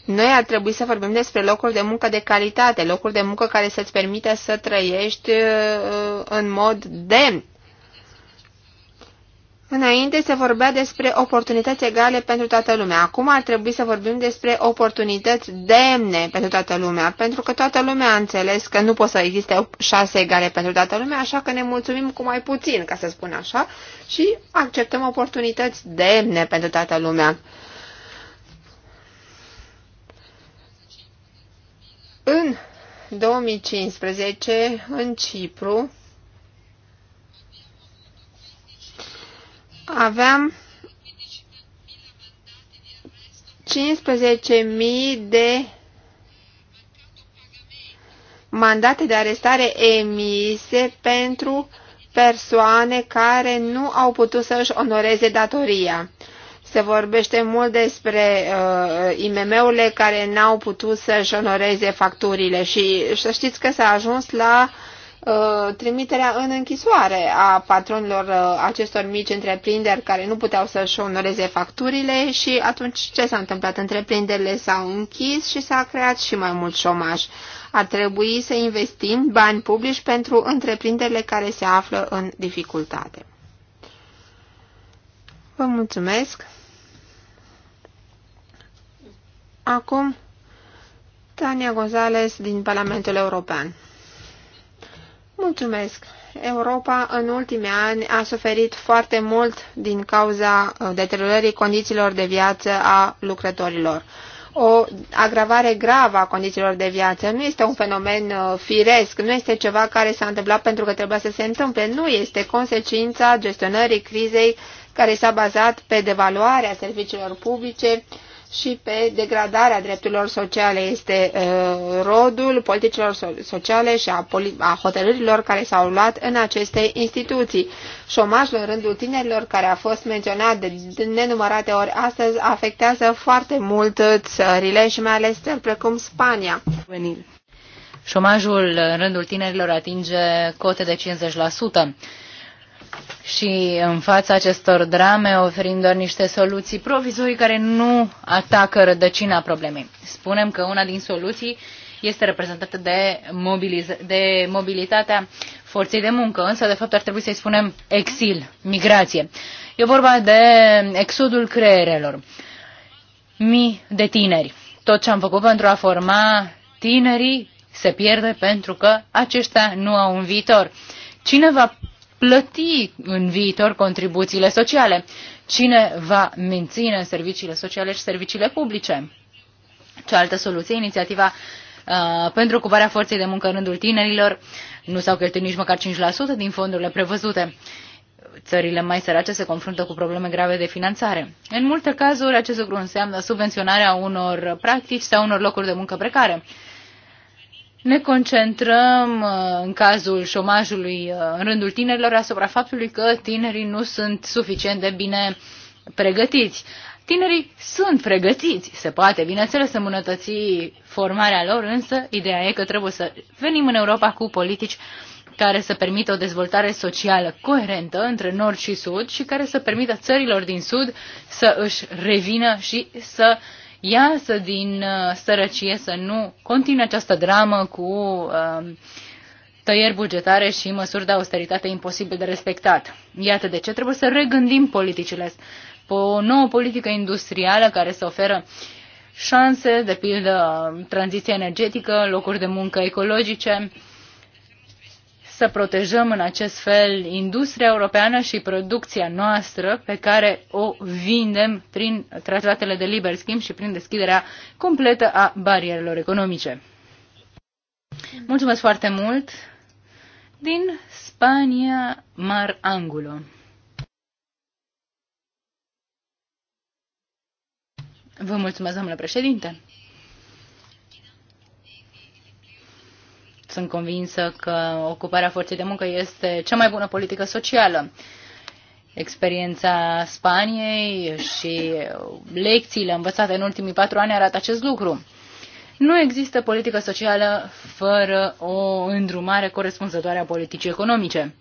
Noi ar trebui să vorbim despre locuri de muncă de calitate, locuri de muncă care să-ți permite să trăiești uh, în mod demn Înainte se vorbea despre oportunități egale pentru toată lumea. Acum ar trebui să vorbim despre oportunități demne pentru toată lumea, pentru că toată lumea a înțeles că nu pot să existe șanse egale pentru toată lumea, așa că ne mulțumim cu mai puțin, ca să spun așa, și acceptăm oportunități demne pentru toată lumea. În 2015, în Cipru, aveam 15.000 de mandate de arestare emise pentru persoane care nu au putut să-și onoreze datoria. Se vorbește mult despre uh, IMM-urile care n-au putut să-și onoreze facturile și să știți că s-a ajuns la uh, Uh, trimiterea în închisoare a patronilor uh, acestor mici întreprinderi care nu puteau să-și onoreze facturile și atunci ce s-a întâmplat? Întreprinderile s-au închis și s-a creat și mai mult șomaj. Ar trebui să investim bani publici pentru întreprinderile care se află în dificultate. Vă mulțumesc! Acum, Tania González din Parlamentul European. Mulțumesc! Europa în ultimii ani a suferit foarte mult din cauza uh, deteriorării condițiilor de viață a lucrătorilor. O agravare gravă a condițiilor de viață nu este un fenomen uh, firesc, nu este ceva care s-a întâmplat pentru că trebuia să se întâmple, nu este consecința gestionării crizei care s-a bazat pe devaluarea serviciilor publice, și pe degradarea drepturilor sociale. Este uh, rodul politicilor so sociale și a, a hotărârilor care s-au luat în aceste instituții. Șomajul în rândul tinerilor, care a fost menționat de nenumărate ori astăzi, afectează foarte mult țările și mai ales țări precum Spania. Șomajul în rândul tinerilor atinge cote de 50% și în fața acestor drame, oferind doar niște soluții provizorii care nu atacă rădăcina problemei. Spunem că una din soluții este reprezentată de, de mobilitatea forței de muncă, însă de fapt ar trebui să-i spunem exil, migrație. E vorba de exodul creierelor. Mii de tineri. Tot ce am făcut pentru a forma tinerii se pierde pentru că aceștia nu au un viitor. Cine va plăti în viitor contribuțiile sociale? Cine va menține serviciile sociale și serviciile publice? Cealaltă soluție, inițiativa uh, pentru ocuparea forței de muncă în rândul tinerilor, nu s-au cheltuit nici măcar 5% din fondurile prevăzute. Țările mai sărace se confruntă cu probleme grave de finanțare. În multe cazuri, acest lucru înseamnă subvenționarea unor practici sau unor locuri de muncă precare ne concentrăm uh, în cazul șomajului uh, în rândul tinerilor asupra faptului că tinerii nu sunt suficient de bine pregătiți. Tinerii sunt pregătiți, se poate, bineînțeles, îmbunătăți formarea lor, însă ideea e că trebuie să venim în Europa cu politici care să permită o dezvoltare socială coerentă între nord și sud și care să permită țărilor din sud să își revină și să uh, iasă din uh, sărăcie, să nu continue această dramă cu um, tăieri bugetare și măsuri de austeritate imposibil de respectat. Iată de ce trebuie să regândim politicile, o nouă politică industrială care să oferă șanse, de pildă um, tranziție energetică, locuri de muncă ecologice, să protejăm în acest fel industria europeană și producția noastră pe care o vindem prin tratatele de liber schimb și prin deschiderea completă a barierelor economice. Mulțumesc foarte mult! Din Spania, Mar Angulo. Vă mulțumesc, domnule președinte! sunt convinsă că ocuparea forței de muncă este cea mai bună politică socială. Experiența Spaniei și lecțiile învățate în ultimii patru ani arată acest lucru. Nu există politică socială fără o îndrumare corespunzătoare a politicii economice.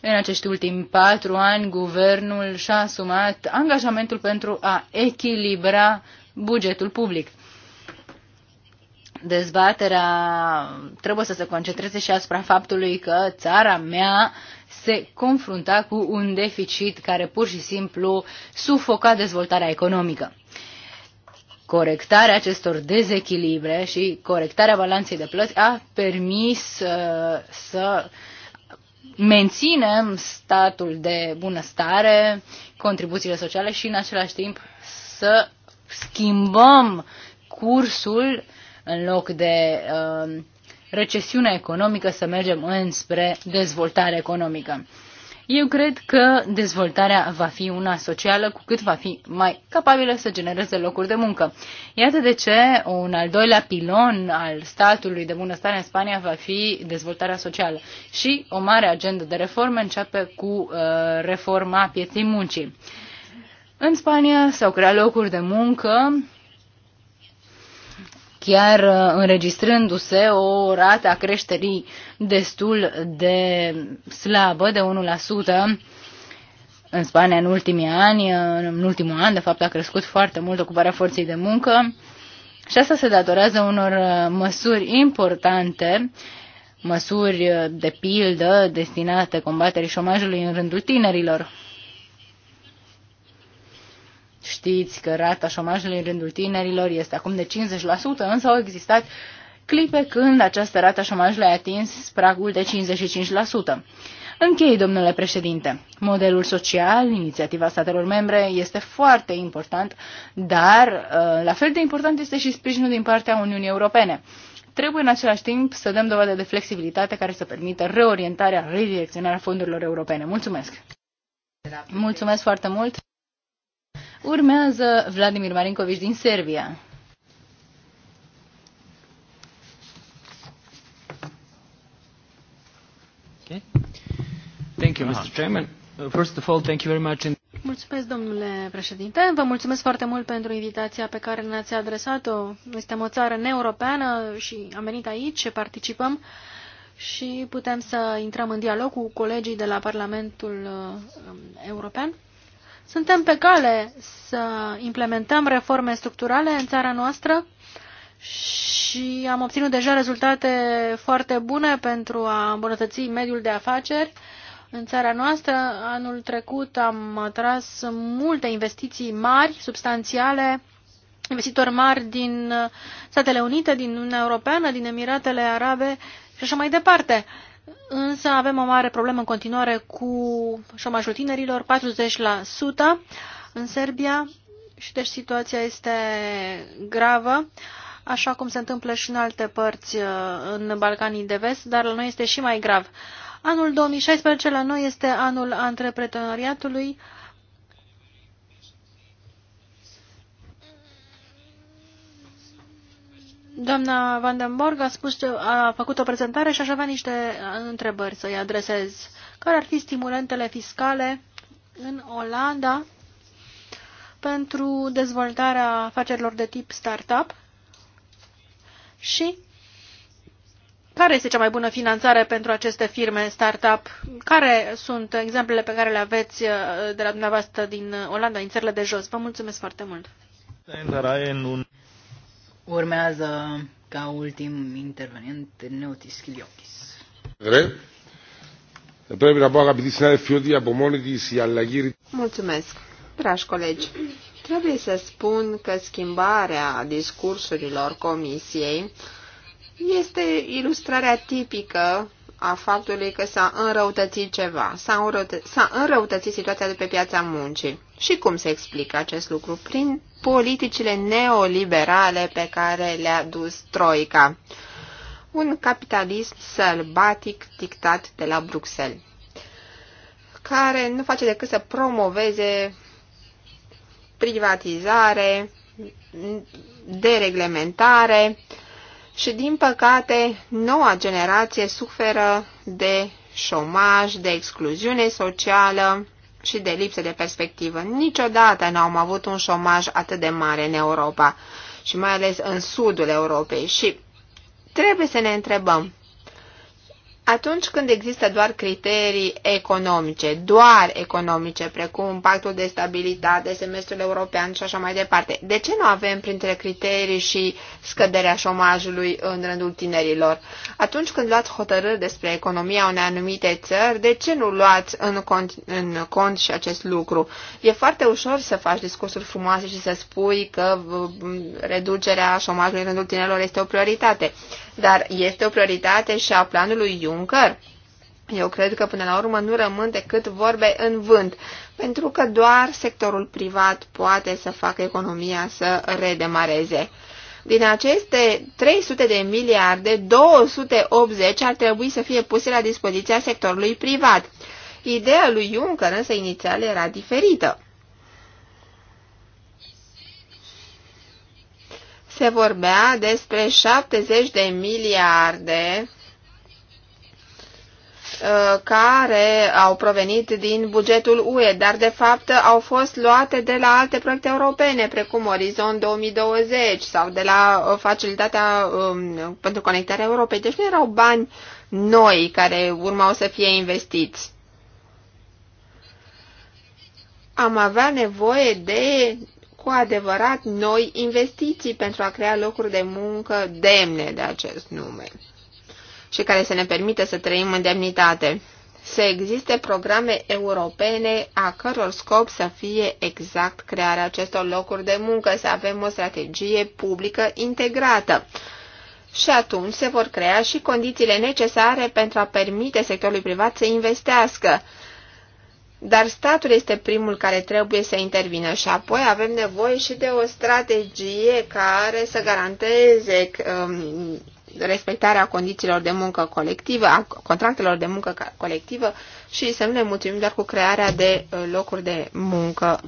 În acești ultimi patru ani, guvernul și-a asumat angajamentul pentru a echilibra bugetul public dezbaterea trebuie să se concentreze și asupra faptului că țara mea se confrunta cu un deficit care pur și simplu sufoca dezvoltarea economică. Corectarea acestor dezechilibre și corectarea balanței de plăți a permis uh, să menținem statul de bunăstare, contribuțiile sociale și în același timp să schimbăm cursul uh, în loc de um, recesiune recesiunea economică să mergem înspre dezvoltare economică. Eu cred că dezvoltarea va fi una socială cu cât va fi mai capabilă să genereze locuri de muncă. Iată de ce un al doilea pilon al statului de bunăstare în Spania va fi dezvoltarea socială. Și o mare agendă de reforme începe cu uh, reforma pieței muncii. În Spania s-au creat locuri de muncă chiar uh, înregistrându-se o rată a creșterii destul de slabă, de 1%. În Spania, în ultimii ani, uh, în ultimul an, de fapt, a crescut foarte mult ocuparea forței de muncă și asta se datorează unor uh, măsuri importante, măsuri de pildă destinate combaterii șomajului în rândul tinerilor. Știți că rata șomajului în rândul tinerilor este acum de 50%, însă au existat clipe când această rata șomajului a atins pragul de 55%. Închei, domnule președinte. Modelul social, inițiativa statelor membre, este foarte important, dar uh, la fel de important este și sprijinul din partea Uniunii Europene. Trebuie în același timp să dăm dovadă de flexibilitate care să permită reorientarea, redirecționarea fondurilor europene. Mulțumesc! Mulțumesc foarte mult! Urmează Vladimir Marinkovici din Serbia. Thank you, Mr. Chairman. Uh, first of all, thank you very much. Mulțumesc, domnule președinte. Vă mulțumesc foarte mult pentru invitația pe care ne-ați adresat-o. Suntem o țară neeuropeană și am venit aici, participăm și putem să intrăm în dialog cu colegii de la Parlamentul uh, European. Suntem pe cale să implementăm reforme structurale în țara noastră și am obținut deja rezultate foarte bune pentru a îmbunătăți mediul de afaceri. În țara noastră, anul trecut am atras multe investiții mari, substanțiale, investitori mari din Statele Unite, din Uniunea Europeană, din Emiratele Arabe și așa mai departe însă avem o mare problemă în continuare cu șomajul tinerilor, 40% în Serbia și deci situația este gravă, așa cum se întâmplă și în alte părți uh, în Balcanii de Vest, dar la noi este și mai grav. Anul 2016 la noi este anul antreprenoriatului, Doamna Vandenborg a, spus, a făcut o prezentare și aș avea niște uh, întrebări să-i adresez. Care ar fi stimulentele fiscale în Olanda pentru dezvoltarea afacerilor de tip startup? Și care este cea mai bună finanțare pentru aceste firme startup? Care sunt exemplele pe care le aveți uh, de la dumneavoastră din Olanda, din țările de jos? Vă mulțumesc foarte mult! Urmează ca ultim intervenient Neotis Kiliokis. Πρέπει να πω αγαπητοί συνάδελφοι ότι από μόνη της η αλλαγή... Mulțumesc, dragi colegi. Trebuie să spun că schimbarea discursurilor comisiei este ilustrarea tipică a faptului că s-a înrăutățit ceva, s-a înrăutățit, înrăutățit situația de pe piața muncii. Și cum se explică acest lucru? Prin politicile neoliberale pe care le-a dus Troica. Un capitalism sălbatic dictat de la Bruxelles, care nu face decât să promoveze privatizare, dereglementare, uh, și, din păcate, noua generație suferă de șomaj, de excluziune socială și de lipsă de perspectivă. Niciodată nu am avut un șomaj atât de mare în Europa și mai ales în sudul Europei și trebuie să ne întrebăm atunci când există doar criterii economice, doar economice, precum pactul de stabilitate, semestrul european și așa mai departe, de ce nu avem printre criterii și scăderea șomajului în rândul tinerilor? Atunci când luați hotărâri despre economia unei anumite țări, de ce nu luați în cont, în cont și acest lucru? E foarte ușor să faci discursuri frumoase și să spui că uh, reducerea șomajului în rândul tinerilor este o prioritate. Dar este o prioritate și a planului Juncker? Eu cred că până la urmă nu rămân decât vorbe în vânt, pentru că doar sectorul privat poate să facă economia să redemareze. Din aceste 300 de miliarde, 280 ar trebui să fie puse la dispoziția sectorului privat. Ideea lui Juncker însă inițial era diferită. se vorbea despre 70 de miliarde uh, care au provenit din bugetul UE, dar de fapt au fost luate de la alte proiecte europene, precum Orizont 2020 sau de la uh, Facilitatea um, pentru Conectarea Europei. Deci nu erau bani noi care urmau să fie investiți. Am avea nevoie de cu adevărat noi investiții pentru a crea locuri de muncă demne de acest nume și care să ne permită să trăim în demnitate. Să existe programe europene a căror scop să fie exact crearea acestor locuri de muncă, să avem o strategie publică integrată. Și atunci se vor crea și condițiile necesare pentru a permite sectorului privat să investească dar statul este primul care trebuie să intervină și apoi avem nevoie și de o strategie care să garanteze um, respectarea condițiilor de muncă colectivă, a contractelor de muncă colectivă și să nu ne mulțumim doar cu crearea de uh, locuri de muncă.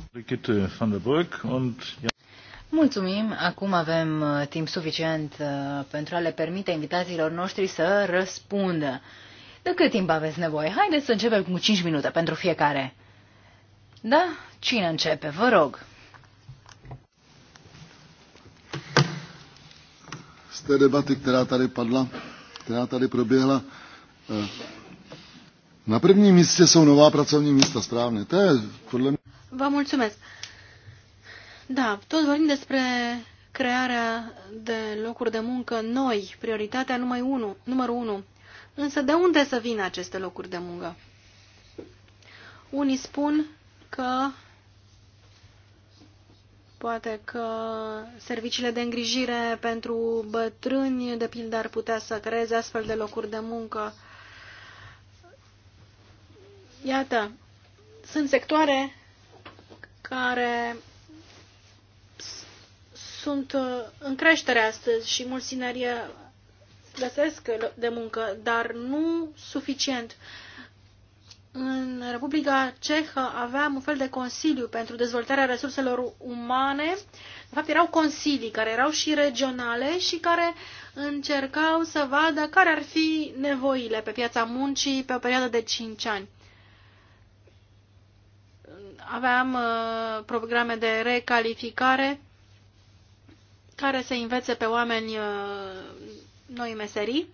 Mulțumim. Acum avem uh, timp suficient uh, pentru a le permite invitațiilor noștri să răspundă. De cât timp aveți nevoie? Haideți să începem cu 5 minute pentru fiecare. Da? Cine începe? Vă rog. Este debatul care která tady padla, která tady proběhla, eh, na prvním místě jsou nová pracovní místa, správně. To je podle mě... Vă mulțumesc. Da, tot vorbim despre crearea de locuri de muncă noi, prioritatea numai unu, numărul 1. Însă de unde să vină aceste locuri de muncă? Unii spun că poate că serviciile de îngrijire pentru bătrâni, de pildă, ar putea să creeze astfel de locuri de muncă. Iată, sunt sectoare care sunt în creștere astăzi și mulți tineri găsesc de muncă, dar nu suficient. În Republica Cehă aveam un fel de consiliu pentru dezvoltarea resurselor umane. De fapt, erau consilii care erau și regionale și care încercau să vadă care ar fi nevoile pe piața muncii pe o perioadă de 5 ani. Aveam uh, programe de recalificare care să învețe pe oameni uh, noi meserii,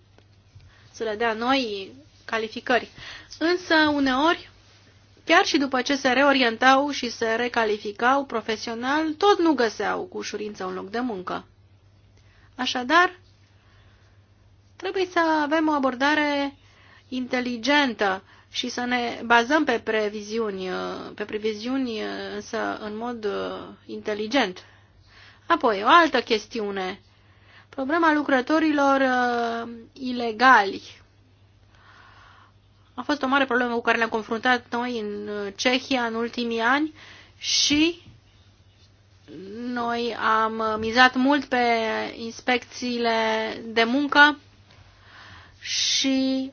să le dea noi calificări. Însă, uneori, chiar și după ce se reorientau și se recalificau profesional, tot nu găseau cu ușurință un loc de muncă. Așadar, trebuie să avem o abordare inteligentă și să ne bazăm pe previziuni, pe previziuni însă în mod uh, inteligent. Apoi, o altă chestiune Problema lucrătorilor uh, ilegali a fost o mare problemă cu care ne-am confruntat noi în uh, Cehia în ultimii ani și noi am uh, mizat mult pe inspecțiile de muncă și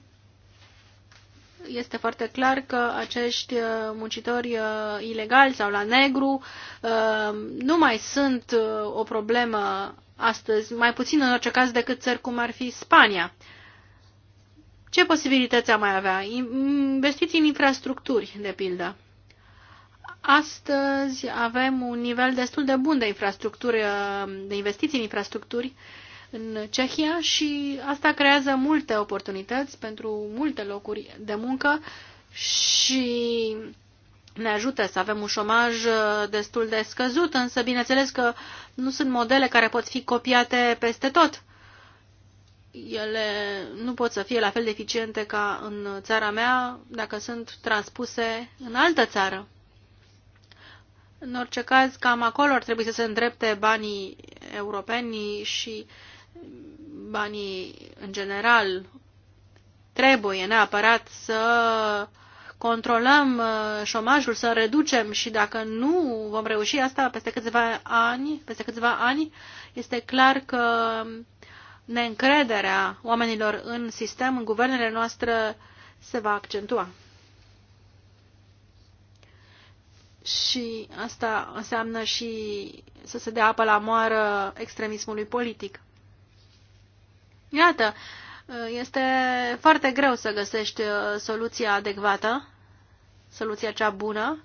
este foarte clar că acești uh, muncitori ilegali sau la negru nu mai sunt o problemă astăzi, mai puțin în orice caz decât țări cum ar fi Spania. Ce posibilități am mai avea? Investiții în infrastructuri, de pildă. Astăzi avem un nivel destul de bun de infrastructuri, de investiții în infrastructuri în Cehia și asta creează multe oportunități pentru multe locuri de muncă și ne ajută să avem un șomaj uh, destul de scăzut, însă bineînțeles că nu sunt modele care pot fi copiate peste tot. Ele nu pot să fie la fel de eficiente ca în țara mea dacă sunt transpuse în altă țară. În orice caz, cam acolo ar trebui să se îndrepte banii europeni și banii în general. Trebuie neapărat să uh, controlăm uh, șomajul, să reducem și dacă nu vom reuși asta peste câțiva ani, peste câțiva ani, este clar că neîncrederea oamenilor în sistem, în guvernele noastre, se va accentua. Și asta înseamnă și să se dea apă la moară extremismului politic. Iată, este foarte greu să găsești uh, soluția adecvată, soluția cea bună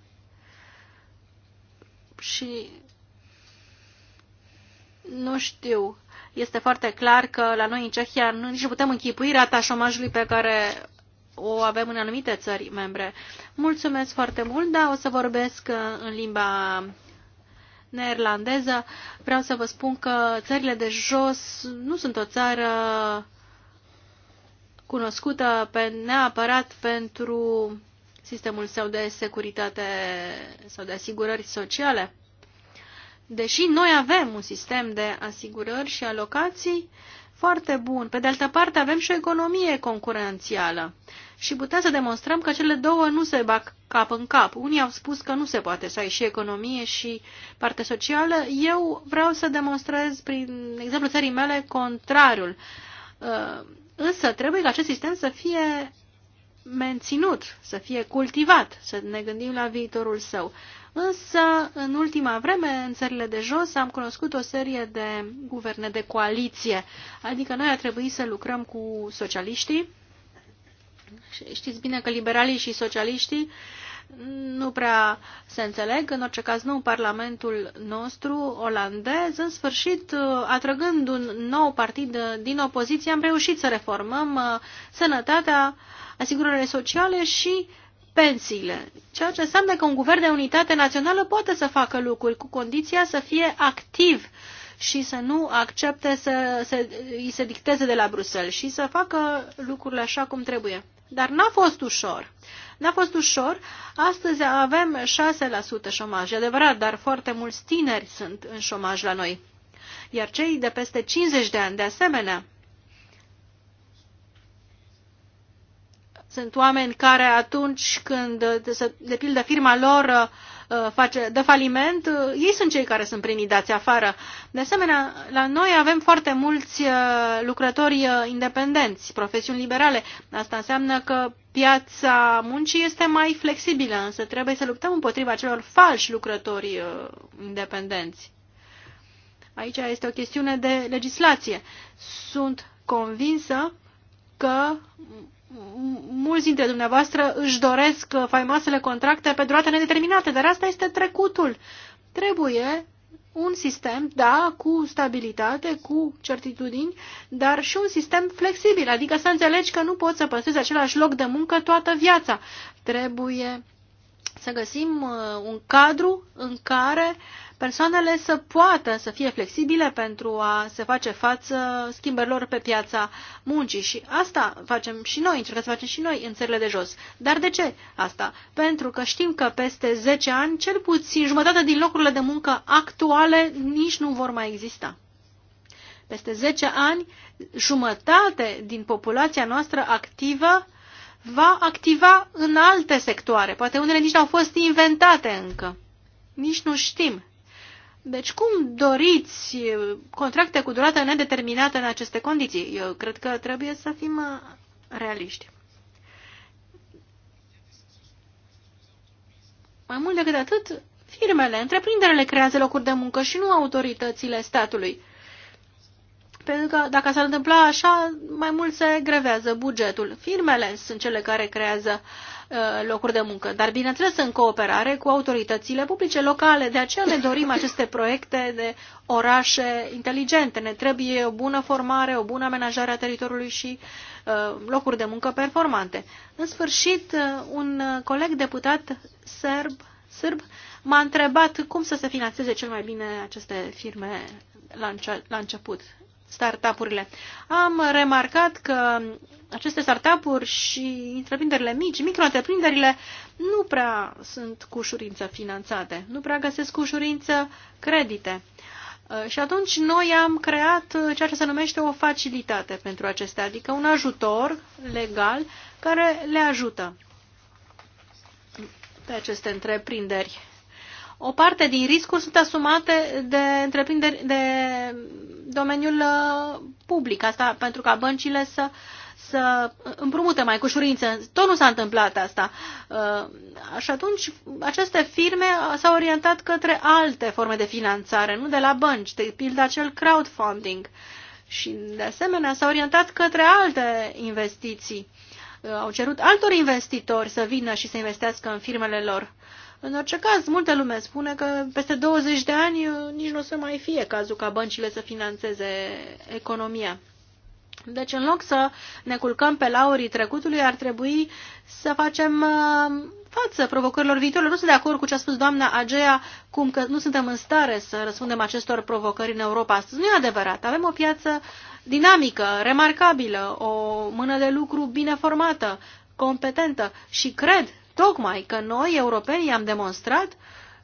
și nu știu. Este foarte clar că la noi în Cehia nu nici putem închipui rata șomajului pe care o avem în anumite țări membre. Mulțumesc foarte mult, da, o să vorbesc uh, în limba neerlandeză. Vreau să vă spun că țările de jos nu sunt o țară cunoscută pe, neapărat pentru sistemul său de securitate sau de asigurări sociale. Deși noi avem un sistem de asigurări și alocații foarte bun, pe de altă parte avem și o economie concurențială și putem să demonstrăm că cele două nu se bag cap în cap. Unii au spus că nu se poate să ai și economie și parte socială. Eu vreau să demonstrez, prin exemplu țării mele, contrariul. Uh, Însă trebuie ca acest sistem să fie menținut, să fie cultivat, să ne gândim la viitorul său. Însă, în ultima vreme, în țările de jos, am cunoscut o serie de guverne de coaliție. Adică noi a trebuit să lucrăm cu socialiștii. Știți bine că liberalii și socialiștii uh, nu prea se înțeleg, în orice caz nou Parlamentul nostru olandez, în sfârșit, atrăgând un nou partid din opoziție, am reușit să reformăm uh, sănătatea, asigurările sociale și pensiile, ceea ce înseamnă că un guvern de unitate națională poate să facă lucruri cu condiția să fie activ și să nu accepte să, să îi se dicteze de la Bruxelles și să facă lucrurile așa cum trebuie. Dar n-a fost ușor. N-a fost ușor. Astăzi avem 6% șomaj, e adevărat, dar foarte mulți tineri sunt în șomaj la noi. Iar cei de peste 50 de ani, de asemenea, sunt oameni care atunci când, de pildă, firma lor Uh, face, dă faliment, uh, ei sunt cei care sunt primii dați afară. De asemenea, la noi avem foarte mulți uh, lucrători independenți, profesiuni liberale. Asta înseamnă că piața muncii este mai flexibilă, însă trebuie să luptăm împotriva celor falși lucrători independenți. Aici este o chestiune de legislație. Sunt convinsă că mulți dintre dumneavoastră își doresc faimoasele contracte pe durată nedeterminată, dar asta este trecutul. Trebuie un sistem, da, cu stabilitate, cu certitudini, dar și un sistem flexibil, adică să înțelegi că nu poți să păstrezi același loc de muncă toată viața. Trebuie să găsim uh, un cadru în care uh, persoanele să poată să fie flexibile pentru a se face față schimbărilor pe piața muncii. Și asta facem și noi, încercăm să facem și noi în țările de jos. Dar de ce asta? Pentru că știm că peste 10 ani, cel puțin jumătate din locurile de muncă actuale nici nu vor mai exista. Peste 10 ani, jumătate din populația noastră activă va activa în alte sectoare. Poate unele nici nu au fost inventate încă. Nici nu știm deci cum doriți contracte cu durată nedeterminată în aceste condiții? Eu cred că trebuie să fim uh, realiști. Mai mult decât atât, firmele, întreprinderile creează locuri de muncă și nu autoritățile statului. Pentru că dacă s-ar întâmpla așa, mai mult se grevează bugetul. Firmele sunt cele care creează uh, Uh, locuri de muncă, dar bineînțeles în cooperare cu autoritățile publice locale. De aceea ne dorim aceste proiecte de orașe inteligente. Ne trebuie o bună formare, o bună amenajare a teritoriului și uh, locuri de muncă performante. În sfârșit, uh, un coleg deputat serb, sârb m-a întrebat cum să se finanțeze cel mai bine aceste firme la, înce la început startup-urile. Am remarcat că aceste startup-uri și întreprinderile mici, micro nu prea sunt cu ușurință finanțate, nu prea găsesc cu ușurință credite. Uh, și atunci noi am creat uh, ceea ce se numește o facilitate pentru acestea, adică un ajutor legal care le ajută pe aceste întreprinderi o parte din riscuri sunt asumate de întreprinderi de domeniul uh, public, asta pentru ca băncile să, să împrumute mai cu ușurință. Tot nu s-a întâmplat asta. Uh, și atunci aceste firme s-au orientat către alte forme de finanțare, nu de la bănci, de pildă acel crowdfunding. Și de asemenea s-au orientat către alte investiții. Uh, au cerut altor investitori să vină și să investească în firmele lor. În orice caz, multe lume spune că peste 20 de ani uh, nici nu o să mai fie cazul ca băncile să financeze economia. Deci, în loc să ne culcăm pe laurii trecutului, ar trebui să facem uh, față provocărilor viitorului. Nu sunt de acord cu ce a spus doamna Agea, cum că nu suntem în stare să răspundem acestor provocări în Europa astăzi. Nu e adevărat. Avem o piață dinamică, remarcabilă, o mână de lucru bine formată, competentă și cred Tocmai că noi, europenii, am demonstrat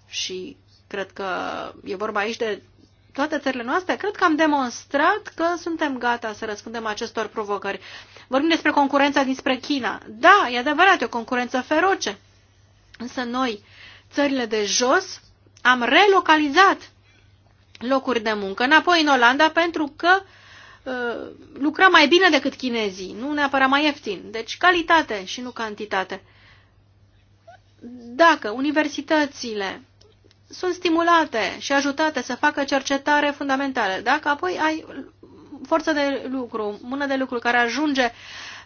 și cred că e vorba aici de toate țările noastre, cred că am demonstrat că suntem gata să răspundem acestor provocări. Vorbim despre concurența dinspre China. Da, e adevărat, e o concurență feroce. Însă noi, țările de jos, am relocalizat locuri de muncă înapoi în Olanda pentru că uh, lucra mai bine decât chinezii, nu neapărat mai ieftin. Deci calitate și nu cantitate. Dacă universitățile sunt stimulate și ajutate să facă cercetare fundamentală, dacă apoi ai forță de lucru, mână de lucru care ajunge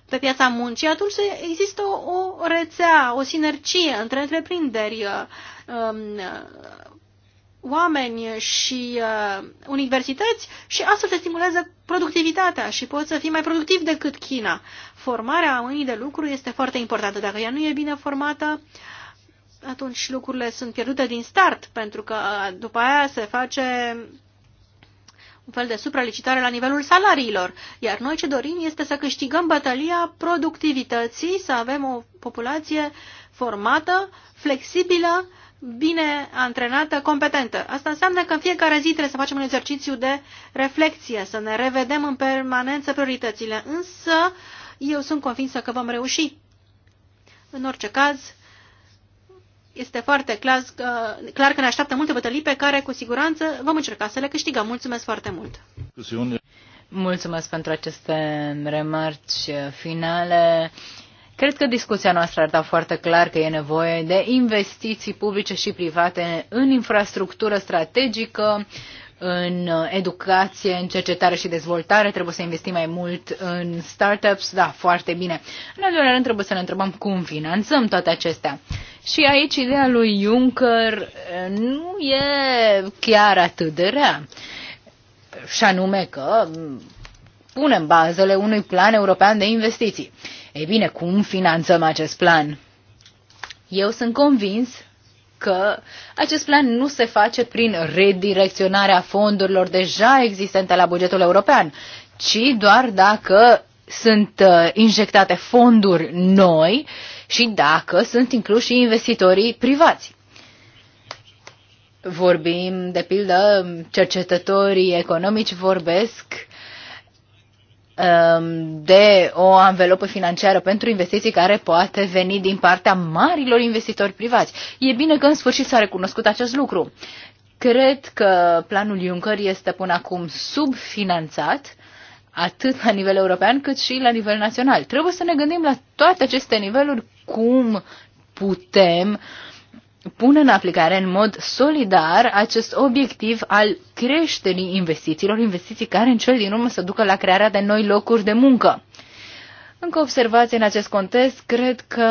pe piața muncii, atunci există o, rețea, o sinergie între întreprinderi, uh, um, oameni și uh, universități și astfel se stimulează productivitatea și poți să fii mai productiv decât China. Formarea mâinii de lucru este foarte importantă. Dacă ea nu e bine formată, atunci lucrurile sunt pierdute din start, pentru că după aia se face un fel de supralicitare la nivelul salariilor. Iar noi ce dorim este să câștigăm bătălia productivității, să avem o populație formată, flexibilă, bine antrenată, competentă. Asta înseamnă că în fiecare zi trebuie să facem un exercițiu de reflexie, să ne revedem în permanență prioritățile, însă eu sunt convinsă că vom reuși. În orice caz, este foarte clar că, clar că ne așteaptă multe bătălii pe care, cu siguranță, vom încerca să le câștigăm. Mulțumesc foarte mult! Mulțumesc pentru aceste remarci finale. Cred că discuția noastră arată foarte clar că e nevoie de investiții publice și private în infrastructură strategică, în uh, educație, în cercetare și dezvoltare, trebuie să investim mai mult în startups, da, foarte bine. În al doilea rând trebuie să ne întrebăm cum finanțăm toate acestea. Și aici ideea lui Juncker uh, nu e chiar atât de rea. Și anume că mm, punem bazele unui plan european de investiții. Ei bine, cum finanțăm acest plan? Eu sunt convins că acest plan nu se face prin redirecționarea fondurilor deja existente la bugetul european, ci doar dacă sunt uh, injectate fonduri noi și dacă sunt incluși investitorii privați. Vorbim, de pildă, cercetătorii economici vorbesc Um, de o anvelopă financiară pentru investiții care poate veni din partea marilor investitori privați. E bine că în sfârșit s-a recunoscut acest lucru. Cred că planul Juncker este până acum subfinanțat, atât la nivel european cât și la nivel național. Trebuie să ne gândim la toate aceste niveluri cum putem uh, pune în aplicare în mod solidar acest obiectiv al creșterii investițiilor, investiții care în cel din urmă să ducă la crearea de noi locuri de muncă. Încă observație în acest context, cred că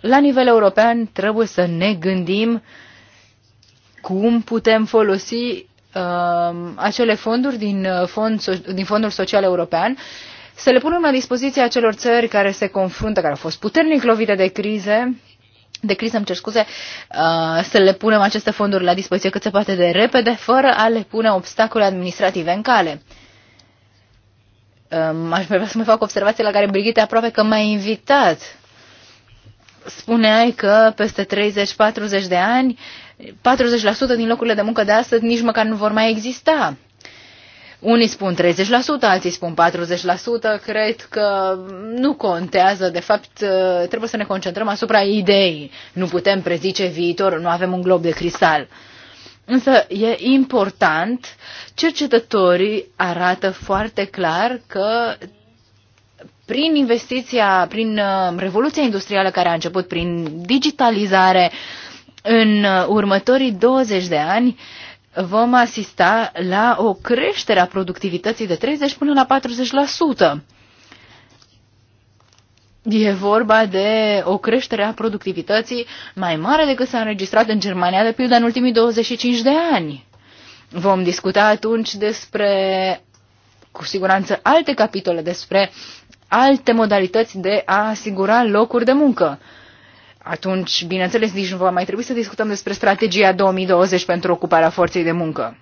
la nivel european trebuie să ne gândim cum putem folosi uh, acele fonduri din, uh, fond, din Fondul Social European să le punem la dispoziția acelor țări care se confruntă, care au fost puternic lovite de crize de criză, îmi cer scuze, uh, să le punem aceste fonduri la dispoziție cât se poate de repede, fără a le pune obstacole administrative în cale. Um, aș vrea să mai fac observații la care Brigitte aproape că m-a invitat. Spuneai că peste 30-40 de ani, 40% din locurile de muncă de astăzi nici măcar nu vor mai exista. Unii spun 30%, alții spun 40%. Cred că nu contează. De fapt, ă, trebuie să ne concentrăm asupra ideii. Nu putem prezice viitorul, nu avem un glob de cristal. Însă e important, cercetătorii arată foarte clar că prin investiția, prin ă, revoluția industrială care a început, prin digitalizare, în următorii 20 de ani, vom asista la o creștere a productivității de 30 până la 40%. E vorba de o creștere a productivității mai mare decât s-a înregistrat în Germania, de pildă, în ultimii 25 de ani. Vom discuta atunci despre, cu siguranță, alte capitole, despre alte modalități de a asigura locuri de muncă atunci, bineînțeles, nici nu va mai trebui să discutăm despre strategia 2020 pentru ocuparea forței de muncă.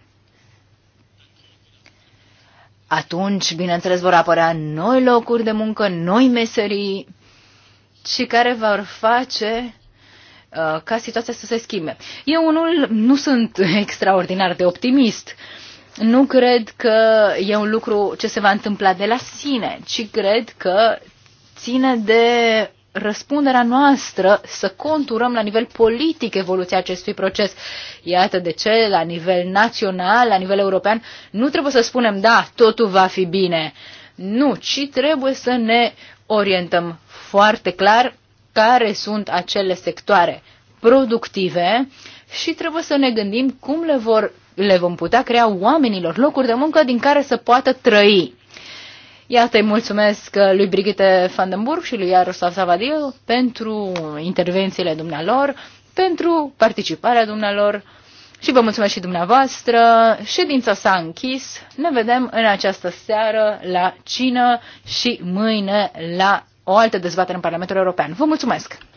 Atunci, bineînțeles, vor apărea noi locuri de muncă, noi meserii și care vor face uh, ca situația să se schimbe. Eu unul nu sunt extraordinar de optimist. Nu cred că e un lucru ce se va întâmpla de la sine, ci cred că ține de răspunderea noastră să conturăm la nivel politic evoluția acestui proces. Iată de ce, la nivel național, la nivel european, nu trebuie să spunem, da, totul va fi bine. Nu, ci trebuie să ne orientăm foarte clar care sunt acele sectoare productive și trebuie să ne gândim cum le, vor, le vom putea crea oamenilor locuri de muncă din care să poată trăi. Iată, îi mulțumesc uh, lui Brigitte Vandenburg și lui Iaroslav Savadil pentru intervențiile dumnealor, pentru participarea dumnealor și vă mulțumesc și dumneavoastră. Ședința s-a închis. Ne vedem în această seară la cină și mâine la o altă dezbatere în Parlamentul European. Vă mulțumesc!